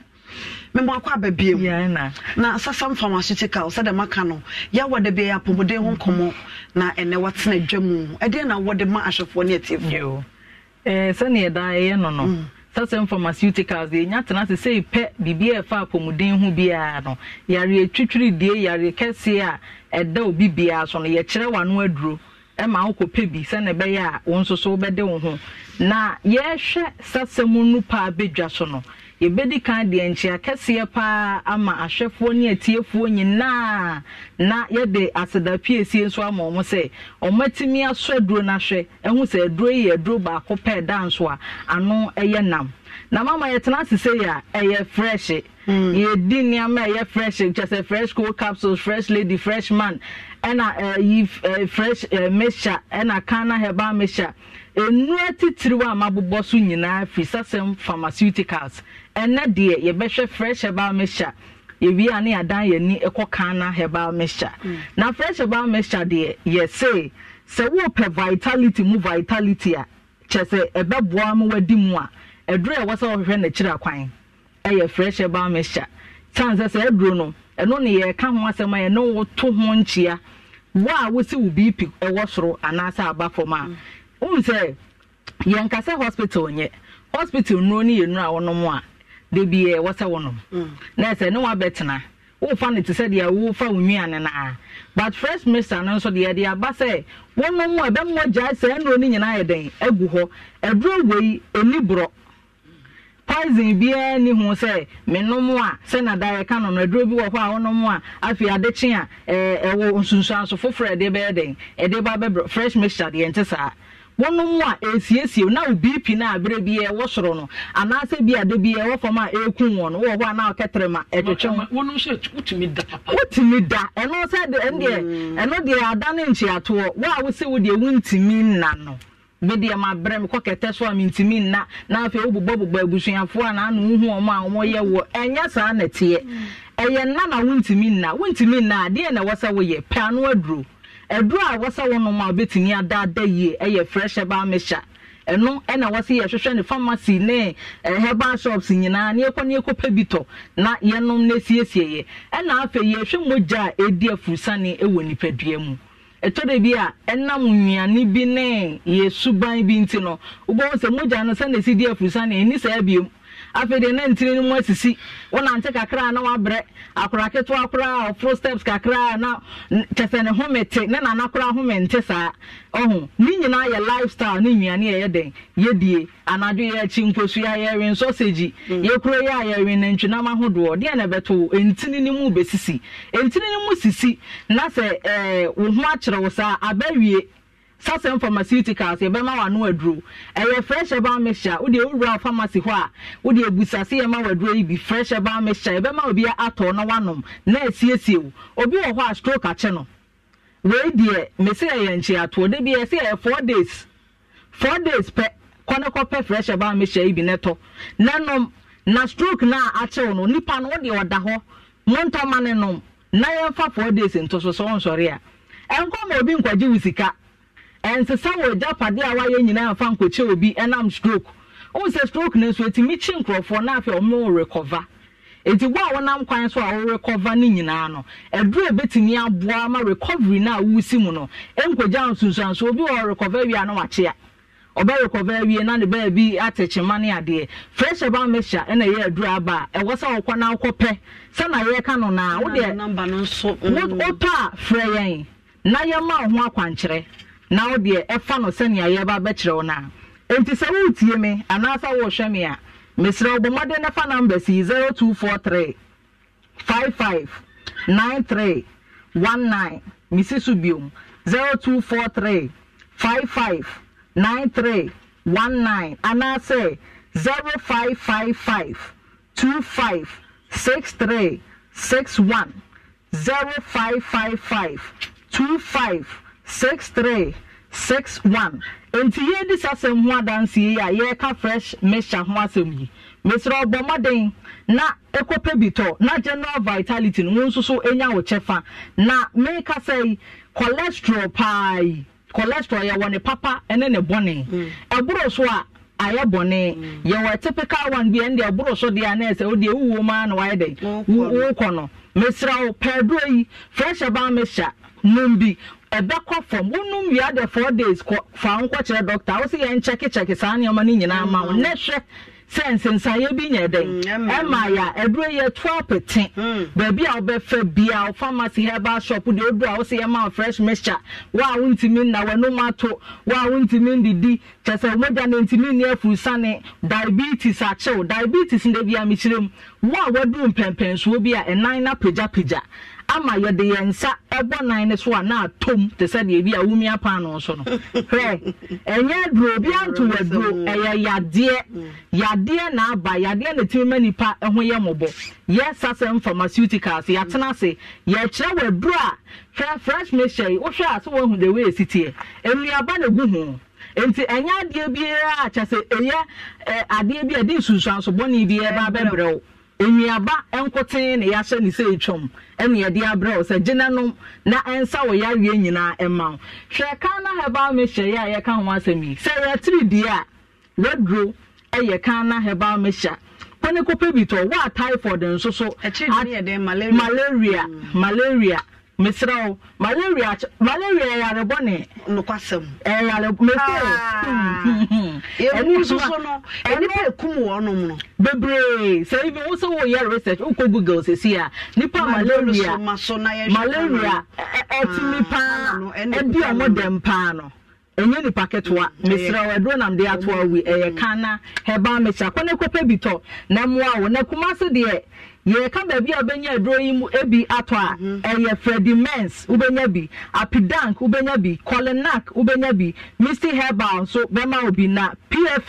memmɔakɔ aba biam na sasam pharmaceutical sɛde maka no yɛawɔde bia ya apɔmuden ho nkɔmmɔ na ɛnɛ watena dwa mu ɛdeɛ na wɔde ma ahwɛfoɔ ne atiefoɔ eh, sɛneɛ daa ɛyɛ no nọ. Hmm. sasɛm pharmaceuticals deɛ ɛnya tena ase sɛ pɛ biribi a ɛfa apɔmuden ho biara no yare atwitwiri die yare kɛseɛ a ɛda obi biara so no yɛkyerɛ wano aduro ma wokɔpɛ bi sɛne ɛbɛyɛ a wo nso so wobɛde wo ho na yɛhwɛ sasɛm no paa bɛdwa so no yɛbɛdi kan deɛ nkyia kɛseɛ paa ama ahwɛfoɔ ne atiefoɔ nyinaa na yɛde asedapie esie nso ama wɔn sɛ wɔn atumi asɔ aduro n'ahwɛ ɛho sɛ aduro yi yɛ aduro baako pɛɛ da nso a ano ɛyɛ nam na mama yɛtena ase sɛ a ɛyɛ fresh hmm. yɛdi nneɛma ɛyɛ fresh kyɛ sɛ fresh cold capsules fresh lady fresh man ɛna ɛyi fresh ɛɛ mixture ɛna kana herbal mixture nnua titiriw a mabobɔ so nyinaa fi sasɛm pharmaceuticals ɛnɛ deɛ yɛbɛhwɛ fresh herbal mixture yɛwie a ne yɛadan yɛni ɛkɔ kana herbal mixture mm. na fresh herbal mixture deɛ yɛse sɛ wopɛ vitality mu vitality a kyɛ sɛ ɛbɛboa ma wadi mu a ɛduro a ɛwɔ sɛ wɔhwehwɛ n'akyiri akwan ɛyɛ fresh herbal mixture tan sɛ sɛ ɛduro no ɛno ne yɛka ho asɛm a yɛne wo to ho nkyia wo a wosi wo bp ɛwɔ soro anaasɛ aba fam a mm. wohu sɛ yɛnkasɛ hospital nyɛ hospital nnuro ne yɛnnuro a wɔnom a debi ɛ wɔsɛ wɔnom mm. na ɛsɛ ne wabɛtena wofa ne te sɛ deɛ wofa wo nwia ne naa but first mixer no nso deɛ de aba sɛ wɔnom a ɛbɛmmɔ gyae sɛ nnuro no nyinaa yɛ den agu hɔ aduro wei ɛni borɔ poison biara ni ho sɛ menom a sɛ na da yɛka no na aduro bi wɔ hɔ a wɔnom a afei adekye a ɛwɔ nsunsuanso foforɔ a ɛde bɛyɛ den ɛde ba bɛbrɛ fresh mixture deɛ nte saa wɔnom a esiesie na wo bp no a soro no anaasɛ bi a da bi ɛwɔ fam a ɛku wɔ no wowɔ hɔ a na ɔkɛterema ɛtwetwe wotumi da ɛno sɛ ɛndeɛ mm. ɛno deɛ ada ne nkyeatoɔ wo a wo deɛ nna no ma brɛ me kɔkɛtɛ so a nna na afei wobobɔbobɔ abusuafoɔ a a wɔ mm. nna na nna a na ɛwɔ sɛ pɛ ano ɛduro a wɔsɛ wɔn nom a obetumi adaada yie ɛyɛ fresh herbal mixture ɛno ɛna wɔsi yɛhwehwɛ ne pharmacy ne eh, herbal shops nyinaa ne ekɔ ne ekɔpɛ bi tɔ na yɛnom ne siesie yɛ ɛna afei yɛhwɛ mogya a edi afurusani ɛwɔ nipadua mu ɛtɔdɛ bi a ɛnam nnuane bi ne yɛ suban bi nti no wobɛwɔ sɛ mogya no sɛ na esi di afurusani ɛni sɛ ɛbiem afei deɛ na ntiri no mu asisi wonante kakra na wabrɛ akora ketewa koraa ɔforo steps kakra na kyɛ sɛ ne home te ne nana koraa home nte saa ɔho ne nyinaa yɛ lifestyle ne nnuane yɛyɛ dɛn yɛdie anadwo yɛ akyi nkosua yɛwe nsɔsegyi mm. yɛkuro yɛ a yɛwe nantwinam ahodoɔ deɛ na ɛbɛto ntini no mu bɛsisi ntini no mu sisi na sɛ ɛɛ wo ho akyerɛ wo saa abɛwie sasɛm pharmaceuticals yɛbɛma wano aduro ɛyɛ fresh herbal mixture wode wowura pharmacy hɔ a wode abusase yɛma waduro yi bi fresh herbal mixture yɛbɛma obi atɔ na wanom na asiesie wo obi wɔ hɔ a stroke akyɛ no wei deɛ mesi ɛyɛ nkyeatoɔ de bi yɛsi ɛyɛ four days four days pɛ kɔne kɔpɛ fresh herbal mixture yi bi nɛtɔ nanom na stroke na akyɛw no nipa no wode ɔda hɔ montɔ ne nom na yɛmfa four days ntoso sɛ ɔnsɔre a ɛnkɔ ma obi nkwagye wo sika ɛnsesa wɔ agyapadeɛ a wayɛ nyinaa fa nkɔkyɛ obi nam stroke wohu sɛ stroke no nso ɛtumi kyi nkurɔfoɔ na afei ɔmo rekɔva eti wo a wɔnam kwan so a wɔrekɔva no nyinaa no ɛduro ebetumi aboa ama recovery na awu si mu no nkogya nsonsanso obi wɔ rekɔva awia no wakyea ɔbɛ rekɔva awie na ne baabi ate atɛkyɛma ne adeɛ fresh herbal mixture ɛna ɛyɛ aduro aba a ɛwɔ sɛ ɔkɔ na akɔ pɛ sɛna yɛka no na wodeɛ wotɔ a frɛ yɛn na yɛma wo ho akwankyerɛ na wo deɛ ɛfa no sɛnea yɛba bɛkyerɛ wo no a enti sɛ woretie me anaasɛ worehwɛ me a mesrɛ wo bɔmmɔden no fa number sii 0243 55 93 19 mesi so biom 0243 55 93 19 anaasɛ 0555 25 63 61 0555 25 six three six one nti yɛn di sasɛm ho adansi yi a yɛreka fresh mehyɛ ho asem yi mesrɛ ɔbɔ mmɔden na ekɔpɛ bi na general vitality no wɔn nso so enya wɔ kyɛfa na meka sɛ yi cholesterol paa yi cholesterol yɛwɔ ne papa ɛne ne bɔne mm. ɛboro so a ayɛ bɔne mm. yɛwɔ typical one bi ɛnde ɛboro so deɛ anɛ sɛ ɔdeɛ wuwo maa na wayɛ dɛ wukɔ no mesrɛ wo pɛɛduro yi fresh ɛbaa mehyɛ nom bi ɛbɛkɔ fam wonum wia de four days kɔ fa ho kɔkyerɛ doctor wosi yɛn kyɛkekyɛke saa nneɛma no nyinaa ma wo nɛ hwɛ sɛ nsensaeɛ bi nyɛ dɛn ɛma yɛ a ɛduro yɛ to apete baabi a wobɛfa bia wo pharmacy herbal shop deɛ woduru a wosɛ yɛma wo fresh mixture wo a wontumi nna w'anom ato wo a wontumi ndidi kyɛ sɛ mogya no ntumi nni afurusane diabetes akyew diabetes nda bia mekyerɛ mu wo a woaduru mpɛmpɛnsoɔ bi a ɛnan no apagyapagya ama yɛde yɛn nsa ɛbɔ nan ne so a na atom te sɛ deɛ bi a wumi apaano so no hwɛ ɛnyɛ aduro obi anto wɔ aduro ɛyɛ yadeɛ yadeɛ na aba yadeɛ na ti ma nipa ho yɛ mɔbɔ yɛ sasɛm pharmaceuticals yɛatena ase yɛkyerɛ wɔ aduro a hwɛ fresh mixture yi wohwɛ ase wɔn ho de wei esi teɛ nnuaba na egu ho nti ɛnyɛ adeɛ biara a akyɛ sɛ ɛyɛ adeɛ bi a ɛde nsunsuansobɔni bi ɛba abɛbrɛw. nnuaba nkotee na yɛahyɛ ne sɛ etwam ɛna yɛde abrɛ wo sɛ gyina nom na nsa wɔ yareɛ nyinaa ɛma wo hwɛ kan na herbal mixture yi a yɛka ho asɛm yi sɛ yɛtiri die a redro ɛyɛ kan na herbal mixture wɔne kɔpɛ bi tɔ wɔ a typhoid nso so malaria malaria. Mm. malaria. mesrɛ malaria malaria malaria ɛyarebɔ ne nokwasɛm ɛyare mesɛ ah. hmm, hmm, hmm. ɛno nso so no ɛnipa ɛkum wɔnom no bebree sɛ even wo sɛ woyɛ research wokɔ google sɛsi a nipa malaria malaria ɛtumi ah, paa no ɛdi ɔmo dɛm paa no ɛnyɛ nipa ketewa mm, mesrɛ wo ɛdoro nam de atoa wi ɛyɛ kana mm. hɛbaa mekyɛ akɔ kɔpɛ bi tɔ na mmoa wo na kumase deɛ yɛreka baabi a wobɛnya aduro yi mu bi atɔ a mhm. ɛyɛ fredy mens wobɛnya bi apidank wobɛnya bi colinac wobɛnya bi misty herbal nso bɛma wo bi na pfa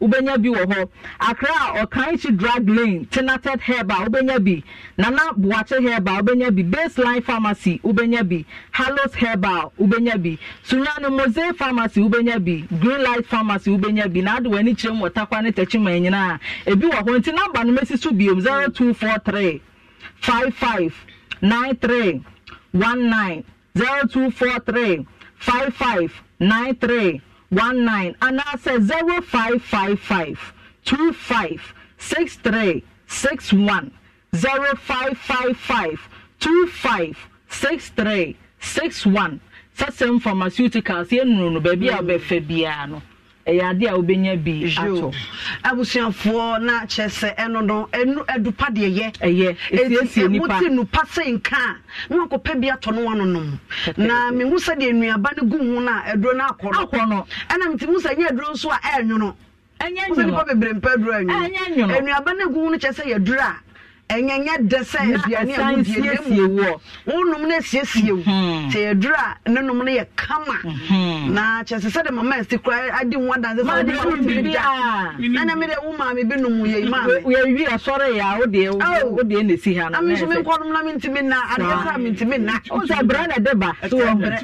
wobɛnya bi wɔ hɔ akra a ɔkanhyi drug lane tenated herbal wobɛnya bi nana boakye herbal wobɛnya bi baseline pharmacy wobɛnya bi halos herbal wobɛnya bi sunyane mose pharmacy wobɛnya bi green light pharmacy wobɛnya bi na ade w'ani kyerɛ mu wɔ ne tɛkyima nyinaa ebi wɔ hɔ nti namba no mɛsi so biom 024 four three five five nine three one nine zero two four three five five nine three one nine and I say zero five five five two five six three six one zero five five five two five six three six one sasɛm pharmaceuticals yɛ nuru mm. no baabi a wɔbɛfɛ biara no. Mm -hmm. ɛyɛ adeɛ a wobɛnya bi ato abusuafoɔ na kyerɛ sɛ ɛno no ɛnu ɛdu pa deɛ yɛ ɛyɛ esiesie nipa ɛti nupa sɛ nka a na akɔpɛ bi atɔ no wano nom na mehu sɛ deɛ nnuaba no gu ho na aduro no akɔ no akɔ no ɛna mehu sɛ nyɛ aduro nso a ɛɛnwono ɛnyɛ nwono nipa bebree mpɛ aduro ɛnwono nnuaba no gu ho no kyerɛ sɛ yɛ aduro a ɛnyɛnyɛ dɛ sɛ aduane a wodie ne mu wonom no asiesie wo nti ɛduru ne nom no yɛ kama na kyɛ sɛ sɛde mama asi kora ade ho adanse sɛ wode wotumi da na na mede wo maame bi nom yɛi maameyɛwi ɛsɔre a wodeɛ wodeɛ na si ha no ame so menkɔnom na mentimi nna adeɛ kora mentimi nna wo sɛ brɛ na de ba so ɛne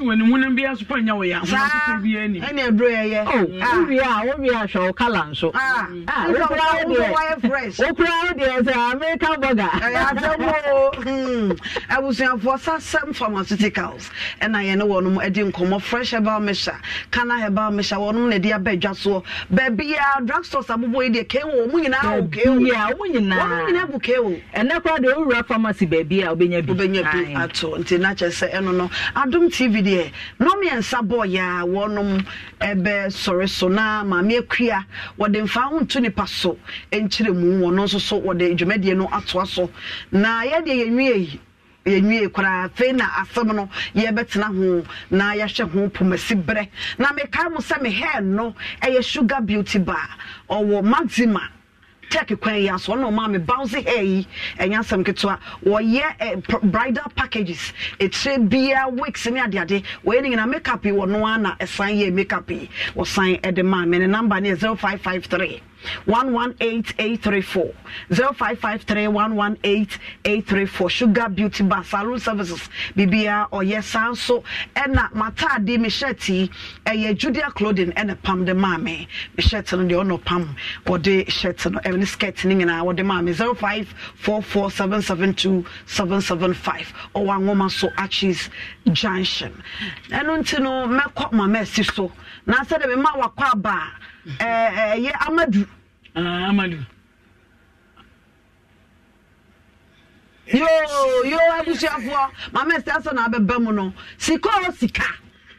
aduro yɛyɛ wowie a wowie ahwɛ wo kala nso wokora wodeɛ wokora wodeɛ sɛ american blogger. Hmm. abusuafoɔ some pharmaceuticals ɛna yɛne wɔnom adi nkɔmmɔ fresh herbal mesha kana herbal mesha wɔnom na ɛde aba adwa soɔ baabiaa drugstores abobɔ yi deɛ keo ɔmu nyinaa wɔ keo ɔmu nyinaa bu keo ɛnɛ kora deɛ wowura pharmacy baabi a wobɛnya bi wobɛnya bi ato nti na kyerɛ sɛ ɛno no adom tv deɛ nɔmiɛnsa bɔɔyɛ a wɔnom ɛbɛ sɔre so na maame akua wɔde mfa ho nto nipa so nkyerɛ mu wɔno nso so wɔde dwumadie no ato ntoatoa so na yɛdeɛ yɛnwie yɛnwie koraa afei na asɛm no yɛbɛtena ho na yɛhwɛ ho pomasi berɛ na mekae mu sɛ me hair no ɛyɛ sugar beauty bar ɔwɔ maxima tech kwan yi aso ɔna ɔmaa me bouncy hair yi ɛnyɛ asɛm ketewa wɔyɛ bridal packages etire bia wigs ne adeade wɔyɛ ne nyinaa makeup yi wɔ noa na ɛsan yɛ makeup yi wɔsan ɛde maa me ne namba ne yɛ zero five five three. 118834 0553118834 sugar beauty bar salon services bibia ɔyɛ saa nso ɛna mataade mehyɛte ɛyɛ judia clothing ɛna pam de maa me mehyɛte no deɛ ɔna pam wɔde hyɛte no ɛne skirt no nyinaa wɔde maa me 0544772775 ɔwɔ anwoma so achis junction ɛno nti no mɛkɔ mama asi so na sɛde mema wakɔ aba a ɛyɛ eh, eh, amadu. Ah, amadu. yoo yoo abusuafoɔ maame ɛsɛ asɔ na abɛbɛ mu no sika o sika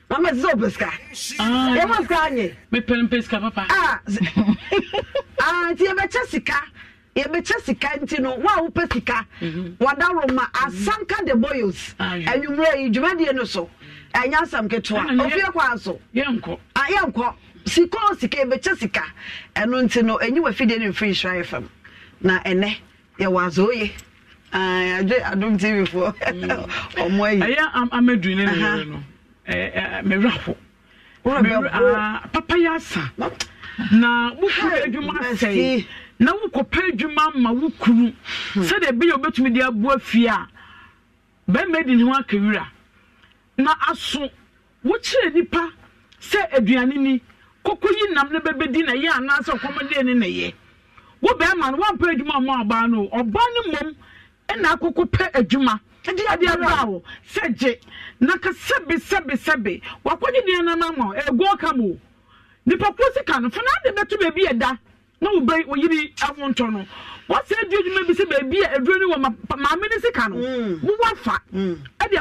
maame ɛsɛ sɛ o pɛ sika yɛ mo sika anyi. mepɛ n mpe sika papa. Ah, ah, nti yɛbɛkyɛ sika yɛbɛkyɛ sika nti no wa a wopɛ sika mhm. wadaro ma asanka de boils anwummerɛ yi dwumadie no so ɛnyɛ asɛm ketewa ofie kwan so yɛnkɔ. sika o sika ebekyɛ sika ɛno nti no enyi wɔ fidie ne mfiri nhyira fam na ɛnɛ yɛwɔ azɔ oye adwe adum tv foɔ ɔmo ayi. ɛyɛ amadu ne ne no ɛɛ mɛwura hɔ papa yɛ asa na wofiri adwuma asɛe na wokɔpɛ adwuma ma wo kunu hmm. sɛdeɛ ɛbɛyɛ obɛtumi de aboa fie a bɛrima di ne ho akawira na aso wokyerɛ nipa sɛ aduane ni koko yi nam ne bɛbɛ di na yɛ anaasɛ ɔkɔmɔden ne na yɛ wo bɛrima no wampɛ adwuma ɔmo ɔbaa no ɔbaa no mom ɛna akoko pɛ adwuma ɛdi adi abira wo sɛ gye naka sɛbi sɛbi sɛbi wakɔgye deɛ nan ama ɛgu ɔka mu nipa kuro sika no fana adi bɛto beebi ɛda na wo bɛ oyiri awontɔ no wɔsɛ edi adwuma bi sɛ beebi a aduro ni wɔ maame ne sika no mm. wo fa, mm. ɛdi